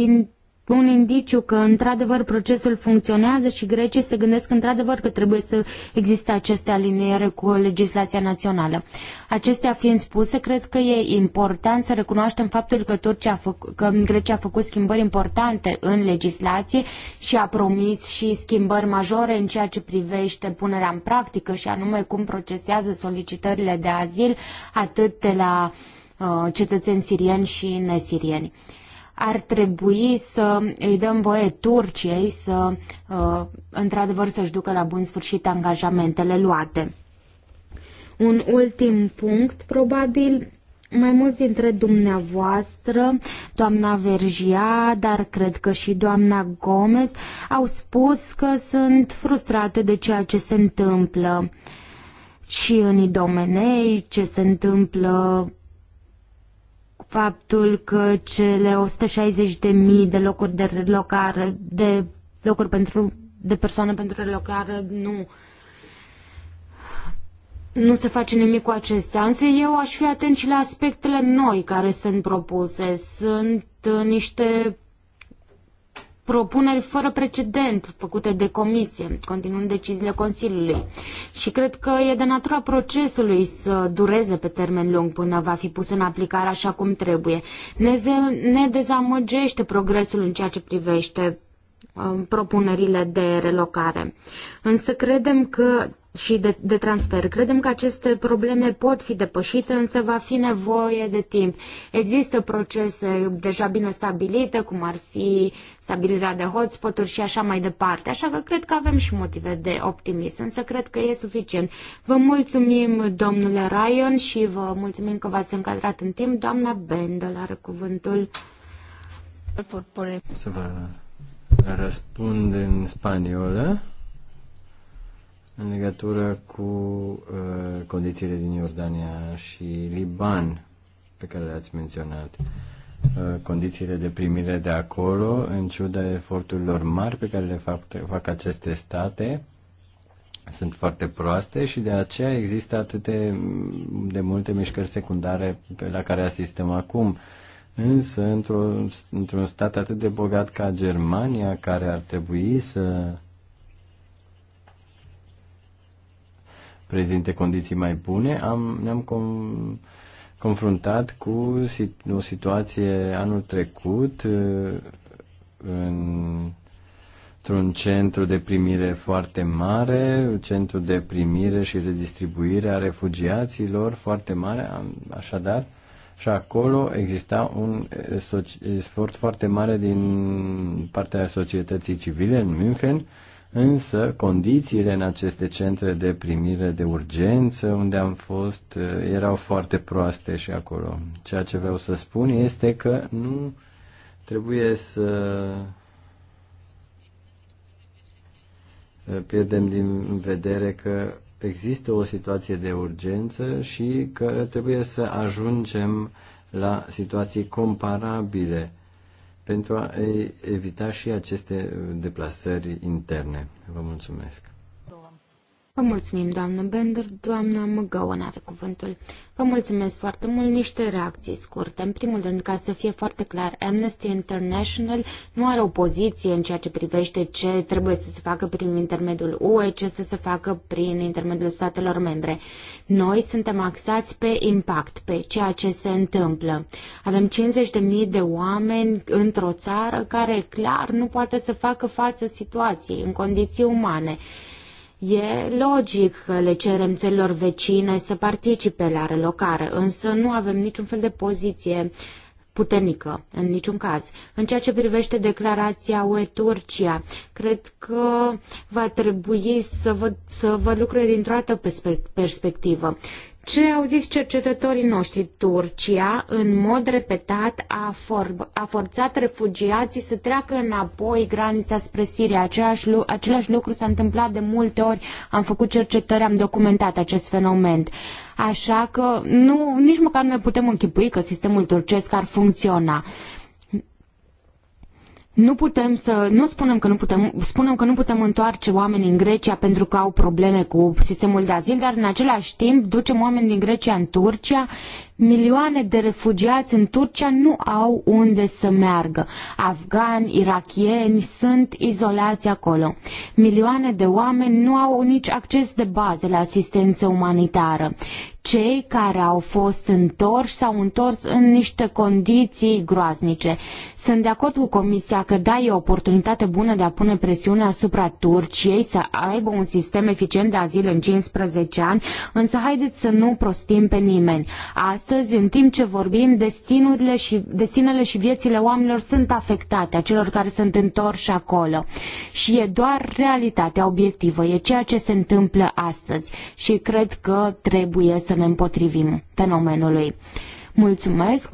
un indiciu că într-adevăr procesul funcționează și grecii se gândesc într-adevăr că trebuie să existe aceste aliniere cu legislația națională. Acestea fiind spuse, cred că e important să recunoaștem faptul că, Turcia a făc- că Grecia a făcut schimbări importante în legislație și a promis și schimbări majore în ceea ce privește punerea în practică și anume cum procesează solicitările de azil atât de la uh, cetățeni sirieni și nesirieni ar trebui să îi dăm voie Turciei să, uh, într-adevăr, să-și ducă la bun sfârșit angajamentele luate. Un ultim punct, probabil, mai mulți dintre dumneavoastră, doamna Vergia, dar cred că și doamna Gomez, au spus că sunt frustrate de ceea ce se întâmplă și în idomenei, ce se întâmplă faptul că cele 160.000 de locuri de relocare, de locuri pentru, de persoane pentru relocare nu nu se face nimic cu acestea, însă eu aș fi atent și la aspectele noi care sunt propuse. Sunt uh, niște propuneri fără precedent făcute de comisie, continuând deciziile Consiliului. Și cred că e de natura procesului să dureze pe termen lung până va fi pus în aplicare așa cum trebuie. Ne, ne dezamăgește progresul în ceea ce privește um, propunerile de relocare. Însă credem că și de, de transfer. Credem că aceste probleme pot fi depășite, însă va fi nevoie de timp. Există procese deja bine stabilite, cum ar fi stabilirea de hotspot-uri și așa mai departe. Așa că cred că avem și motive de optimism, însă cred că e suficient. Vă mulțumim, domnule Ryan, și vă mulțumim că v-ați încadrat în timp. Doamna Bendel are cuvântul. Să vă răspund în spaniolă în legătură cu uh, condițiile din Iordania și Liban pe care le-ați menționat. Uh, condițiile de primire de acolo, în ciuda eforturilor mari pe care le fac, fac aceste state, sunt foarte proaste și de aceea există atât de multe mișcări secundare pe la care asistăm acum. Însă, într-un într stat atât de bogat ca Germania, care ar trebui să prezinte condiții mai bune, am, ne-am com, confruntat cu o situație anul trecut uh, în, într-un centru de primire foarte mare, un centru de primire și redistribuire a refugiaților foarte mare, așadar, și acolo exista un eh, esfort foarte mare din partea societății civile în München, însă condițiile în aceste centre de primire de urgență unde am fost uh, erau foarte proaste și acolo. Ceea ce vreau să spun este că nu trebuie să uh, pierdem din vedere că există o situație de urgență și că trebuie să ajungem la situații comparabile pentru a evita și aceste deplasări interne. Vă mulțumesc. Vă mulțumim, doamnă Bender. Doamna Măgăon are cuvântul. Vă mulțumesc foarte mult. Niște reacții scurte. În primul rând, ca să fie foarte clar, Amnesty International nu are o poziție în ceea ce privește ce trebuie să se facă prin intermediul UE, ce să se facă prin intermediul statelor membre. Noi suntem axați pe impact, pe ceea ce se întâmplă. Avem 50.000 de oameni într-o țară care clar nu poate să facă față situației în condiții umane. E logic că le cerem țărilor vecine să participe la relocare, însă nu avem niciun fel de poziție puternică, în niciun caz. În ceea ce privește declarația UE-Turcia, cred că va trebui să vă să vă lucre dintr-o altă perspectivă. Ce au zis cercetătorii noștri? Turcia, în mod repetat, a, for- a forțat refugiații să treacă înapoi granița spre Siria. Același, lu- același lucru s-a întâmplat de multe ori. Am făcut cercetări, am documentat acest fenomen. Așa că nu, nici măcar nu ne putem închipui că sistemul turcesc ar funcționa. Nu putem să, nu spunem că nu putem, spunem că nu putem întoarce oamenii în Grecia pentru că au probleme cu sistemul de azil, dar în același timp ducem oameni din Grecia în Turcia Milioane de refugiați în Turcia nu au unde să meargă. Afgani, irakieni sunt izolați acolo. Milioane de oameni nu au nici acces de bază la asistență umanitară. Cei care au fost întorși s-au întors în niște condiții groaznice. Sunt de acord cu Comisia că da, e o oportunitate bună de a pune presiune asupra Turciei să aibă un sistem eficient de azil în 15 ani, însă haideți să nu prostim pe nimeni. Astăzi astăzi, în timp ce vorbim, destinurile și, destinele și viețile oamenilor sunt afectate, a celor care sunt întorși acolo. Și e doar realitatea obiectivă, e ceea ce se întâmplă astăzi. Și cred că trebuie să ne împotrivim fenomenului. Mulțumesc!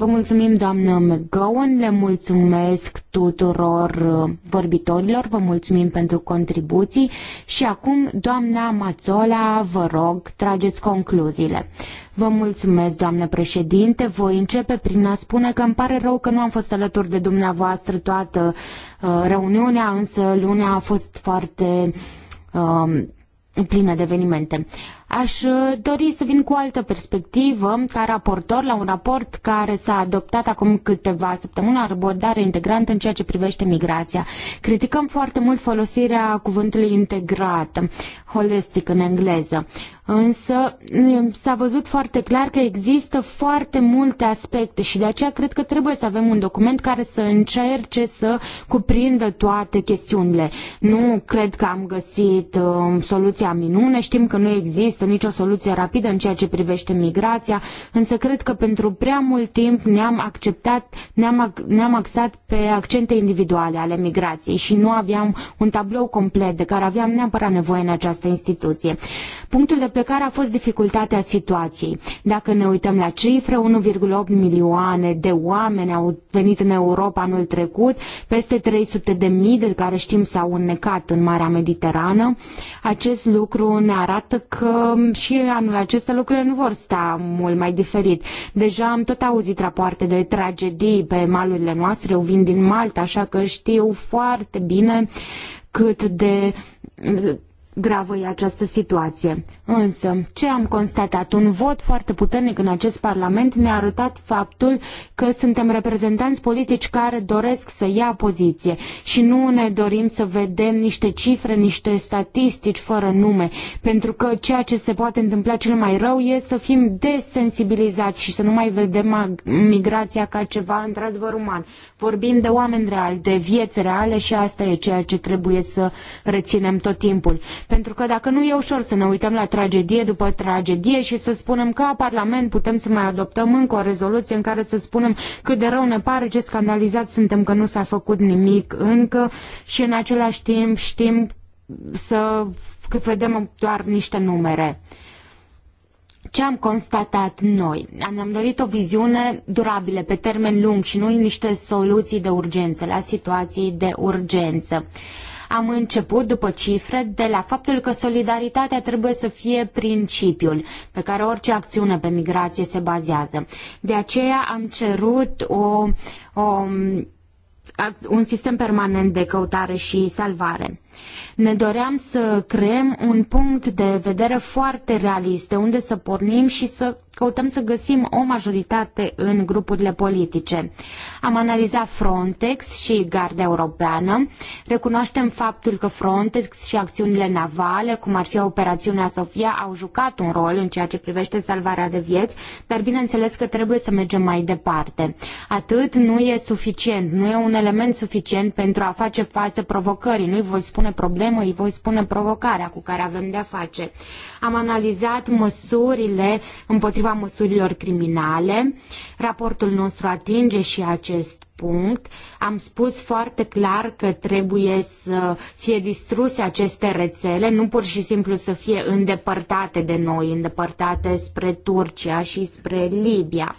Vă mulțumim, doamnă McGowan, le mulțumesc tuturor uh, vorbitorilor, vă mulțumim pentru contribuții și acum, doamna Mațola, vă rog, trageți concluziile. Vă mulțumesc, doamnă președinte, voi începe prin a spune că îmi pare rău că nu am fost alături de dumneavoastră toată uh, reuniunea, însă lunea a fost foarte uh, plină de evenimente. Uh, Aș uh, dori să vin cu o altă perspectivă ca raportor la un raport care s-a adoptat acum câteva săptămâni, abordare integrantă în ceea ce privește migrația. Criticăm foarte mult folosirea cuvântului integrat, holistic în engleză. Însă mm, s-a văzut foarte clar că există foarte multe aspecte și de aceea cred că trebuie să avem un document care să încerce să cuprindă toate chestiunile. Nu cred că am găsit um, soluția minune, știm că nu există nicio soluție rapidă în ceea ce privește migrația, însă cred că pentru prea mult timp ne-am acceptat, ne-am, ne-am axat pe accente individuale ale migrației și nu aveam un tablou complet de care aveam neapărat nevoie în această instituție. Punctul de pe care a fost dificultatea situației. Dacă ne uităm la cifre, 1,8 milioane de oameni au venit în Europa anul trecut, peste 300 de mii de care știm s-au înnecat în Marea Mediterană. Acest lucru ne arată că și anul acesta lucrurile nu vor sta mult mai diferit. Deja am tot auzit rapoarte de tragedii pe malurile noastre, eu vin din Malta, așa că știu foarte bine cât de gravă e această situație. Însă, ce am constatat? Un vot foarte puternic în acest Parlament ne-a arătat faptul că suntem reprezentanți politici care doresc să ia poziție și nu ne dorim să vedem niște cifre, niște statistici fără nume, pentru că ceea ce se poate întâmpla cel mai rău e să fim desensibilizați și să nu mai vedem migrația ca ceva într-adevăr uman. Vorbim de oameni reali, de vieți reale și asta e ceea ce trebuie să reținem tot timpul timpul. Pentru că dacă nu e ușor să ne uităm la tragedie după tragedie și să spunem ca Parlament putem să mai adoptăm încă o rezoluție în care să spunem cât de rău ne pare, ce scandalizat suntem că nu s-a făcut nimic încă și în același timp știm să că vedem doar niște numere. Ce am constatat noi? Ne-am dorit o viziune durabilă, pe termen lung și nu niște soluții de urgență, la situații de urgență. Uh, am început după cifre de la faptul că solidaritatea trebuie să fie principiul pe care orice acțiune pe migrație se bazează. De aceea am cerut o, o un sistem permanent de căutare și salvare. Ne doream să creăm un punct de vedere foarte realist, de unde să pornim și să căutăm să găsim o majoritate în grupurile politice. Am analizat Frontex și Garda Europeană. Recunoaștem faptul că Frontex și acțiunile navale, cum ar fi operațiunea Sofia, au jucat un rol în ceea ce privește salvarea de vieți, dar bineînțeles că trebuie să mergem mai departe. Atât nu e suficient, nu e un element suficient pentru a face față provocării. Nu-i voi spune spune problemă, îi voi spune provocarea cu care avem de-a face. Am analizat măsurile împotriva măsurilor criminale. Raportul nostru atinge și acest punct. Am spus foarte clar că trebuie să fie distruse aceste rețele, nu pur și simplu să fie îndepărtate de noi, îndepărtate spre Turcia și spre Libia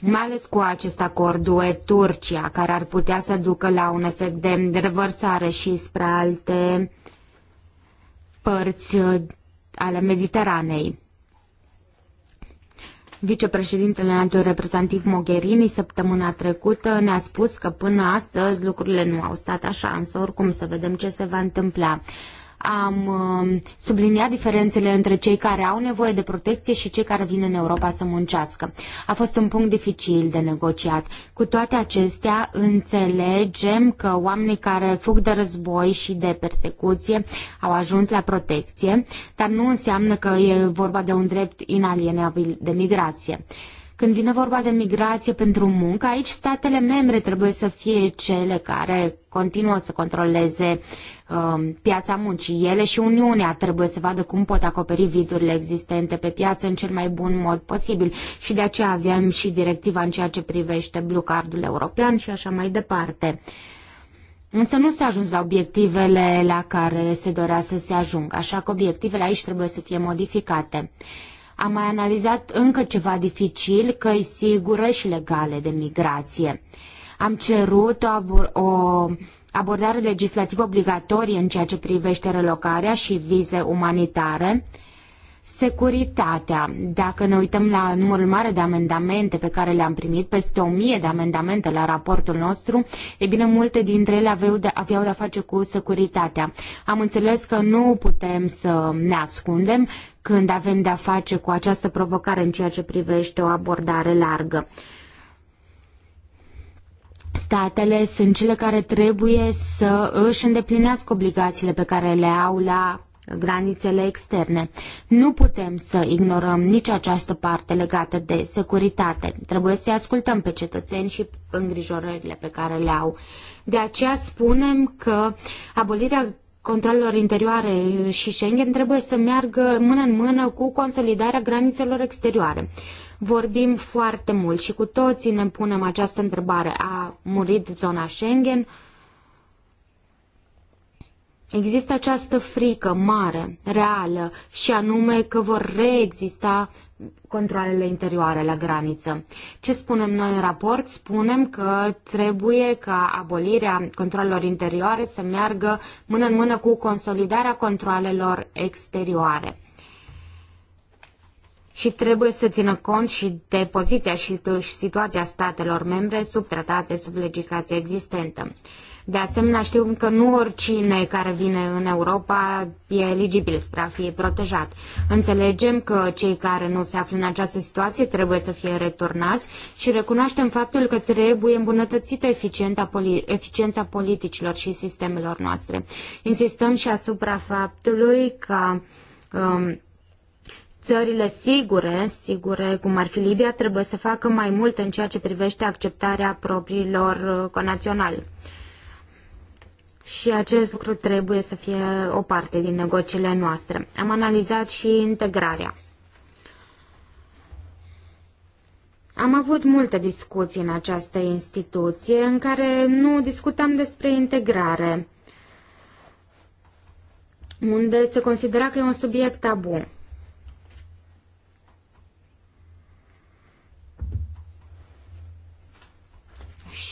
mai ales cu acest acord UE-Turcia, care ar putea să ducă la un efect de revărsare și spre alte părți uh, ale Mediteranei. Vicepreședintele NATO, reprezentativ Mogherini săptămâna trecută ne-a spus că până astăzi lucrurile nu au stat așa, însă oricum să vedem ce se va întâmpla am um, subliniat diferențele între cei care au nevoie de protecție și cei care vin în Europa să muncească. A fost un punct dificil de negociat. Cu toate acestea, înțelegem că oamenii care fug de război și de persecuție au ajuns la protecție, dar nu înseamnă că e vorba de un drept inalienabil de migrație. Când vine vorba de migrație pentru muncă, aici statele membre trebuie să fie cele care continuă să controleze uh, piața muncii. Ele și Uniunea trebuie să vadă cum pot acoperi vidurile existente pe piață în cel mai bun mod posibil și de aceea avem și directiva în ceea ce privește blue cardul european și așa mai departe. Însă nu s-a ajuns la obiectivele la care se dorea să se ajungă, așa că obiectivele aici trebuie să fie modificate. Am mai analizat încă ceva dificil, căi sigură și legale de migrație. Am cerut o, abor o abordare legislativă obligatorie în ceea ce privește relocarea și vize umanitare, Securitatea. Dacă ne uităm la numărul mare de amendamente pe care le-am primit, peste o mie de amendamente la raportul nostru, e bine, multe dintre ele aveau de, aveau de a face cu securitatea. Am înțeles că nu putem să ne ascundem când avem de a face cu această provocare în ceea ce privește o abordare largă statele sunt cele care trebuie să își îndeplinească obligațiile pe care le au la granițele externe. Nu putem să ignorăm nici această parte legată de securitate. Trebuie să-i ascultăm pe cetățeni și îngrijorările pe care le au. De aceea spunem că abolirea controlelor interioare și Schengen trebuie să meargă mână în mână cu consolidarea granițelor exterioare. Vorbim foarte mult și cu toții ne punem această întrebare. A murit zona Schengen? Există această frică mare, reală, și anume că vor reexista controlele interioare la graniță. Ce spunem noi în raport? Spunem că trebuie ca abolirea controlelor interioare să meargă mână în mână cu consolidarea controlelor exterioare. Și trebuie să țină cont și de poziția și situația statelor membre sub tratate, sub legislația existentă. De asemenea, știu că nu oricine care vine în Europa e eligibil spre a fi protejat. Înțelegem că cei care nu se află în această situație trebuie să fie returnați și recunoaștem faptul că trebuie îmbunătățită eficiența politicilor și sistemelor noastre. Insistăm și asupra faptului că um, Țările sigure, sigure cum ar fi Libia, trebuie să facă mai mult în ceea ce privește acceptarea propriilor uh, conaționali și acest lucru trebuie să fie o parte din negocierile noastre. Am analizat și integrarea. Am avut multe discuții în această instituție în care nu discutam despre integrare, unde se considera că e un subiect tabu.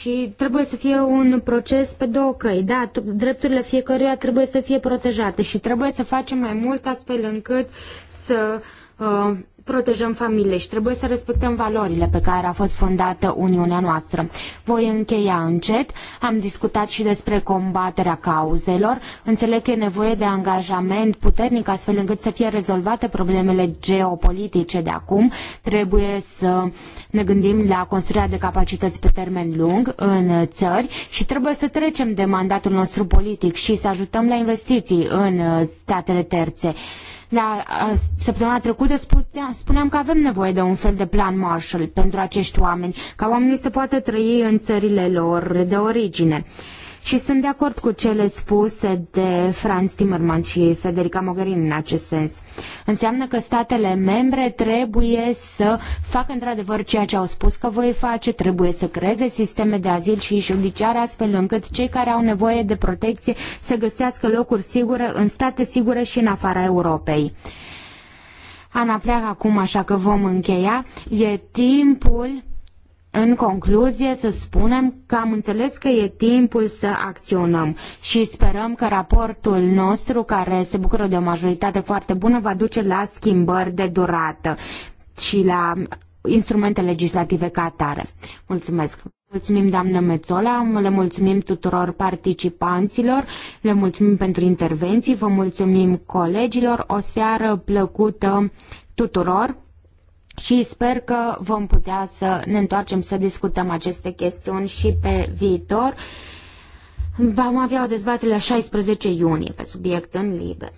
și trebuie să fie un proces pe două căi. Da, drepturile fiecăruia trebuie să fie protejate și trebuie să facem mai mult astfel încât să uh, protejăm familiile și trebuie să respectăm valorile pe care a fost fondată Uniunea noastră. Voi încheia încet. Am discutat și despre combaterea cauzelor. Înțeleg că e nevoie de angajament puternic astfel încât să fie rezolvate problemele geopolitice de acum. Trebuie să ne gândim la construirea de capacități pe termen lung în țări și trebuie să trecem de mandatul nostru politic și să ajutăm la investiții în statele terțe la săptămâna trecută spuneam că avem nevoie de un fel de plan Marshall pentru acești oameni, ca oamenii să poată trăi în țările lor de origine și sunt de acord cu cele spuse de Franz Timmermans și Federica Mogherini în acest sens. Înseamnă că statele membre trebuie să facă într-adevăr ceea ce au spus că voi face, trebuie să creeze sisteme de azil și judiciare astfel încât cei care au nevoie de protecție să găsească locuri sigure în state sigure și în afara Europei. Ana pleacă acum, așa că vom încheia. E timpul în concluzie, să spunem că am înțeles că e timpul să acționăm și sperăm că raportul nostru, care se bucură de o majoritate foarte bună, va duce la schimbări de durată și la instrumente legislative ca atare. Mulțumesc! Mulțumim, doamnă Mețola, le mulțumim tuturor participanților, le mulțumim pentru intervenții, vă mulțumim colegilor, o seară plăcută tuturor! și sper că vom putea să ne întoarcem să discutăm aceste chestiuni și pe viitor. Vom avea o dezbatere la 16 iunie pe subiect în liber.